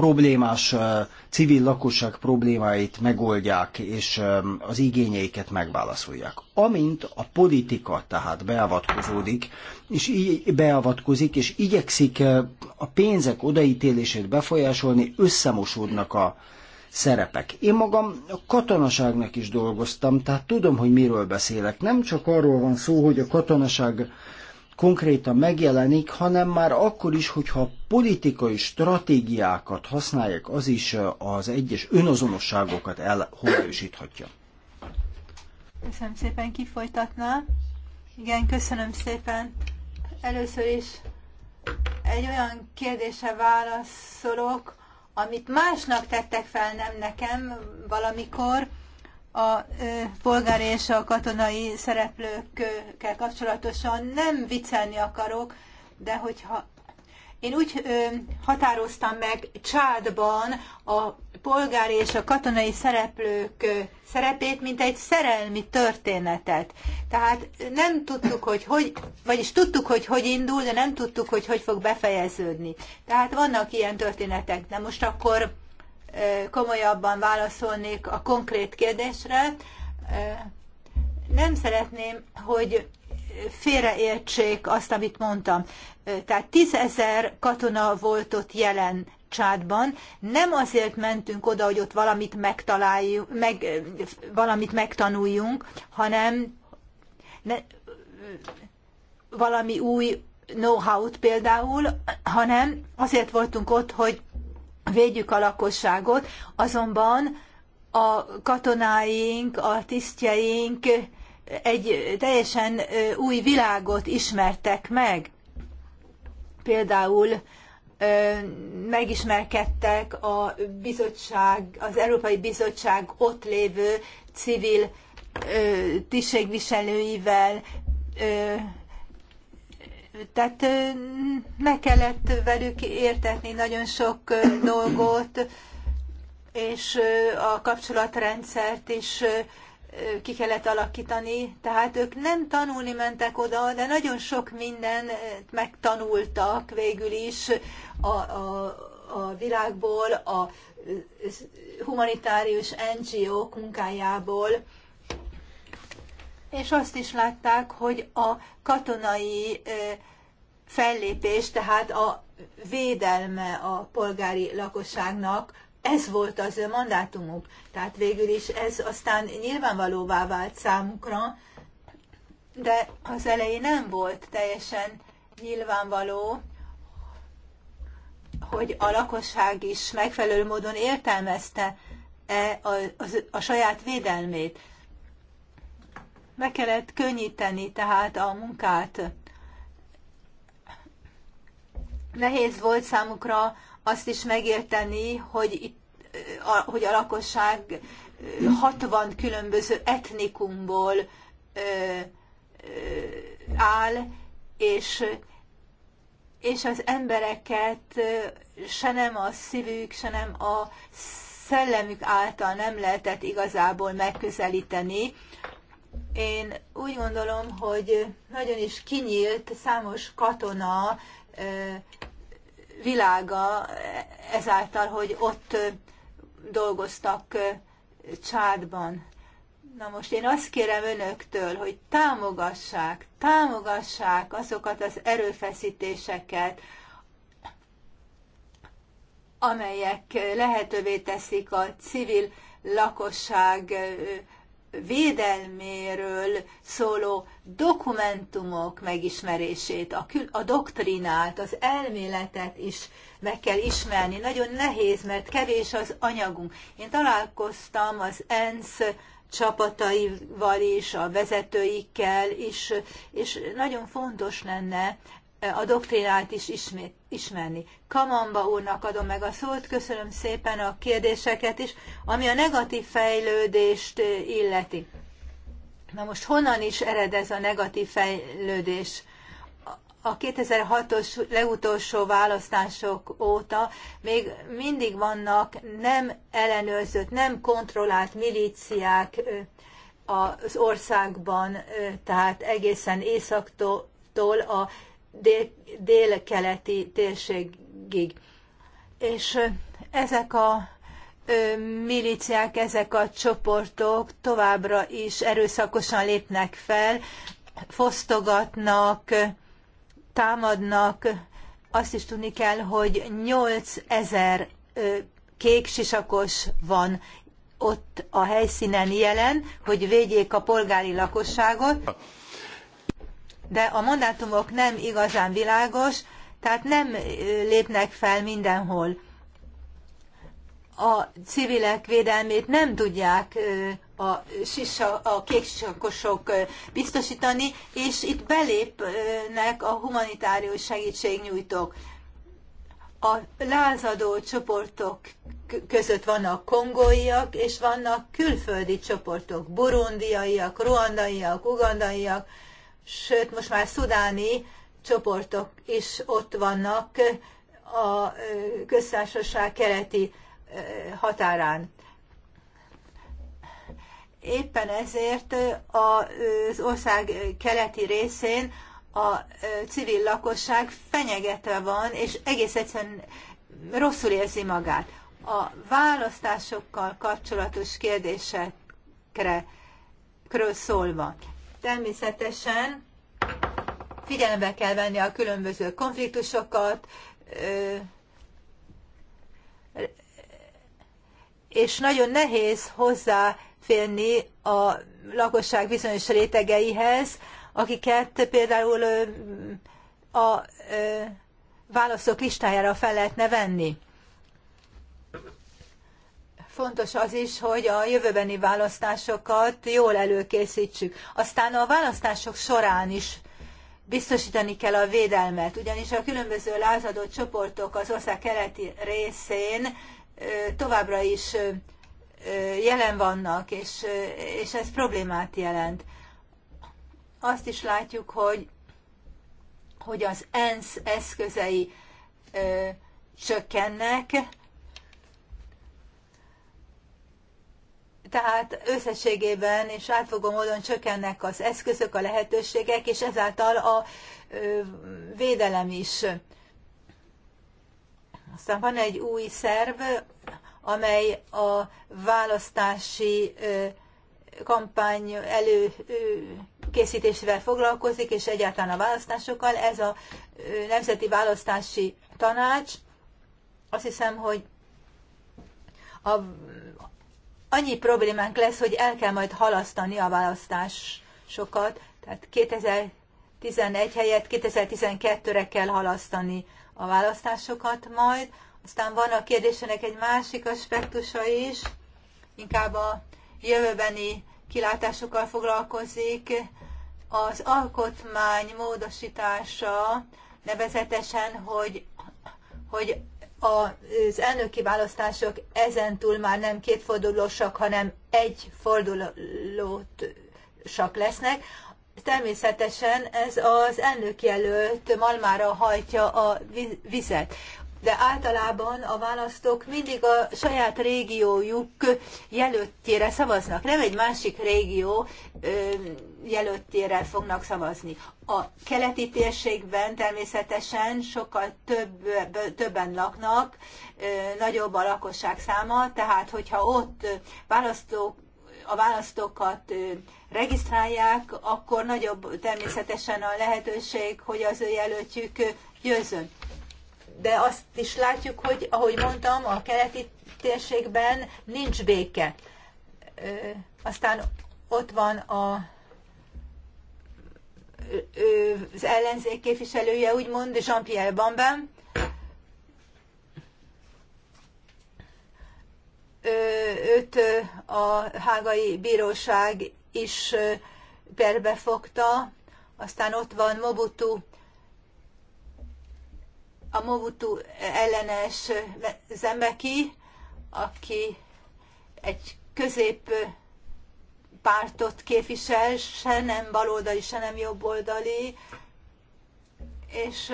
problémás civil lakosság problémáit megoldják, és az igényeiket megválaszolják. Amint a politika tehát beavatkozódik, és így beavatkozik, és igyekszik a pénzek odaítélését befolyásolni, összemosódnak a szerepek. Én magam a katonaságnak is dolgoztam, tehát tudom, hogy miről beszélek. Nem csak arról van szó, hogy a katonaság konkrétan megjelenik, hanem már akkor is, hogyha politikai stratégiákat használják, az is az egyes önazonosságokat elhomályosíthatja. Köszönöm szépen, kifolytatná. Igen, köszönöm szépen. Először is egy olyan kérdése válaszolok, amit másnak tettek fel, nem nekem valamikor a polgári és a katonai szereplőkkel kapcsolatosan nem viccelni akarok, de hogyha én úgy határoztam meg Csádban a polgári és a katonai szereplők szerepét, mint egy szerelmi történetet. Tehát nem tudtuk, hogy hogy, vagyis tudtuk, hogy hogy indul, de nem tudtuk, hogy hogy fog befejeződni. Tehát vannak ilyen történetek. De most akkor komolyabban válaszolnék a konkrét kérdésre. Nem szeretném, hogy félreértsék azt, amit mondtam. Tehát tízezer katona volt ott jelen Csádban. Nem azért mentünk oda, hogy ott valamit megtaláljuk, meg, valamit megtanuljunk, hanem ne, valami új know-how-t például, hanem azért voltunk ott, hogy védjük a lakosságot, azonban a katonáink, a tisztjeink egy teljesen új világot ismertek meg. Például megismerkedtek a bizottság, az Európai Bizottság ott lévő civil tisztségviselőivel, tehát le kellett velük értetni nagyon sok dolgot, és a kapcsolatrendszert is ki kellett alakítani, tehát ők nem tanulni mentek oda, de nagyon sok mindent megtanultak végül is a, a, a világból, a humanitárius NGO-k munkájából és azt is látták, hogy a katonai fellépés, tehát a védelme a polgári lakosságnak, ez volt az ő mandátumuk. Tehát végül is ez aztán nyilvánvalóvá vált számukra, de az elején nem volt teljesen nyilvánvaló, hogy a lakosság is megfelelő módon értelmezte -e a, a, a saját védelmét meg kellett könnyíteni tehát a munkát. Nehéz volt számukra azt is megérteni, hogy, itt, hogy a lakosság 60 különböző etnikumból ö, ö, áll, és, és az embereket se nem a szívük, se nem a szellemük által nem lehetett igazából megközelíteni. Én úgy gondolom, hogy nagyon is kinyílt számos katona világa ezáltal, hogy ott dolgoztak Csádban. Na most én azt kérem önöktől, hogy támogassák, támogassák azokat az erőfeszítéseket, amelyek lehetővé teszik a civil lakosság védelméről szóló dokumentumok megismerését, a, kül, a doktrinát, az elméletet is meg kell ismerni. Nagyon nehéz, mert kevés az anyagunk. Én találkoztam az ENSZ csapataival is, a vezetőikkel is, és nagyon fontos lenne a doktrinát is ismét, ismerni. Kamamba úrnak adom meg a szót, köszönöm szépen a kérdéseket is, ami a negatív fejlődést illeti. Na most honnan is ered ez a negatív fejlődés? A 2006-os legutolsó választások óta még mindig vannak nem ellenőrzött, nem kontrollált milíciák az országban, tehát egészen északtól a dél, dél-keleti térségig. És ezek a milíciák, ezek a csoportok továbbra is erőszakosan lépnek fel, fosztogatnak, támadnak. Azt is tudni kell, hogy 8000 kék sisakos van ott a helyszínen jelen, hogy védjék a polgári lakosságot de a mandátumok nem igazán világos, tehát nem lépnek fel mindenhol. A civilek védelmét nem tudják a, sisa, a kéksakosok biztosítani, és itt belépnek a humanitárius segítségnyújtók. A lázadó csoportok között vannak kongóiak, és vannak külföldi csoportok, burundiaiak, ruandaiak, ugandaiak, sőt most már szudáni csoportok is ott vannak a köztársaság keleti határán. Éppen ezért az ország keleti részén a civil lakosság fenyegetve van, és egész egyszerűen rosszul érzi magát. A választásokkal kapcsolatos kérdésekre szólva. Természetesen figyelembe kell venni a különböző konfliktusokat, és nagyon nehéz hozzáférni a lakosság bizonyos rétegeihez, akiket például a válaszok listájára fel lehetne venni fontos az is, hogy a jövőbeni választásokat jól előkészítsük. Aztán a választások során is biztosítani kell a védelmet, ugyanis a különböző lázadó csoportok az ország keleti részén továbbra is jelen vannak, és, és ez problémát jelent. Azt is látjuk, hogy, hogy az ENSZ eszközei csökkennek, Tehát összességében és átfogó módon csökkennek az eszközök, a lehetőségek, és ezáltal a védelem is. Aztán van egy új szerv, amely a választási kampány előkészítésével foglalkozik, és egyáltalán a választásokkal. Ez a Nemzeti Választási Tanács. Azt hiszem, hogy a annyi problémánk lesz, hogy el kell majd halasztani a választásokat, tehát 2011 helyett 2012-re kell halasztani a választásokat majd. Aztán van a kérdésének egy másik aspektusa is, inkább a jövőbeni kilátásokkal foglalkozik. Az alkotmány módosítása nevezetesen, hogy, hogy az elnöki választások ezentúl már nem kétfordulósak, hanem egy fordulósak lesznek. Természetesen ez az elnök jelölt malmára hajtja a vizet de általában a választók mindig a saját régiójuk jelöltjére szavaznak, nem egy másik régió jelöltjére fognak szavazni. A keleti térségben természetesen sokkal több, többen laknak, nagyobb a lakosság száma, tehát hogyha ott választók a választókat regisztrálják, akkor nagyobb természetesen a lehetőség, hogy az ő jelöltjük győzön de azt is látjuk, hogy ahogy mondtam, a keleti térségben nincs béke. Aztán ott van a az ellenzék képviselője, úgymond, Jean-Pierre Bamben. Őt a hágai bíróság is perbe fogta, aztán ott van Mobutu a Movutu ellenes Zembeki, aki egy közép pártot képvisel, se nem baloldali, se nem jobboldali, és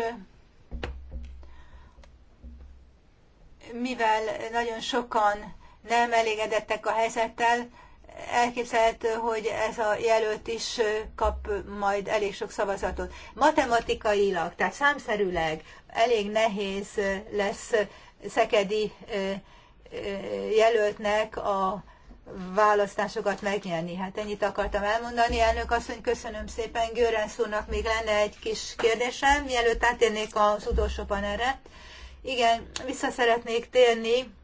mivel nagyon sokan nem elégedettek a helyzettel, elképzelhető, hogy ez a jelölt is kap majd elég sok szavazatot. Matematikailag, tehát számszerűleg elég nehéz lesz Szekedi jelöltnek a választásokat megnyerni. Hát ennyit akartam elmondani. Elnök asszony, köszönöm szépen. Görensz úrnak még lenne egy kis kérdésem, mielőtt átérnék az utolsó panelre. Igen, vissza szeretnék térni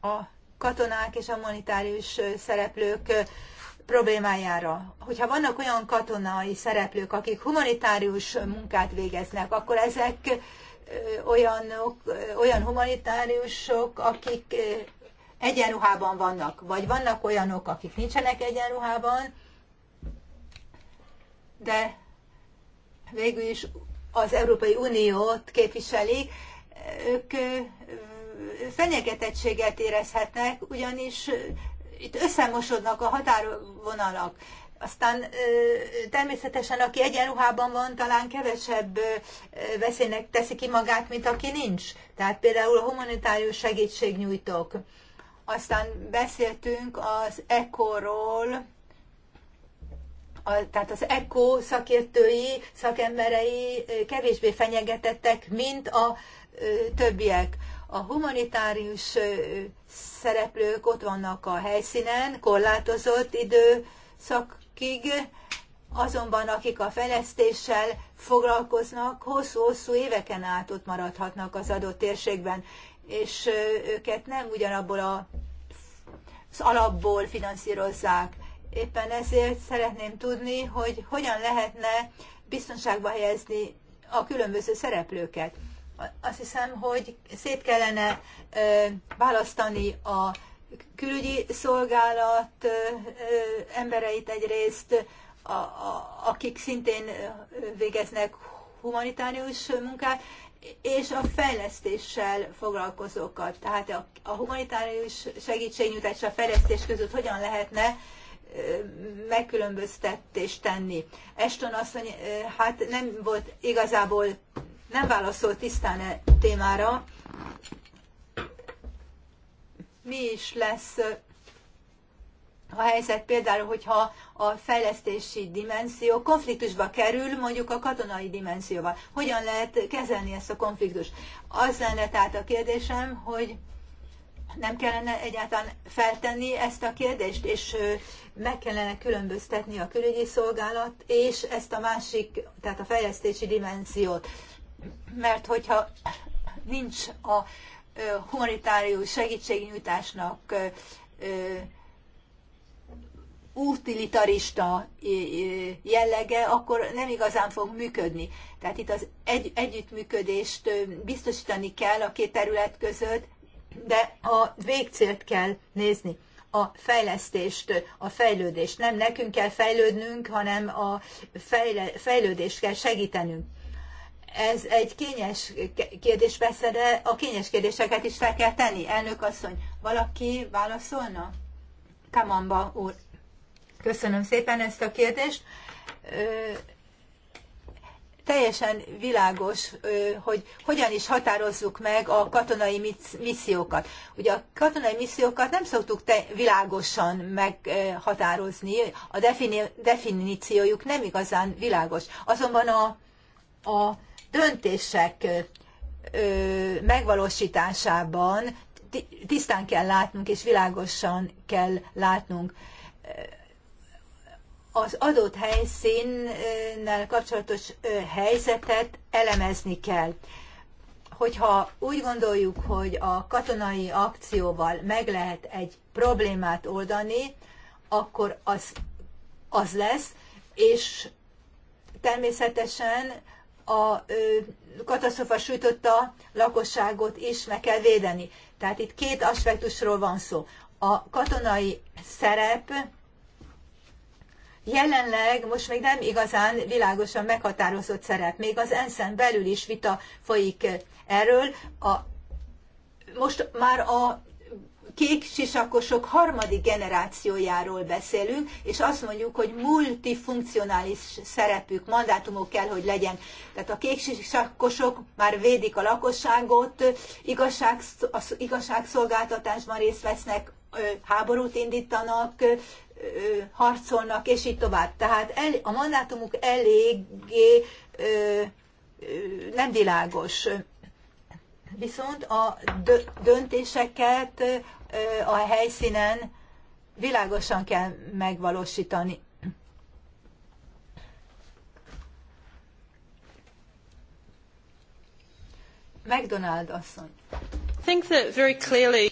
a katonák és a humanitárius szereplők problémájára. Hogyha vannak olyan katonai szereplők, akik humanitárius munkát végeznek, akkor ezek olyanok, olyan humanitáriusok, akik egyenruhában vannak, vagy vannak olyanok, akik nincsenek egyenruhában, de végül is az Európai Uniót képviselik, ők fenyegetettséget érezhetnek, ugyanis itt összemosodnak a határvonalak. Aztán természetesen, aki egyenruhában van, talán kevesebb veszélynek teszi ki magát, mint aki nincs. Tehát például a humanitárius segítségnyújtók. Aztán beszéltünk az ECO-ról, a, tehát az ECO szakértői, szakemberei kevésbé fenyegetettek, mint a ö, többiek. A humanitárius szereplők ott vannak a helyszínen, korlátozott időszakig, azonban akik a fejlesztéssel foglalkoznak, hosszú-hosszú éveken át ott maradhatnak az adott térségben, és őket nem ugyanabból a, az alapból finanszírozzák. Éppen ezért szeretném tudni, hogy hogyan lehetne biztonságba helyezni a különböző szereplőket azt hiszem, hogy szét kellene választani a külügyi szolgálat embereit egyrészt, a, a, akik szintén végeznek humanitárius munkát, és a fejlesztéssel foglalkozókat. Tehát a, a humanitárius segítségnyújtás és a fejlesztés között hogyan lehetne megkülönböztetést tenni. Eston asszony, hát nem volt igazából nem válaszolt tisztán e témára. Mi is lesz e, a helyzet például, hogyha a fejlesztési dimenzió konfliktusba kerül, mondjuk a katonai dimenzióval. Hogyan lehet kezelni ezt a konfliktust? Az lenne tehát a kérdésem, hogy nem kellene egyáltalán feltenni ezt a kérdést, és meg kellene különböztetni a külügyi szolgálat és ezt a másik, tehát a fejlesztési dimenziót mert hogyha nincs a humanitárius segítségnyújtásnak utilitarista jellege, akkor nem igazán fog működni. Tehát itt az egy, együttműködést biztosítani kell a két terület között, de a végcélt kell nézni, a fejlesztést, a fejlődést. Nem nekünk kell fejlődnünk, hanem a fejle, fejlődést kell segítenünk. Ez egy kényes kérdés persze, de a kényes kérdéseket is fel kell tenni. Elnök asszony, valaki válaszolna? Kamamba úr. Köszönöm szépen ezt a kérdést. Ö, teljesen világos, hogy hogyan is határozzuk meg a katonai missziókat. Ugye a katonai missziókat nem szoktuk te világosan meghatározni, a definíciójuk nem igazán világos. Azonban a, a döntések megvalósításában tisztán kell látnunk, és világosan kell látnunk az adott helyszínnel kapcsolatos helyzetet elemezni kell. Hogyha úgy gondoljuk, hogy a katonai akcióval meg lehet egy problémát oldani, akkor az, az lesz, és természetesen a katasztrofa sújtotta lakosságot is meg kell védeni. Tehát itt két aspektusról van szó. A katonai szerep jelenleg most még nem igazán világosan meghatározott szerep. Még az ensz belül is vita folyik erről. A, most már a kék sisakosok harmadik generációjáról beszélünk, és azt mondjuk, hogy multifunkcionális szerepük, mandátumok kell, hogy legyen. Tehát a kék sisakosok már védik a lakosságot, igazság, az igazságszolgáltatásban részt vesznek, háborút indítanak, harcolnak, és így tovább. Tehát el, a mandátumuk eléggé nem világos. Viszont a döntéseket a helyszínen világosan kell megvalósítani. McDonald asszony. Think that very clearly.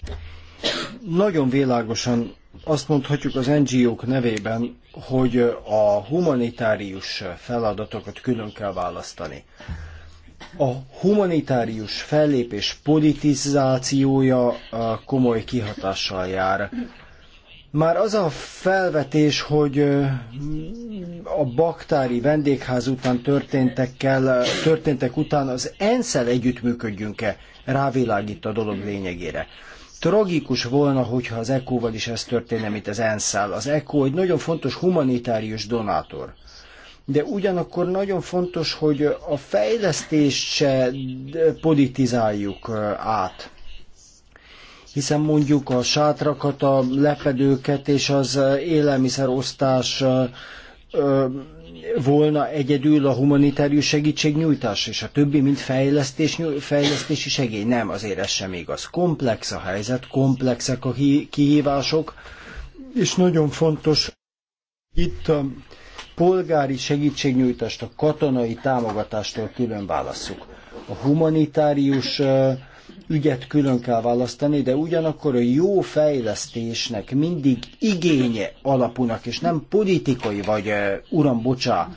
Nagyon világosan azt mondhatjuk az NGO-k nevében, hogy a humanitárius feladatokat külön kell választani. A humanitárius fellépés politizációja komoly kihatással jár. Már az a felvetés, hogy a baktári vendégház után történtekkel, történtek után az ENSZ-el együttműködjünk-e, rávilágít a dolog lényegére. Tragikus volna, hogyha az ECO-val is ez történne, mint az ENSZ-el. Az ECO egy nagyon fontos humanitárius donátor de ugyanakkor nagyon fontos, hogy a fejlesztést se politizáljuk át hiszen mondjuk a sátrakat, a lepedőket és az élelmiszerosztás volna egyedül a humanitárius segítségnyújtás, és a többi, mint fejlesztés, fejlesztési segély. Nem, azért ez sem igaz. Komplex a helyzet, komplexek a kihívások, és nagyon fontos itt a polgári segítségnyújtást a katonai támogatástól külön válasszuk. A humanitárius ügyet külön kell választani, de ugyanakkor a jó fejlesztésnek mindig igénye alapúnak, és nem politikai vagy uram bocsá,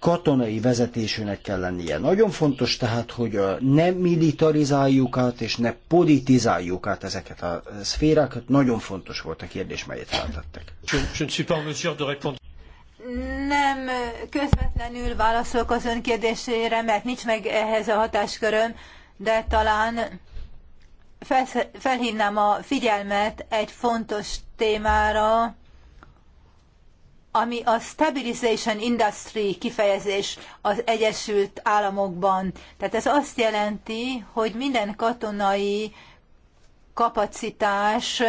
katonai vezetésűnek kell lennie. Nagyon fontos tehát, hogy ne militarizáljuk át, és ne politizáljuk át ezeket a szférákat. Nagyon fontos volt a kérdés, melyet feltettek nem közvetlenül válaszolok az ön kérdésére, mert nincs meg ehhez a hatásköröm, de talán felhívnám a figyelmet egy fontos témára, ami a Stabilization Industry kifejezés az Egyesült Államokban. Tehát ez azt jelenti, hogy minden katonai kapacitás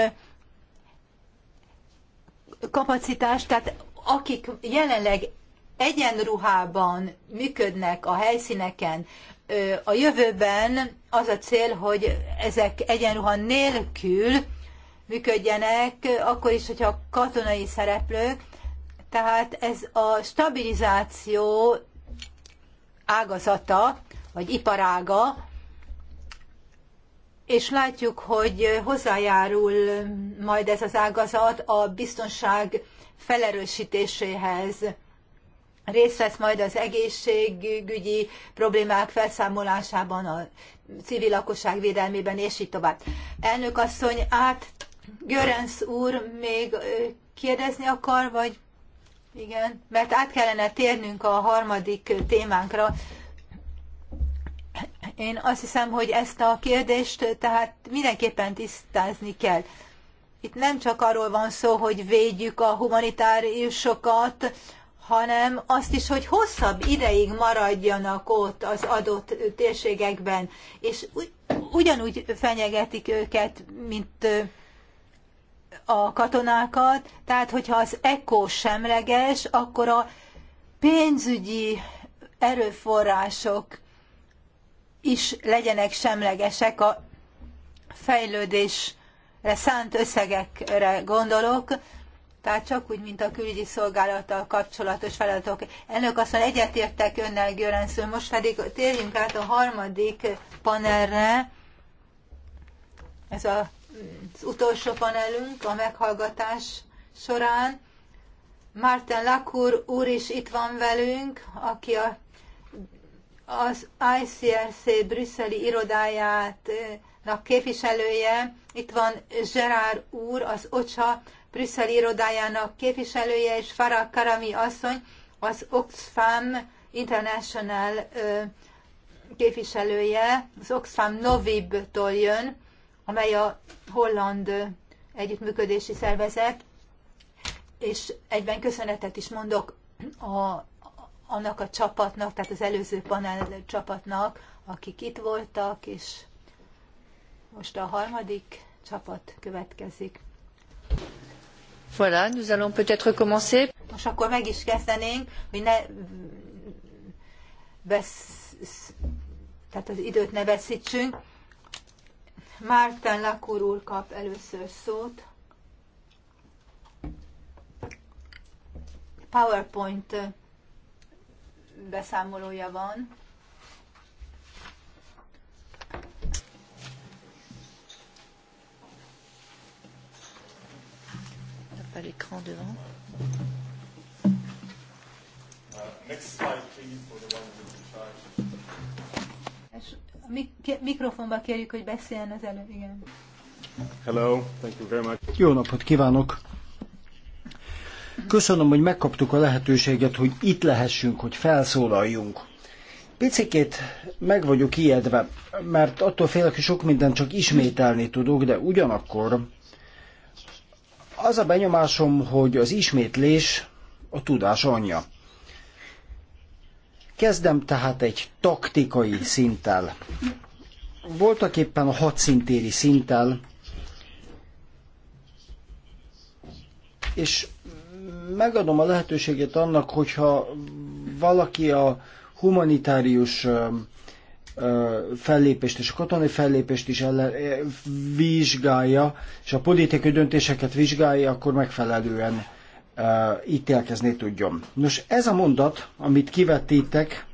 kapacitás, tehát akik jelenleg egyenruhában működnek a helyszíneken, a jövőben az a cél, hogy ezek egyenruha nélkül működjenek, akkor is, hogyha katonai szereplők. Tehát ez a stabilizáció ágazata, vagy iparága, és látjuk, hogy hozzájárul majd ez az ágazat a biztonság felerősítéséhez. Részt vesz majd az egészségügyi problémák felszámolásában, a civil lakosság védelmében, és így tovább. Elnök asszony, át Görenc úr még kérdezni akar, vagy igen, mert át kellene térnünk a harmadik témánkra. Én azt hiszem, hogy ezt a kérdést tehát mindenképpen tisztázni kell itt nem csak arról van szó, hogy védjük a humanitáriusokat, hanem azt is, hogy hosszabb ideig maradjanak ott az adott térségekben, és ugyanúgy fenyegetik őket, mint a katonákat, tehát hogyha az ECO semleges, akkor a pénzügyi erőforrások is legyenek semlegesek a fejlődés szánt összegekre gondolok, tehát csak úgy, mint a külügyi szolgálattal kapcsolatos feladatok. Elnök mondja, egyetértek önnel, Görenszül. Most pedig térjünk át a harmadik panelre. Ez a, az utolsó panelünk a meghallgatás során. Márten Lakur úr is itt van velünk, aki a, az ICRC brüsszeli irodáját képviselője, itt van Gerard úr, az OCSA brüsszeli irodájának képviselője, és Farah Karami asszony, az Oxfam International képviselője, az Oxfam Novib-tól jön, amely a holland együttműködési szervezet, és egyben köszönetet is mondok a, annak a csapatnak, tehát az előző panel csapatnak, akik itt voltak, és most a harmadik csapat következik. Voilà, nous allons peut-être commencer. Most akkor meg is kezdenénk, hogy ne vesz, tehát az időt ne veszítsünk. Márten Lakur úr kap először szót. PowerPoint beszámolója van. pas l'écran devant. Mikrofonba kérjük, hogy beszéljen az előbb, igen. Hello, thank you very much. Jó napot kívánok! Köszönöm, hogy megkaptuk a lehetőséget, hogy itt lehessünk, hogy felszólaljunk. Picikét meg vagyok ijedve, mert attól félek, hogy sok mindent csak ismételni tudok, de ugyanakkor az a benyomásom, hogy az ismétlés a tudás anyja. Kezdem tehát egy taktikai szinttel. Voltak éppen a szintéri szinttel, és megadom a lehetőséget annak, hogyha valaki a humanitárius fellépést és a katonai fellépést is ellen, vizsgálja, és a politikai döntéseket vizsgálja, akkor megfelelően uh, ítélkezni tudjon. Nos, ez a mondat, amit kivettétek,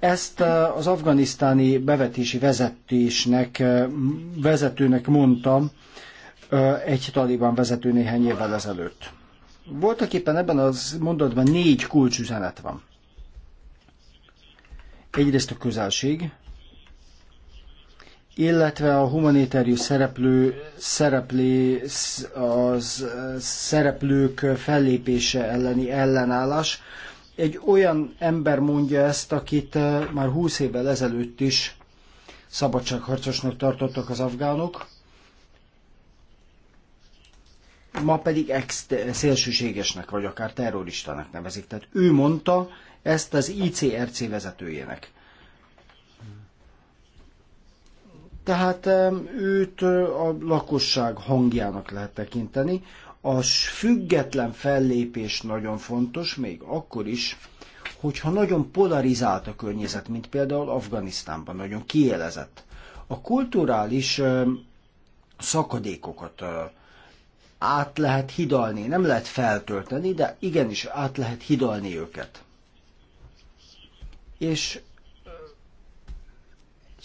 ezt az afganisztáni bevetési vezetésnek, vezetőnek mondtam egy taliban vezető néhány évvel ezelőtt. Voltak éppen ebben az mondatban négy kulcsüzenet van. Egyrészt a közelség, illetve a humanitárius szereplő, szereplé, az szereplők fellépése elleni ellenállás. Egy olyan ember mondja ezt, akit eh, már 20 évvel ezelőtt is szabadságharcosnak tartottak az afgánok, ma pedig ex szélsőségesnek vagy akár terroristának nevezik. Tehát ő mondta ezt az ICRC vezetőjének. Tehát őt a lakosság hangjának lehet tekinteni. A független fellépés nagyon fontos, még akkor is, hogyha nagyon polarizált a környezet, mint például Afganisztánban, nagyon kielezett. A kulturális szakadékokat át lehet hidalni, nem lehet feltölteni, de igenis át lehet hidalni őket. És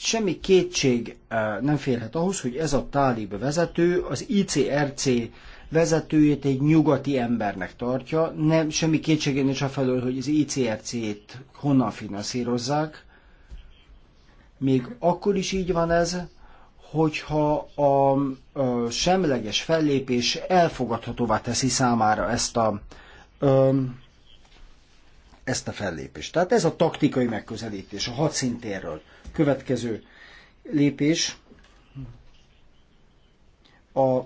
semmi kétség eh, nem férhet ahhoz, hogy ez a tálib vezető az ICRC vezetőjét egy nyugati embernek tartja. Nem, semmi kétség nincs a felől, hogy az ICRC-t honnan finanszírozzák. Még akkor is így van ez, hogyha a, a semleges fellépés elfogadhatóvá teszi számára ezt a, um, ezt a fellépést. Tehát ez a taktikai megközelítés a hadszintérről. Következő lépés a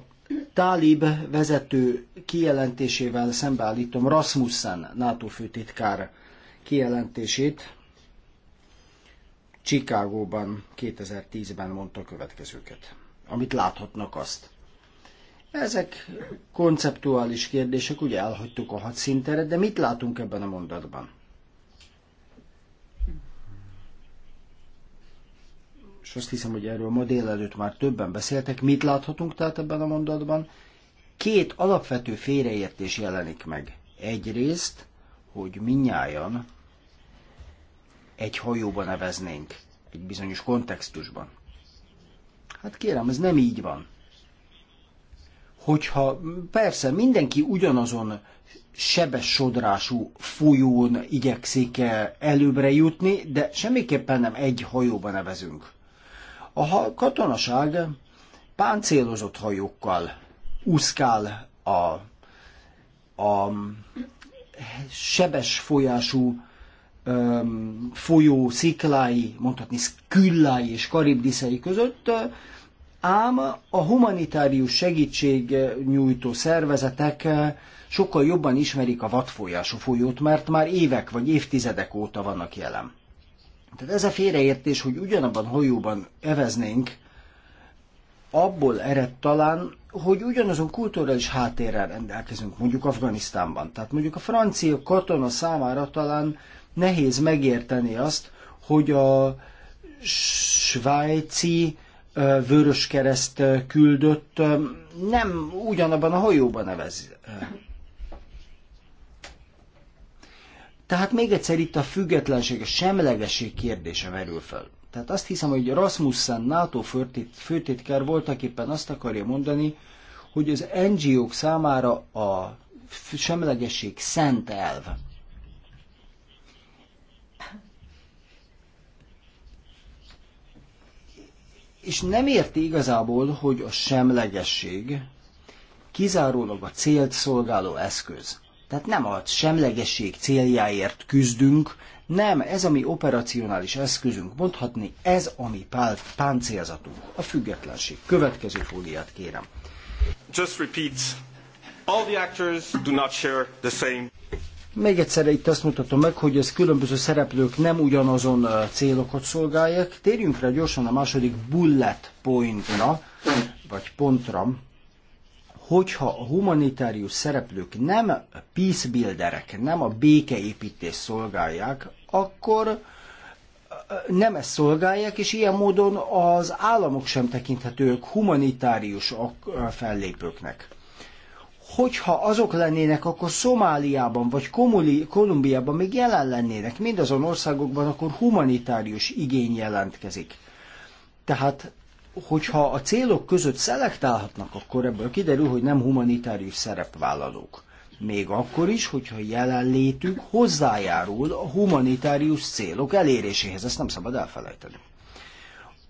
tálib vezető kijelentésével szembeállítom Rasmussen NATO főtitkár kijelentését Csikágóban 2010-ben mondta a következőket, amit láthatnak azt. Ezek konceptuális kérdések, ugye elhagytuk a hadszínteret, de mit látunk ebben a mondatban? és azt hiszem, hogy erről ma délelőtt már többen beszéltek, mit láthatunk tehát ebben a mondatban? Két alapvető félreértés jelenik meg. Egyrészt, hogy minnyájan egy hajóba neveznénk, egy bizonyos kontextusban. Hát kérem, ez nem így van. Hogyha persze mindenki ugyanazon sebes sodrású folyón igyekszik előbbre jutni, de semmiképpen nem egy hajóba nevezünk. A katonaság páncélozott hajókkal úszkál a, a sebes folyású um, folyó sziklái, mondhatni szküllái és karibdiszei között, ám a humanitárius segítség nyújtó szervezetek sokkal jobban ismerik a vadfolyású folyót, mert már évek vagy évtizedek óta vannak jelen. Tehát ez a félreértés, hogy ugyanabban hajóban eveznénk, abból ered talán, hogy ugyanazon kulturális háttérrel rendelkezünk, mondjuk Afganisztánban. Tehát mondjuk a francia katona számára talán nehéz megérteni azt, hogy a svájci vöröskereszt küldött nem ugyanabban a hajóban nevez Tehát még egyszer itt a függetlenség, a semlegesség kérdése merül fel. Tehát azt hiszem, hogy Rasmussen NATO főtét, főtétkár voltak éppen azt akarja mondani, hogy az NGO-k számára a semlegesség szent elv. És nem érti igazából, hogy a semlegesség kizárólag a célt szolgáló eszköz. Tehát nem a semlegesség céljáért küzdünk, nem, ez a mi operacionális eszközünk, mondhatni, ez a mi pál- páncélzatunk, a függetlenség. Következő fóliát kérem. Just repeat, all the actors do not share the same még egyszer itt azt mutatom meg, hogy ez különböző szereplők nem ugyanazon célokat szolgálják. Térjünk rá gyorsan a második bullet pointra, vagy pontra hogyha a humanitárius szereplők nem peacebuilderek, nem a békeépítés szolgálják, akkor nem ezt szolgálják, és ilyen módon az államok sem tekinthetők humanitárius fellépőknek. Hogyha azok lennének, akkor Szomáliában vagy Komuli, Kolumbiában még jelen lennének, mindazon országokban akkor humanitárius igény jelentkezik. Tehát hogyha a célok között szelektálhatnak, akkor ebből kiderül, hogy nem humanitárius szerepvállalók. Még akkor is, hogyha jelenlétük hozzájárul a humanitárius célok eléréséhez, ezt nem szabad elfelejteni.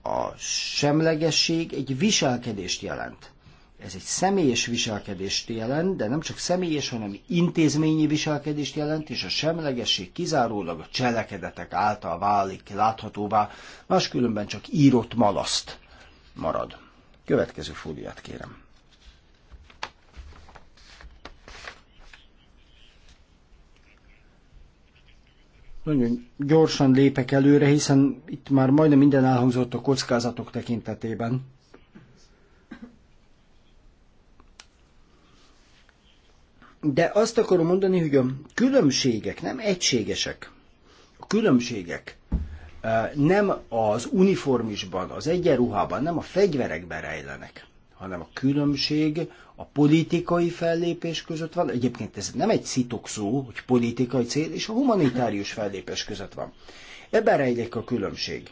A semlegesség egy viselkedést jelent. Ez egy személyes viselkedést jelent, de nem csak személyes, hanem intézményi viselkedést jelent, és a semlegesség kizárólag a cselekedetek által válik láthatóvá, máskülönben csak írott malaszt marad. Következő fóliát kérem. Nagyon gyorsan lépek előre, hiszen itt már majdnem minden elhangzott a kockázatok tekintetében. De azt akarom mondani, hogy a különbségek nem egységesek. A különbségek nem az uniformisban, az egyenruhában, nem a fegyverekben rejlenek, hanem a különbség a politikai fellépés között van. Egyébként ez nem egy szitok szó, hogy politikai cél, és a humanitárius fellépés között van. Ebben rejlik a különbség.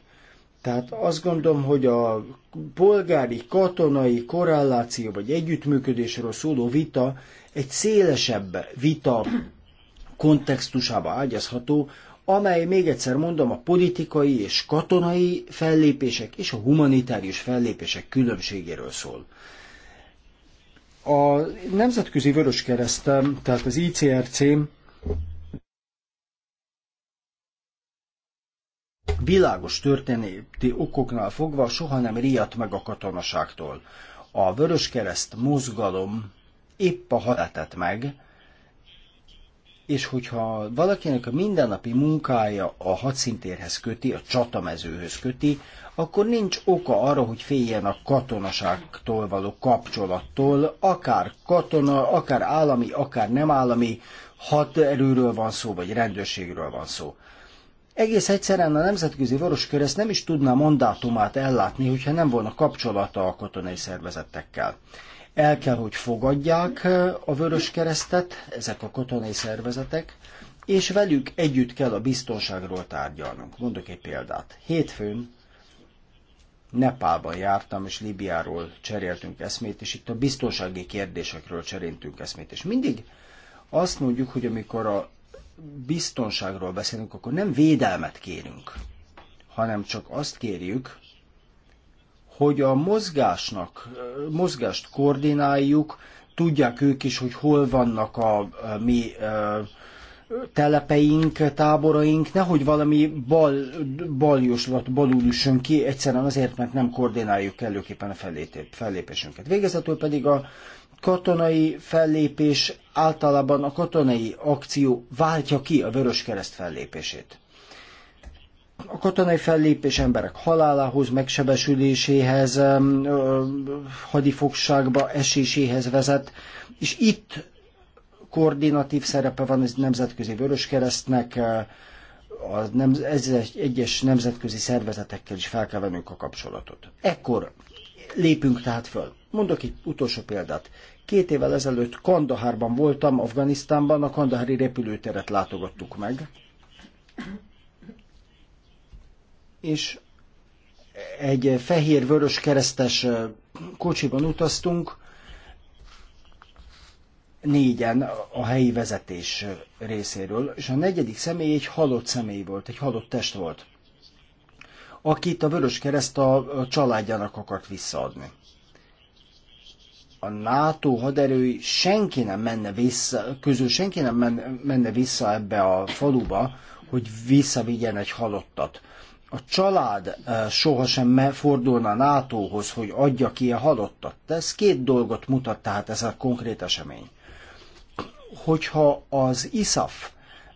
Tehát azt gondolom, hogy a polgári, katonai korreláció vagy együttműködésről szóló vita egy szélesebb vita kontextusába ágyazható, amely, még egyszer mondom, a politikai és katonai fellépések és a humanitárius fellépések különbségéről szól. A Nemzetközi Vöröskereszt, tehát az ICRC világos történeti okoknál fogva soha nem riadt meg a katonaságtól. A Kereszt mozgalom épp a hatátet meg, és hogyha valakinek a mindennapi munkája a hadszintérhez köti, a csatamezőhöz köti, akkor nincs oka arra, hogy féljen a katonaságtól való kapcsolattól, akár katona, akár állami, akár nem állami haderőről van szó, vagy rendőrségről van szó. Egész egyszerűen a Nemzetközi Varoskör ezt nem is tudná mandátumát ellátni, hogyha nem volna kapcsolata a katonai szervezetekkel el kell, hogy fogadják a Vörös Keresztet, ezek a katonai szervezetek, és velük együtt kell a biztonságról tárgyalnunk. Mondok egy példát. Hétfőn Nepálban jártam, és Libiáról cseréltünk eszmét, és itt a biztonsági kérdésekről cseréltünk eszmét. És mindig azt mondjuk, hogy amikor a biztonságról beszélünk, akkor nem védelmet kérünk, hanem csak azt kérjük, hogy a mozgásnak, mozgást koordináljuk, tudják ők is, hogy hol vannak a, a mi a, telepeink, táboraink, nehogy valami bal, baljuslat balul üssön ki, egyszerűen azért, mert nem koordináljuk előképpen a fellép, Fellépésünket. Végezetül pedig a katonai fellépés általában a katonai akció váltja ki a Vörös Kereszt fellépését. A katonai fellépés emberek halálához, megsebesüléséhez, hadifogságba eséséhez vezet, és itt koordinatív szerepe van a Nemzetközi Vöröskeresztnek, az nem, ezzel egyes nemzetközi szervezetekkel is fel kell vennünk a kapcsolatot. Ekkor lépünk tehát föl. Mondok egy utolsó példát. Két évvel ezelőtt Kandahárban voltam, Afganisztánban, a Kandahári repülőteret látogattuk meg és egy fehér-vörös keresztes kocsiban utaztunk, négyen a helyi vezetés részéről, és a negyedik személy egy halott személy volt, egy halott test volt, akit a Vörös Kereszt a családjának akart visszaadni. A NATO haderői senki nem menne vissza, közül senki nem menne vissza ebbe a faluba, hogy visszavigyen egy halottat a család eh, sohasem fordulna NATO-hoz, hogy adja ki a halottat. De ez két dolgot mutat tehát ez a konkrét esemény. Hogyha az ISAF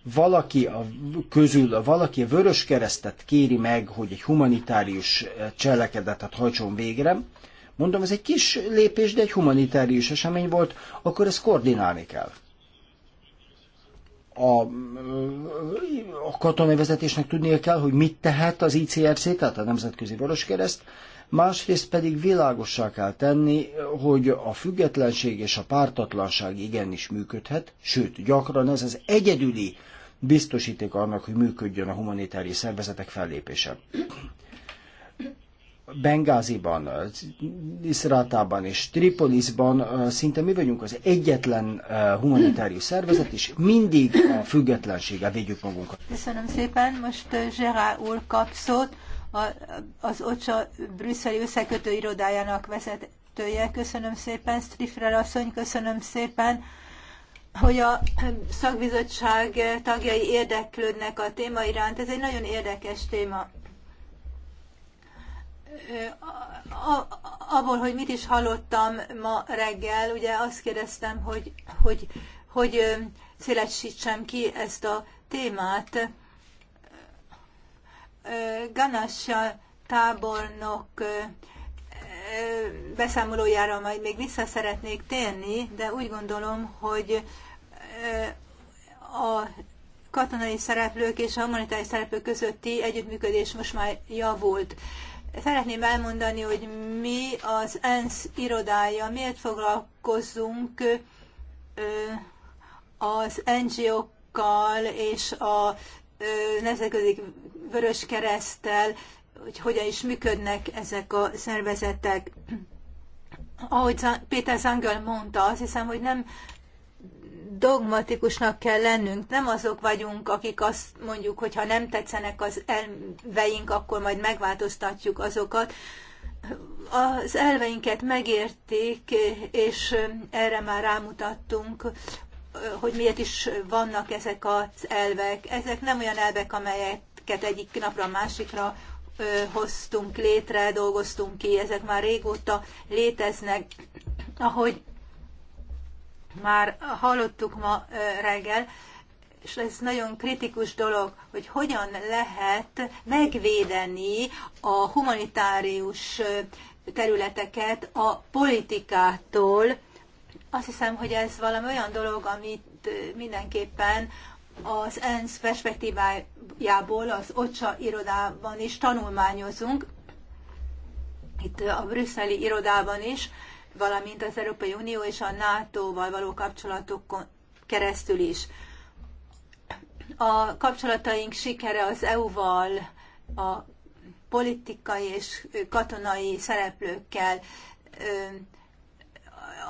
valaki a, közül, valaki a vörös keresztet kéri meg, hogy egy humanitárius eh, cselekedetet hajtson végre, mondom, ez egy kis lépés, de egy humanitárius esemény volt, akkor ezt koordinálni kell a, a katonai vezetésnek tudnia kell, hogy mit tehet az ICRC, tehát a Nemzetközi Vöröskereszt, másrészt pedig világossá kell tenni, hogy a függetlenség és a pártatlanság igenis működhet, sőt, gyakran ez az egyedüli biztosíték annak, hogy működjön a humanitári szervezetek fellépése. Bengáziban, Iszrátában és Tripolisban szinte mi vagyunk az egyetlen humanitárius szervezet, és mindig a függetlensége védjük magunkat. Köszönöm szépen. Most Gerard úr kap szót, az OCSA brüsszeli összekötő irodájának vezetője. Köszönöm szépen, Strifler asszony, köszönöm szépen hogy a szakbizottság eh, tagjai érdeklődnek a téma iránt. Ez egy nagyon érdekes téma abból, hogy mit is hallottam ma reggel, ugye azt kérdeztem, hogy, hogy, hogy szélesítsem ki ezt a témát. Ganassa tábornok beszámolójára majd még vissza szeretnék térni, de úgy gondolom, hogy a katonai szereplők és a humanitári szereplők közötti együttműködés most már javult. Szeretném elmondani, hogy mi az ENSZ irodája, miért foglalkozunk az NGO-kkal és a Nemzetközi Vörös Keresztel, hogy hogyan is működnek ezek a szervezetek. Ahogy Péter Zangel mondta, azt hiszem, hogy nem dogmatikusnak kell lennünk. Nem azok vagyunk, akik azt mondjuk, hogy ha nem tetszenek az elveink, akkor majd megváltoztatjuk azokat. Az elveinket megértik, és erre már rámutattunk, hogy miért is vannak ezek az elvek. Ezek nem olyan elvek, amelyeket egyik napra a másikra hoztunk létre, dolgoztunk ki, ezek már régóta léteznek. Ahogy már hallottuk ma reggel, és ez nagyon kritikus dolog, hogy hogyan lehet megvédeni a humanitárius területeket a politikától. Azt hiszem, hogy ez valami olyan dolog, amit mindenképpen az ENSZ perspektívájából az OCSA irodában is tanulmányozunk, itt a brüsszeli irodában is, valamint az Európai Unió és a NATO-val való kapcsolatokon keresztül is. A kapcsolataink sikere az EU-val, a politikai és katonai szereplőkkel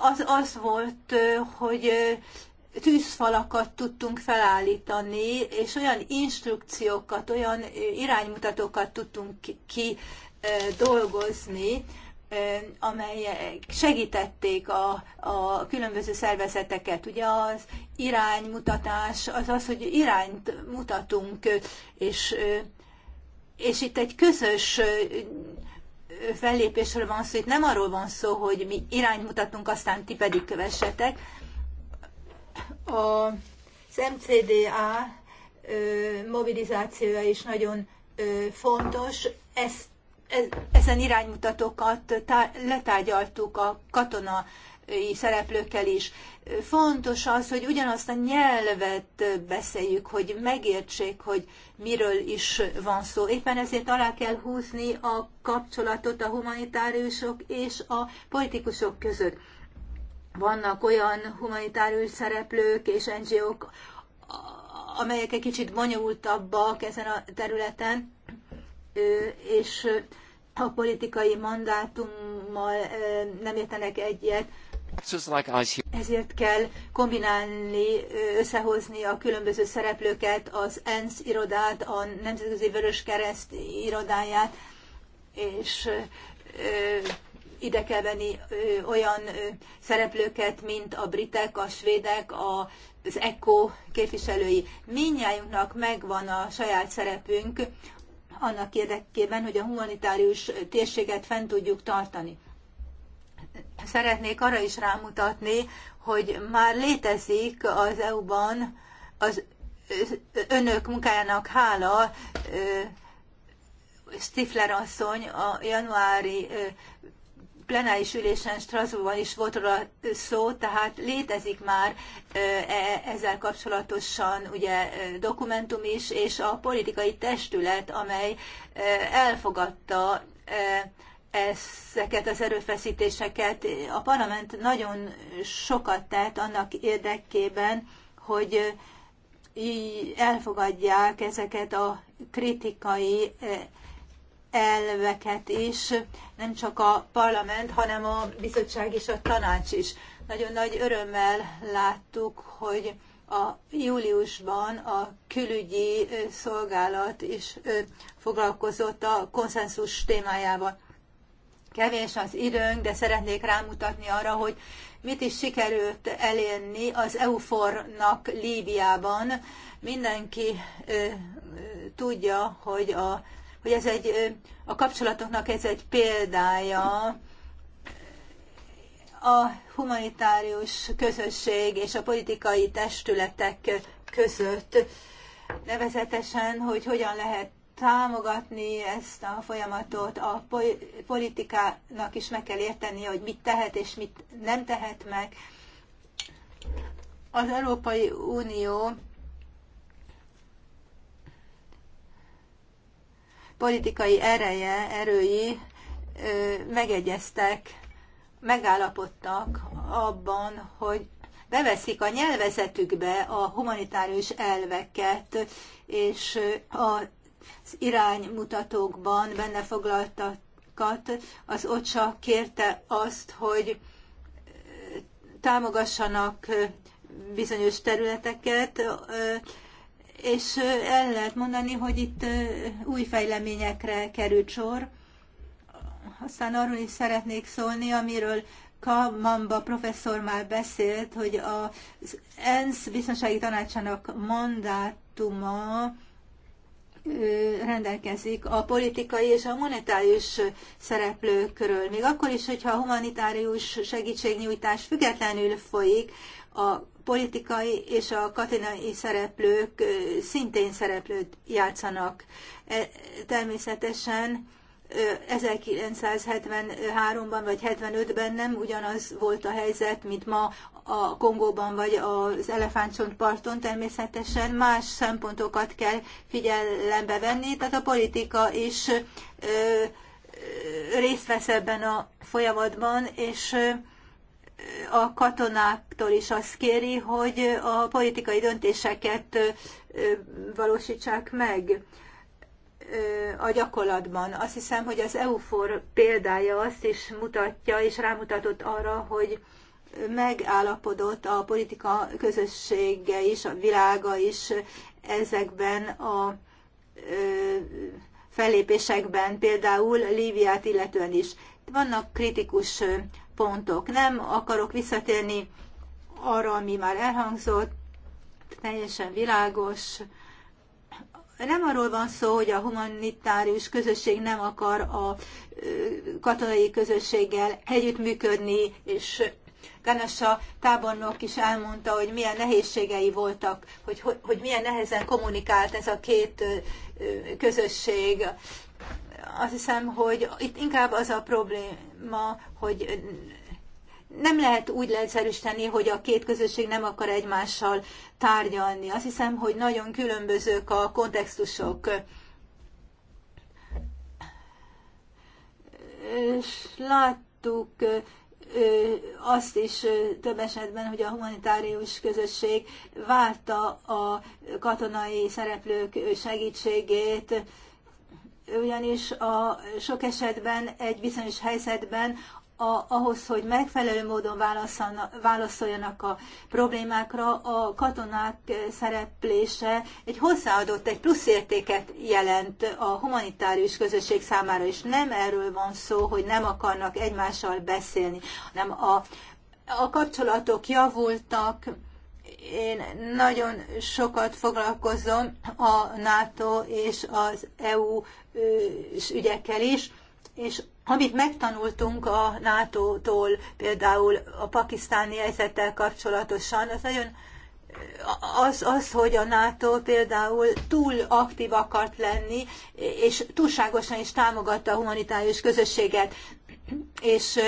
az, az volt, hogy tűzfalakat tudtunk felállítani, és olyan instrukciókat, olyan iránymutatókat tudtunk ki dolgozni, amelyek segítették a, a különböző szervezeteket. Ugye az iránymutatás az az, hogy irányt mutatunk, és, és itt egy közös fellépésről van szó, itt nem arról van szó, hogy mi irányt mutatunk, aztán ti pedig kövessetek. A MCDA mobilizációja is nagyon fontos, ezt ezen iránymutatókat letárgyaltuk a katona szereplőkkel is. Fontos az, hogy ugyanazt a nyelvet beszéljük, hogy megértsék, hogy miről is van szó. Éppen ezért alá kell húzni a kapcsolatot a humanitáriusok és a politikusok között. Vannak olyan humanitárius szereplők és NGO-k, amelyek egy kicsit bonyolultabbak ezen a területen, és a politikai mandátummal nem értenek egyet. Ezért kell kombinálni, összehozni a különböző szereplőket, az ENSZ irodát, a Nemzetközi Vörös Kereszt irodáját, és ide kell venni olyan szereplőket, mint a britek, a svédek, a, az ECO képviselői. Mindnyájunknak megvan a saját szerepünk annak érdekében, hogy a humanitárius térséget fent tudjuk tartani. Szeretnék arra is rámutatni, hogy már létezik az EU-ban az önök munkájának hála Stifler asszony a januári plenáris ülésen Strasbourgban is volt róla szó, tehát létezik már e, ezzel kapcsolatosan ugye dokumentum is, és a politikai testület, amely elfogadta ezeket az erőfeszítéseket. A parlament nagyon sokat tett annak érdekében, hogy elfogadják ezeket a kritikai elveket is, nem csak a parlament, hanem a bizottság és a tanács is. Nagyon nagy örömmel láttuk, hogy a júliusban a külügyi szolgálat is foglalkozott a konszenzus témájával. Kevés az időnk, de szeretnék rámutatni arra, hogy mit is sikerült elérni az EUFOR-nak Líbiában. Mindenki ö, tudja, hogy a hogy ez egy, a kapcsolatoknak ez egy példája a humanitárius közösség és a politikai testületek között, nevezetesen, hogy hogyan lehet támogatni ezt a folyamatot, a politikának is meg kell érteni, hogy mit tehet és mit nem tehet meg. Az Európai Unió politikai ereje, erői megegyeztek, megállapodtak abban, hogy beveszik a nyelvezetükbe a humanitárius elveket, és az iránymutatókban benne foglaltakat az OCSA kérte azt, hogy támogassanak bizonyos területeket, és el lehet mondani, hogy itt új fejleményekre került sor. Aztán arról is szeretnék szólni, amiről Kamamba professzor már beszélt, hogy az ENSZ biztonsági tanácsának mandátuma rendelkezik a politikai és a monetárius szereplőkről. Még akkor is, hogyha a humanitárius segítségnyújtás függetlenül folyik a politikai és a katonai szereplők szintén szereplőt játszanak. E, természetesen 1973-ban vagy 75-ben nem ugyanaz volt a helyzet, mint ma a Kongóban vagy az Elefántcsontparton. Természetesen más szempontokat kell figyelembe venni, tehát a politika is részt vesz ebben a folyamatban, és a katonáktól is azt kéri, hogy a politikai döntéseket valósítsák meg a gyakorlatban. Azt hiszem, hogy az EUFOR példája azt is mutatja, és rámutatott arra, hogy megállapodott a politika közössége is, a világa is ezekben a fellépésekben, például Líviát illetően is. Vannak kritikus pontok. Nem akarok visszatérni arra, ami már elhangzott, teljesen világos. Nem arról van szó, hogy a humanitárius közösség nem akar a katonai közösséggel együttműködni, és Ganesa tábornok is elmondta, hogy milyen nehézségei voltak, hogy, hogy, hogy milyen nehezen kommunikált ez a két közösség azt hiszem, hogy itt inkább az a probléma, hogy nem lehet úgy leegyszerűsíteni, hogy a két közösség nem akar egymással tárgyalni. Azt hiszem, hogy nagyon különbözők a kontextusok. És láttuk azt is több esetben, hogy a humanitárius közösség várta a katonai szereplők segítségét, ugyanis a sok esetben egy bizonyos helyzetben a, ahhoz, hogy megfelelő módon válaszoljanak a problémákra, a katonák szereplése egy hozzáadott, egy pluszértéket jelent a humanitárius közösség számára, és nem erről van szó, hogy nem akarnak egymással beszélni, hanem a, a kapcsolatok javultak, én nagyon sokat foglalkozom a NATO és az EU ügyekkel is, és amit megtanultunk a NATO-tól, például a pakisztáni helyzettel kapcsolatosan, az nagyon az, az, hogy a NATO például túl aktív akart lenni, és túlságosan is támogatta a humanitárius közösséget és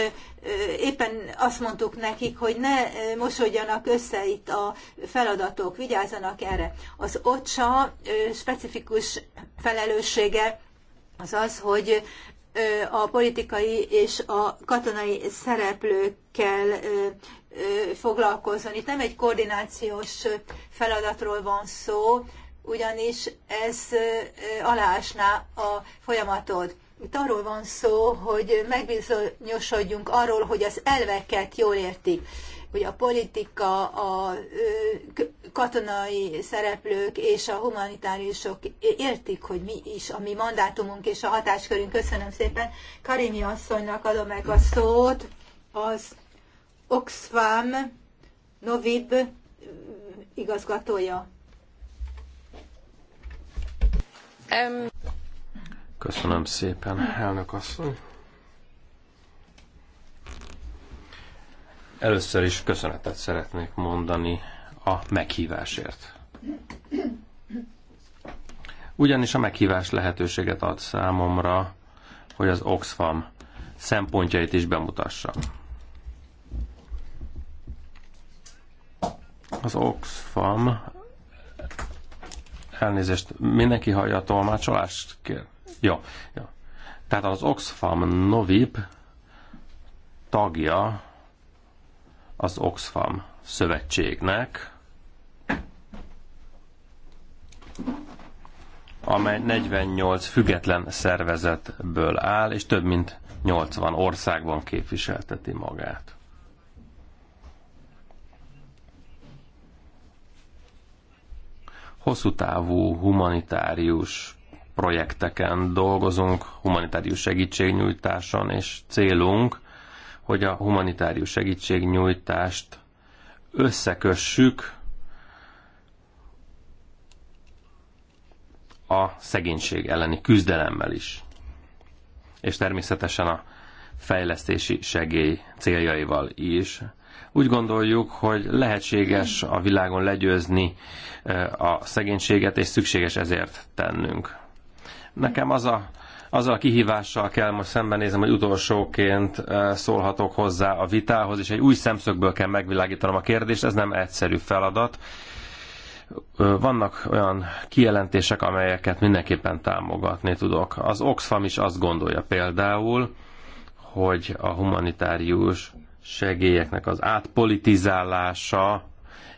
éppen azt mondtuk nekik, hogy ne mosodjanak össze itt a feladatok, vigyázzanak erre. Az OCSA specifikus felelőssége az az, hogy a politikai és a katonai szereplőkkel foglalkozzon. Itt nem egy koordinációs feladatról van szó, ugyanis ez aláásná a folyamatot. Itt arról van szó, hogy megbizonyosodjunk arról, hogy az elveket jól értik, hogy a politika, a katonai szereplők és a humanitáriusok értik, hogy mi is a mi mandátumunk és a hatáskörünk. Köszönöm szépen. Karimi asszonynak adom meg a szót. Az Oxfam Novib igazgatója. Köszönöm szépen, elnök asszony. Először is köszönetet szeretnék mondani a meghívásért. Ugyanis a meghívás lehetőséget ad számomra, hogy az Oxfam szempontjait is bemutassam. Az Oxfam elnézést, mindenki hallja a tolmácsolást? Kér. Ja, ja. Tehát az Oxfam Novib tagja az Oxfam szövetségnek, amely 48 független szervezetből áll, és több mint 80 országban képviselteti magát. Hosszú távú humanitárius projekteken dolgozunk, humanitárius segítségnyújtáson, és célunk, hogy a humanitárius segítségnyújtást összekössük a szegénység elleni küzdelemmel is. És természetesen a fejlesztési segély céljaival is. Úgy gondoljuk, hogy lehetséges a világon legyőzni eh, a szegénységet, és szükséges ezért tennünk. Nekem az a az a kihívással kell most szembenézem, hogy utolsóként eh, szólhatok hozzá a vitához, és egy új szemszögből kell megvilágítanom a kérdést, ez nem egyszerű feladat. Vannak olyan kijelentések, amelyeket mindenképpen támogatni tudok. Az Oxfam is azt gondolja például, hogy a humanitárius segélyeknek az átpolitizálása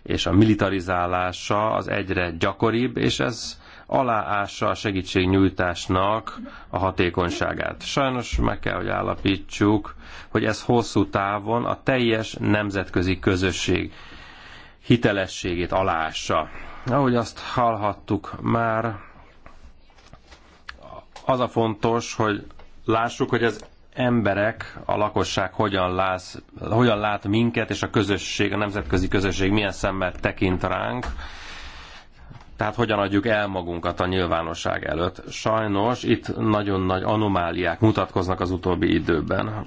és a militarizálása az egyre gyakoribb, és ez aláássa a segítségnyújtásnak a hatékonyságát. Sajnos meg kell, hogy állapítsuk, hogy ez hosszú távon a teljes nemzetközi közösség hitelességét aláássa. Ahogy azt hallhattuk már, az a fontos, hogy lássuk, hogy az emberek, a lakosság hogyan, lász, hogyan lát minket, és a közösség, a nemzetközi közösség milyen szemmel tekint ránk, tehát hogyan adjuk el magunkat a nyilvánosság előtt. Sajnos itt nagyon nagy anomáliák mutatkoznak az utóbbi időben.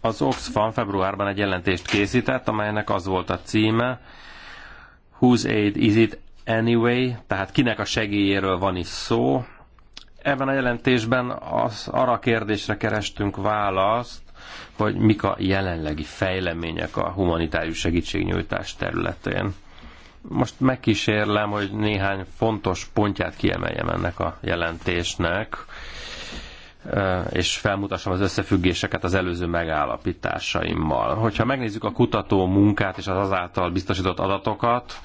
Az Oxfam februárban egy jelentést készített, amelynek az volt a címe Whose Aid Is It Anyway? Tehát kinek a segélyéről van is szó. Ebben a jelentésben az, arra a kérdésre kerestünk választ, hogy mik a jelenlegi fejlemények a humanitárius segítségnyújtás területén most megkísérlem, hogy néhány fontos pontját kiemeljem ennek a jelentésnek, és felmutassam az összefüggéseket az előző megállapításaimmal. Hogyha megnézzük a kutató munkát és az azáltal biztosított adatokat,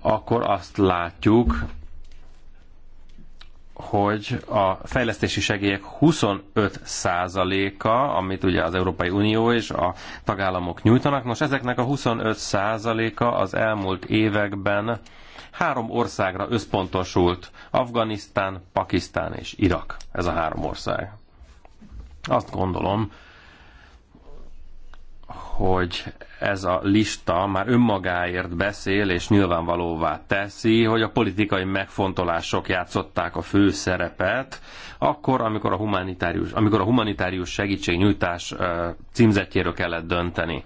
akkor azt látjuk, hogy a fejlesztési segélyek 25%-a, amit ugye az Európai Unió és a tagállamok nyújtanak, nos ezeknek a 25%-a az elmúlt években három országra összpontosult, Afganisztán, Pakisztán és Irak. Ez a három ország. Azt gondolom, hogy ez a lista már önmagáért beszél, és nyilvánvalóvá teszi, hogy a politikai megfontolások játszották a fő szerepet, akkor, amikor a humanitárius, amikor a humanitárius segítségnyújtás címzetjéről kellett dönteni.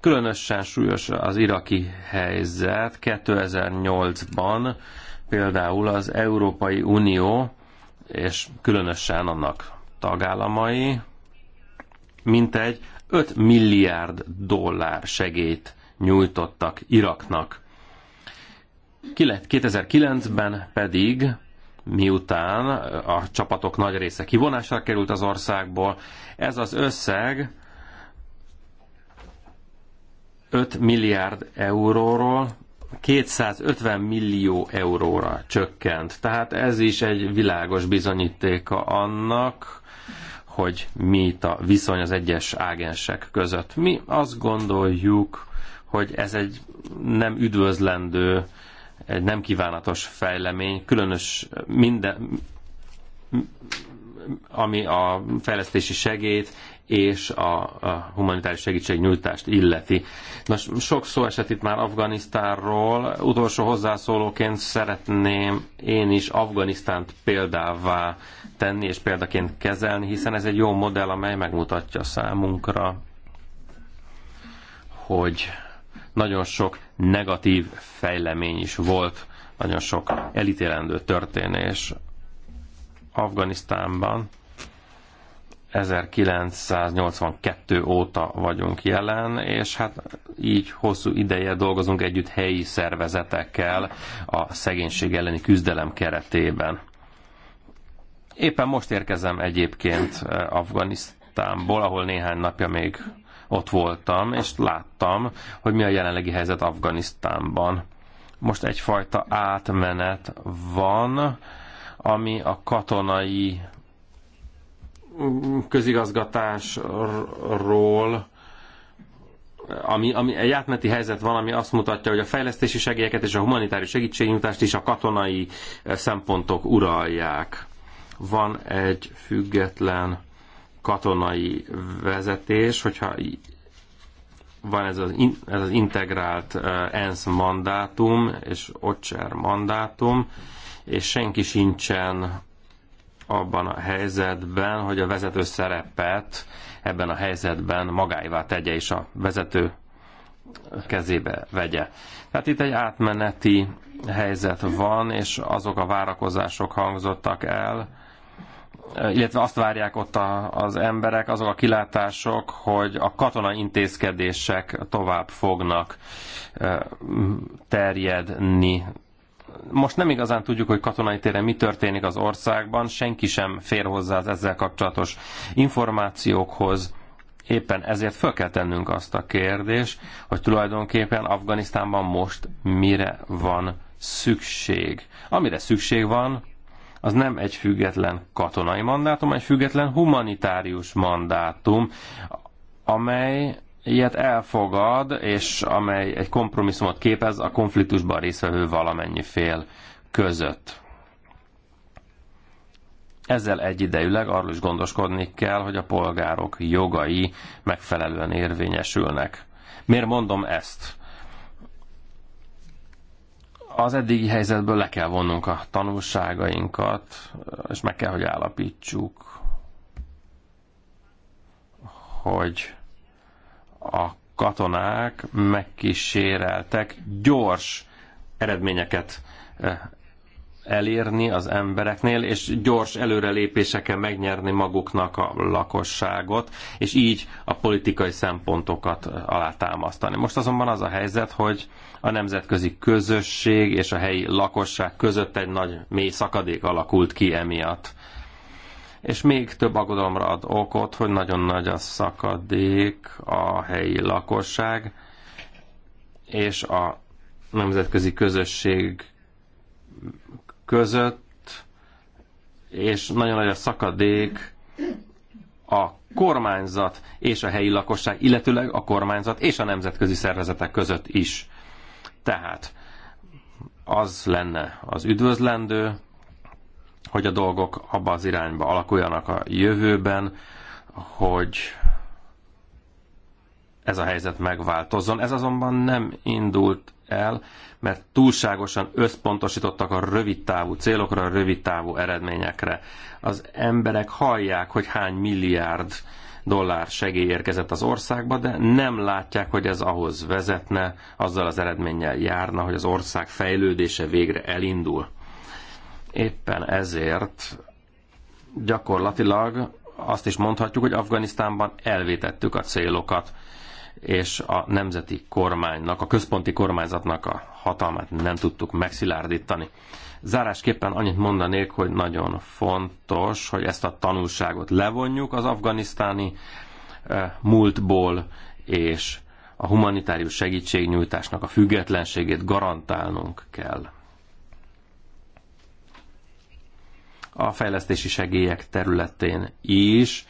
Különösen súlyos az iraki helyzet. 2008-ban például az Európai Unió, és különösen annak tagállamai, mintegy 5 milliárd dollár segélyt nyújtottak Iraknak. 2009-ben pedig, miután a csapatok nagy része kivonásra került az országból, ez az összeg 5 milliárd euróról 250 millió euróra csökkent. Tehát ez is egy világos bizonyítéka annak, hogy mi itt a viszony az egyes ágensek között. Mi azt gondoljuk, hogy ez egy nem üdvözlendő, egy nem kívánatos fejlemény, különös minden, ami a fejlesztési segét és a, a humanitárius segítségnyújtást illeti. Nos, sok szó esett itt már Afganisztánról. Utolsó hozzászólóként szeretném én is Afganisztánt példává tenni és példaként kezelni, hiszen ez egy jó modell, amely megmutatja számunkra, hogy nagyon sok negatív fejlemény is volt, nagyon sok elítélendő történés Afganisztánban 1982 óta vagyunk jelen, és hát így hosszú ideje dolgozunk együtt helyi szervezetekkel a szegénység elleni küzdelem keretében. Éppen most érkezem egyébként eh, Afganisztánból, ahol néhány napja még ott voltam, és láttam, hogy mi a jelenlegi helyzet Afganisztánban. Most egyfajta átmenet van, ami a katonai közigazgatásról, ami, ami egy átmeneti helyzet van, ami azt mutatja, hogy a fejlesztési segélyeket és a humanitárius segítségnyújtást is a katonai eh, szempontok uralják. Van egy független katonai vezetés, hogyha van ez az, in, ez az integrált eh, ENSZ mandátum és OCSER mandátum, és senki sincsen abban a helyzetben, hogy a vezető szerepet ebben a helyzetben magáivá tegye és a vezető kezébe vegye. Tehát itt egy átmeneti helyzet van, és azok a várakozások hangzottak el, illetve azt várják ott a, az emberek, azok a kilátások, hogy a katona intézkedések tovább fognak terjedni, most nem igazán tudjuk, hogy katonai téren mi történik az országban, senki sem fér hozzá az ezzel kapcsolatos információkhoz. Éppen ezért föl kell tennünk azt a kérdést, hogy tulajdonképpen Afganisztánban most mire van szükség. Amire szükség van, az nem egy független katonai mandátum, egy független humanitárius mandátum, amely ilyet elfogad, és amely egy kompromisszumot képez a konfliktusban résztvevő valamennyi fél között. Ezzel egyidejűleg arról is gondoskodni kell, hogy a polgárok jogai megfelelően érvényesülnek. Miért mondom ezt? Az eddigi helyzetből le kell vonnunk a tanulságainkat, és meg kell, hogy állapítsuk, hogy a katonák megkíséreltek gyors eredményeket eh, elérni az embereknél, és gyors előrelépéseken megnyerni maguknak a lakosságot, és így a politikai szempontokat eh, alátámasztani. Most azonban az a helyzet, hogy a nemzetközi közösség és a helyi lakosság között egy nagy mély szakadék alakult ki emiatt és még több aggodalomra ad okot, hogy nagyon nagy a szakadék a helyi lakosság és a nemzetközi közösség között, és nagyon nagy a szakadék a kormányzat és a helyi lakosság, illetőleg a kormányzat és a nemzetközi szervezetek között is. Tehát az lenne az üdvözlendő, hogy a dolgok abba az irányba alakuljanak a jövőben, hogy ez a helyzet megváltozzon. Ez azonban nem indult el, mert túlságosan összpontosítottak a rövidtávú célokra, a rövidtávú eredményekre. Az emberek hallják, hogy hány milliárd dollár segély érkezett az országba, de nem látják, hogy ez ahhoz vezetne, azzal az eredménnyel járna, hogy az ország fejlődése végre elindul. Éppen ezért gyakorlatilag azt is mondhatjuk, hogy Afganisztánban elvétettük a célokat, és a nemzeti kormánynak, a központi kormányzatnak a hatalmát nem tudtuk megszilárdítani. Zárásképpen annyit mondanék, hogy nagyon fontos, hogy ezt a tanulságot levonjuk az afganisztáni eh, múltból, és a humanitárius segítségnyújtásnak a függetlenségét garantálnunk kell. a fejlesztési segélyek területén is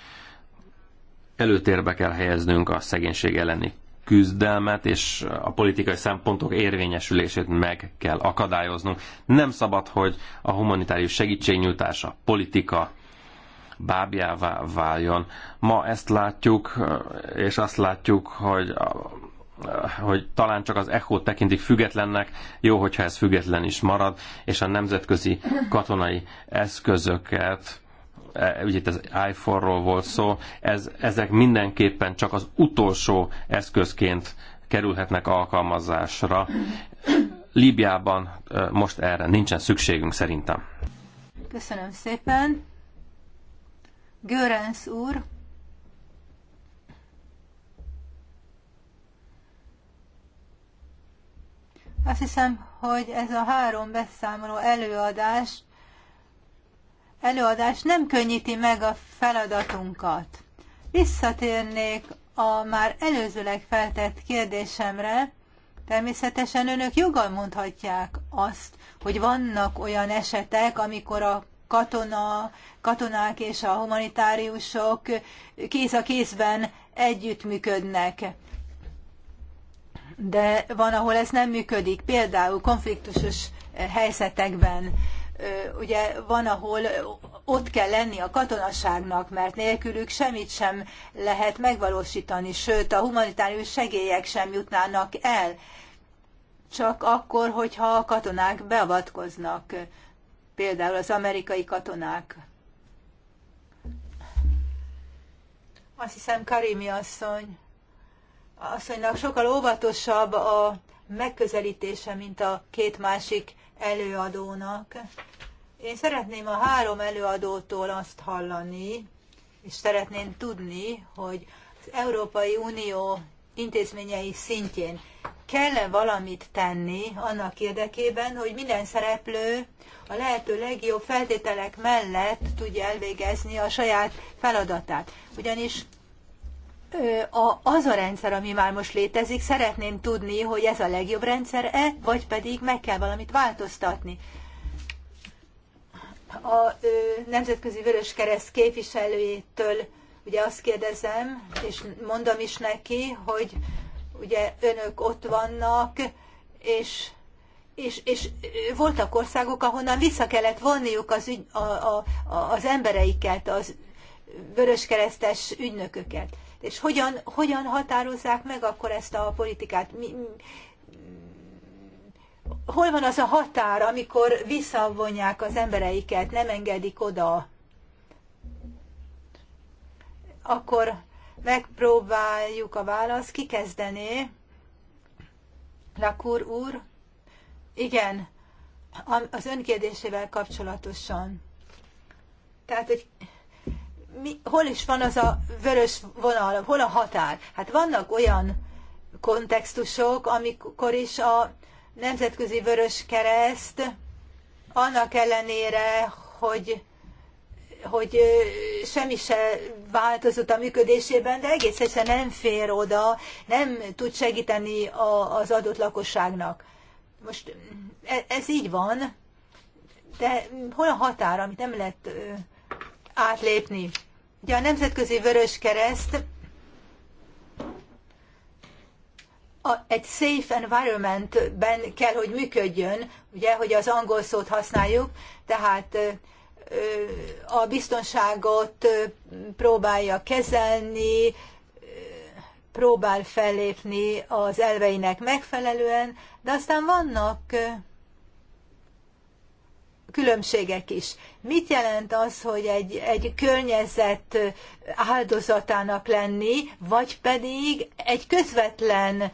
előtérbe kell helyeznünk a szegénység elleni küzdelmet és a politikai szempontok érvényesülését meg kell akadályoznunk. Nem szabad, hogy a humanitárius segítségnyújtás a politika bábjává váljon. Ma ezt látjuk, és azt látjuk, hogy hogy talán csak az echo tekintik függetlennek, jó, hogyha ez független is marad, és a nemzetközi katonai eszközöket, e, ugye itt az iPhone-ról volt szó, ez, ezek mindenképpen csak az utolsó eszközként kerülhetnek alkalmazásra. Líbiában e, most erre nincsen szükségünk szerintem. Köszönöm szépen. Görens úr, Azt hiszem, hogy ez a három beszámoló előadás, előadás nem könnyíti meg a feladatunkat. Visszatérnék a már előzőleg feltett kérdésemre, Természetesen önök joggal mondhatják azt, hogy vannak olyan esetek, amikor a katona, katonák és a humanitáriusok kéz a kézben együttműködnek de van, ahol ez nem működik, például konfliktusos eh, helyzetekben. Eh, ugye van, ahol ott kell lenni a katonaságnak, mert nélkülük semmit sem lehet megvalósítani, sőt a humanitárius segélyek sem jutnának el, csak akkor, hogyha a katonák beavatkoznak, például az amerikai katonák. Azt hiszem, Karimi asszony asszonynak sokkal óvatosabb a megközelítése, mint a két másik előadónak. Én szeretném a három előadótól azt hallani, és szeretném tudni, hogy az Európai Unió intézményei szintjén kell-e valamit tenni annak érdekében, hogy minden szereplő a lehető legjobb feltételek mellett tudja elvégezni a saját feladatát. Ugyanis a, az a rendszer, ami már most létezik, szeretném tudni, hogy ez a legjobb rendszer-e, vagy pedig meg kell valamit változtatni. A ö, Nemzetközi Vörös Kereszt képviselőjétől ugye azt kérdezem, és mondom is neki, hogy ugye önök ott vannak, és, és, és voltak országok, ahonnan vissza kellett vonniuk az, ügy, a, a, az embereiket, az vöröskeresztes ügynököket. És hogyan, hogyan határozzák meg akkor ezt a politikát? Mi, hol van az a határ, amikor visszavonják az embereiket, nem engedik oda? Akkor megpróbáljuk a választ. Ki kezdené? Lakur úr? Igen, az önkérdésével kapcsolatosan. Tehát, hogy mi, hol is van az a vörös vonal, hol a határ? Hát vannak olyan kontextusok, amikor is a Nemzetközi Vörös Kereszt annak ellenére, hogy hogy semmi se változott a működésében, de egész egyszerűen nem fér oda, nem tud segíteni a, az adott lakosságnak. Most e, ez így van, de hol a határ, amit nem lehet átlépni? Ugye a Nemzetközi Vörös Kereszt a, egy safe environment-ben kell, hogy működjön, ugye, hogy az angol szót használjuk, tehát a biztonságot próbálja kezelni, próbál fellépni az elveinek megfelelően, de aztán vannak különbségek is. Mit jelent az, hogy egy, egy környezet áldozatának lenni, vagy pedig egy közvetlen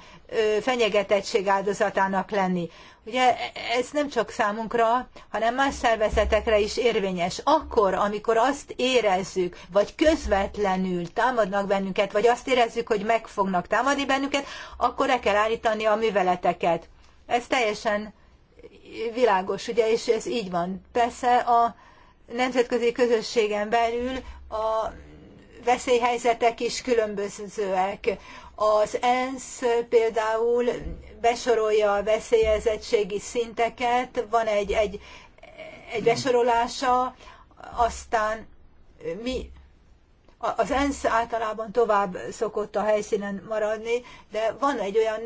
fenyegetettség áldozatának lenni? Ugye ez nem csak számunkra, hanem más szervezetekre is érvényes. Akkor, amikor azt érezzük, vagy közvetlenül támadnak bennünket, vagy azt érezzük, hogy meg fognak támadni bennünket, akkor le kell állítani a műveleteket. Ez teljesen világos, ugye, és ez így van. Persze a nemzetközi közösségen belül a veszélyhelyzetek is különbözőek. Az ENSZ például besorolja a veszélyezettségi szinteket, van egy, egy, egy hmm. besorolása, aztán mi az ENSZ általában tovább szokott a helyszínen maradni, de van egy olyan,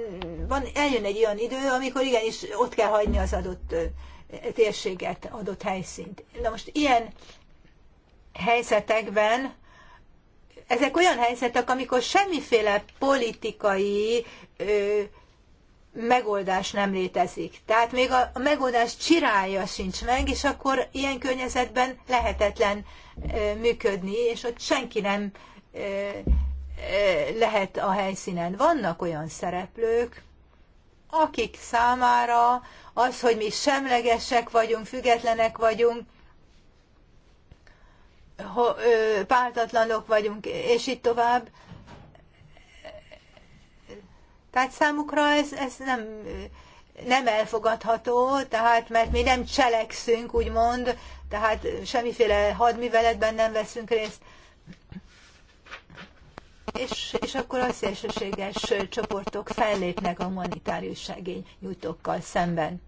van, eljön egy olyan idő, amikor igenis ott kell hagyni az adott térséget, adott helyszínt. Na most ilyen helyzetekben ezek olyan helyzetek, amikor semmiféle politikai ö, megoldás nem létezik. Tehát még a, a megoldás csirája sincs meg, és akkor ilyen környezetben lehetetlen ö, működni, és ott senki nem ö, ö, lehet a helyszínen. Vannak olyan szereplők, akik számára az, hogy mi semlegesek vagyunk, függetlenek vagyunk, ho, ö, pártatlanok vagyunk, és így tovább, tehát számukra ez, ez nem, nem elfogadható, tehát mert mi nem cselekszünk, úgymond, tehát semmiféle hadműveletben nem veszünk részt. És, és akkor a szélsőséges csoportok fellépnek a humanitárius segélynyújtókkal szemben.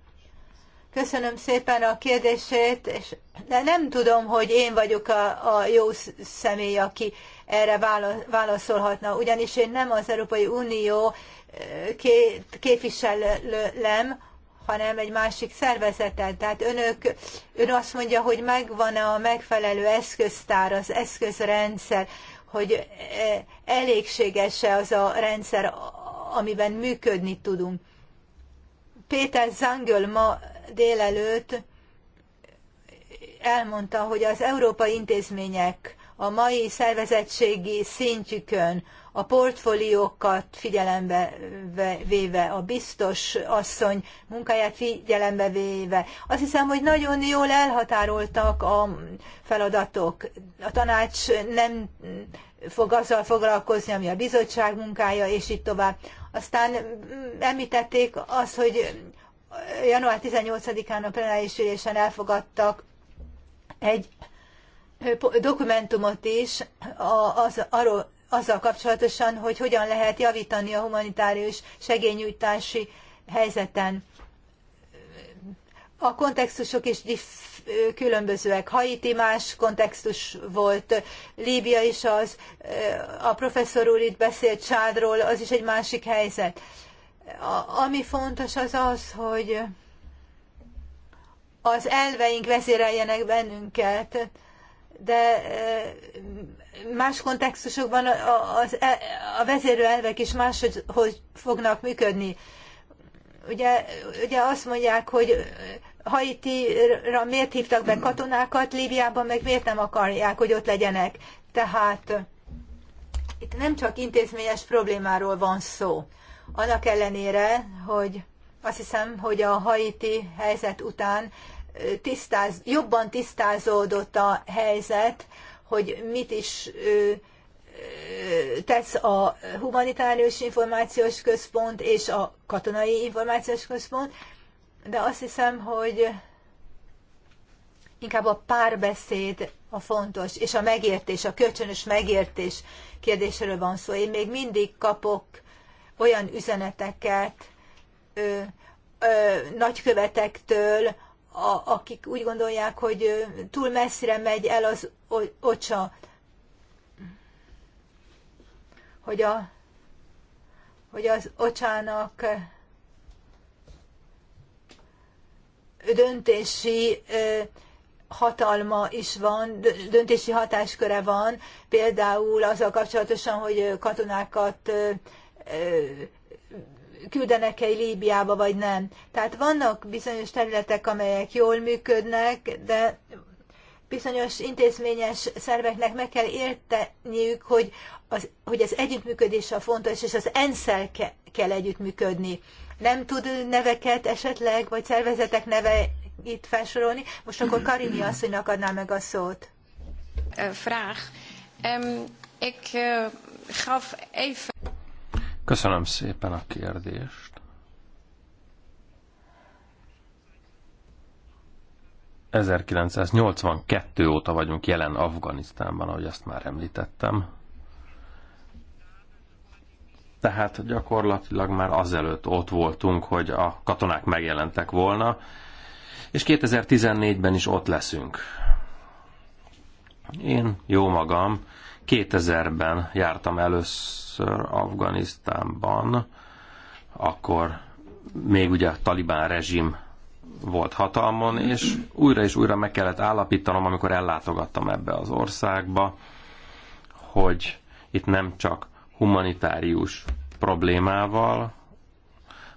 Köszönöm szépen a kérdését, és de nem tudom, hogy én vagyok a, a jó személy, aki erre válaszolhatna, ugyanis én nem az Európai Unió képviselem, hanem egy másik szervezeten. Tehát önök, ön azt mondja, hogy megvan a megfelelő eszköztár, az eszközrendszer, hogy e, elégséges-e az a rendszer, amiben működni tudunk. Péter Zangöl ma délelőtt elmondta, hogy az európai intézmények a mai szervezettségi szintjükön, a portfóliókat figyelembe véve, a biztos asszony munkáját figyelembe véve. Azt hiszem, hogy nagyon jól elhatároltak a feladatok. A tanács nem fog azzal foglalkozni, ami a bizottság munkája, és így tovább. Aztán említették azt, hogy január 18-án a plenáris ülésen elfogadtak egy dokumentumot is az, arról azzal kapcsolatosan, hogy hogyan lehet javítani a humanitárius segényújtási helyzeten. A kontextusok is különbözőek. Haiti más kontextus volt, Líbia is az, a professzor úr itt beszélt Csádról, az is egy másik helyzet. A, ami fontos az az, hogy az elveink vezéreljenek bennünket, de más kontextusokban a, a e, a vezérőelvek is máshogy hogy fognak működni. Ugye, ugye azt mondják, hogy Haiti-ra miért hívtak be katonákat, Líbiában meg miért nem akarják, hogy ott legyenek. Tehát itt nem csak intézményes problémáról van szó. Annak ellenére, hogy azt hiszem, hogy a haiti helyzet után tisztáz, jobban tisztázódott a helyzet, hogy mit is tesz a humanitárius információs központ és a katonai információs központ, de azt hiszem, hogy inkább a párbeszéd a fontos, és a megértés, a kölcsönös megértés kérdéséről van szó. Én még mindig kapok olyan üzeneteket ö, ö, nagykövetektől, a, akik úgy gondolják, hogy túl messzire megy el az ocsa, hogy, a, hogy az ocsának döntési hatalma is van, döntési hatásköre van, például azzal kapcsolatosan, hogy katonákat küldenek-e Líbiába, vagy nem. Tehát vannak bizonyos területek, amelyek jól működnek, de bizonyos intézményes szerveknek meg kell érteniük, hogy az, hogy az együttműködés a fontos, és az ensz ke- kell együttműködni. Nem tud neveket esetleg, vagy szervezetek neve itt felsorolni. Most akkor Karini asszonynak adná meg a szót. Frág, eh, Um, ehm, ik uh, gaf even... Köszönöm szépen a kérdést. ...1982 óta vagyunk jelen Afganisztánban, ahogy azt már említettem. Tehát gyakorlatilag már azelőtt ott voltunk, hogy a katonák megjelentek volna, és 2014-ben is ott leszünk. Én jó magam 2000-ben jártam először először Afganisztánban, akkor még ugye a talibán rezsim volt hatalmon, és újra és újra meg kellett állapítanom, amikor ellátogattam ebbe az országba, hogy itt nem csak humanitárius problémával,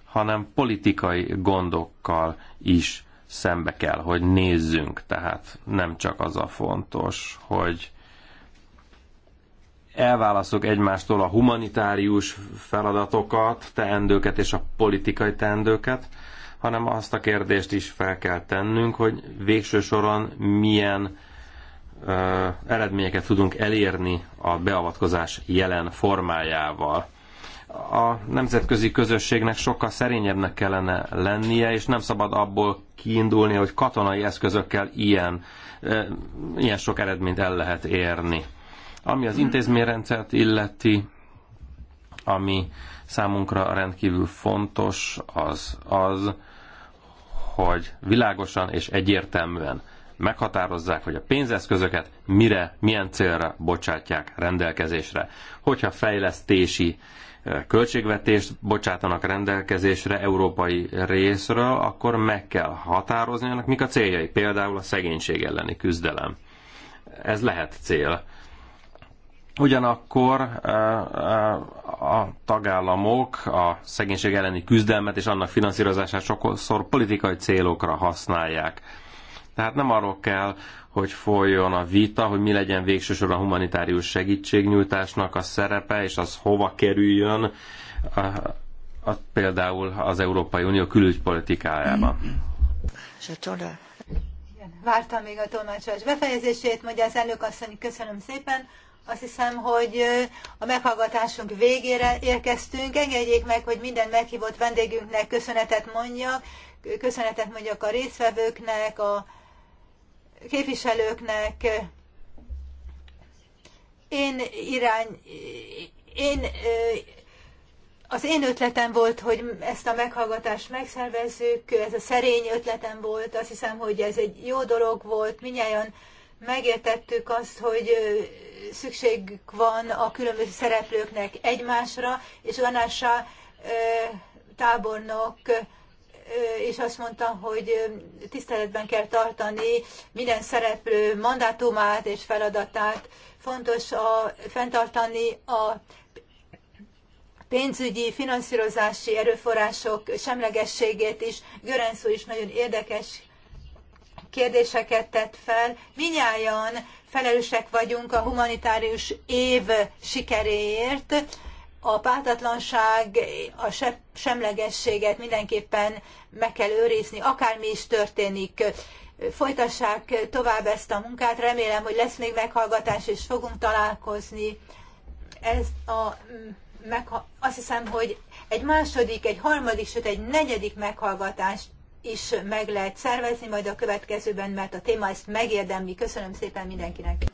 hanem politikai gondokkal is szembe kell, hogy nézzünk. Tehát nem csak az a fontos, hogy elválaszok egymástól a humanitárius feladatokat, teendőket és a politikai teendőket, hanem azt a kérdést is fel kell tennünk, hogy végső soron milyen ö, eredményeket tudunk elérni a beavatkozás jelen formájával. A nemzetközi közösségnek sokkal szerényebbnek kellene lennie, és nem szabad abból kiindulni, hogy katonai eszközökkel ilyen, ö, ilyen sok eredményt el lehet érni ami az intézményrendszert illeti, ami számunkra rendkívül fontos, az az, hogy világosan és egyértelműen meghatározzák, hogy a pénzeszközöket mire, milyen célra bocsátják rendelkezésre. Hogyha fejlesztési költségvetést bocsátanak rendelkezésre európai részről, akkor meg kell határozni annak, mik a céljai, például a szegénység elleni küzdelem. Ez lehet cél. Ugyanakkor eh, eh, a tagállamok a szegénység elleni küzdelmet és annak finanszírozását sokszor politikai célokra használják. Tehát nem arról kell, hogy folyjon a vita, hogy mi legyen végsősorban a humanitárius segítségnyújtásnak a szerepe, és az hova kerüljön a, eh, a, például az Európai Unió külügypolitikájában. Vártam még a tolmácsolás befejezését, mondja az elnök asszony, köszönöm szépen. Azt hiszem, hogy a meghallgatásunk végére érkeztünk. Engedjék meg, hogy minden meghívott vendégünknek köszönetet mondjak. Köszönetet mondjak a résztvevőknek, a képviselőknek. Én irány... Én az én ötletem volt, hogy ezt a meghallgatást megszervezzük, ez a szerény ötletem volt, azt hiszem, hogy ez egy jó dolog volt, minnyáján megértettük azt, hogy szükségük van a különböző szereplőknek egymásra, és Vanessa tábornok és azt mondta, hogy tiszteletben kell tartani minden szereplő mandátumát és feladatát. Fontos a, fenntartani a pénzügyi, finanszírozási erőforrások semlegességét is. Görenszó is nagyon érdekes kérdéseket tett fel. Minnyáján felelősek vagyunk a humanitárius év sikeréért. A pártatlanság, a semlegességet mindenképpen meg kell őrizni, akármi is történik. Folytassák tovább ezt a munkát, remélem, hogy lesz még meghallgatás, és fogunk találkozni. Ez a, meg, azt hiszem, hogy egy második, egy harmadik, sőt egy negyedik meghallgatást is meg lehet szervezni majd a következőben, mert a téma ezt megérdemli. Köszönöm szépen mindenkinek!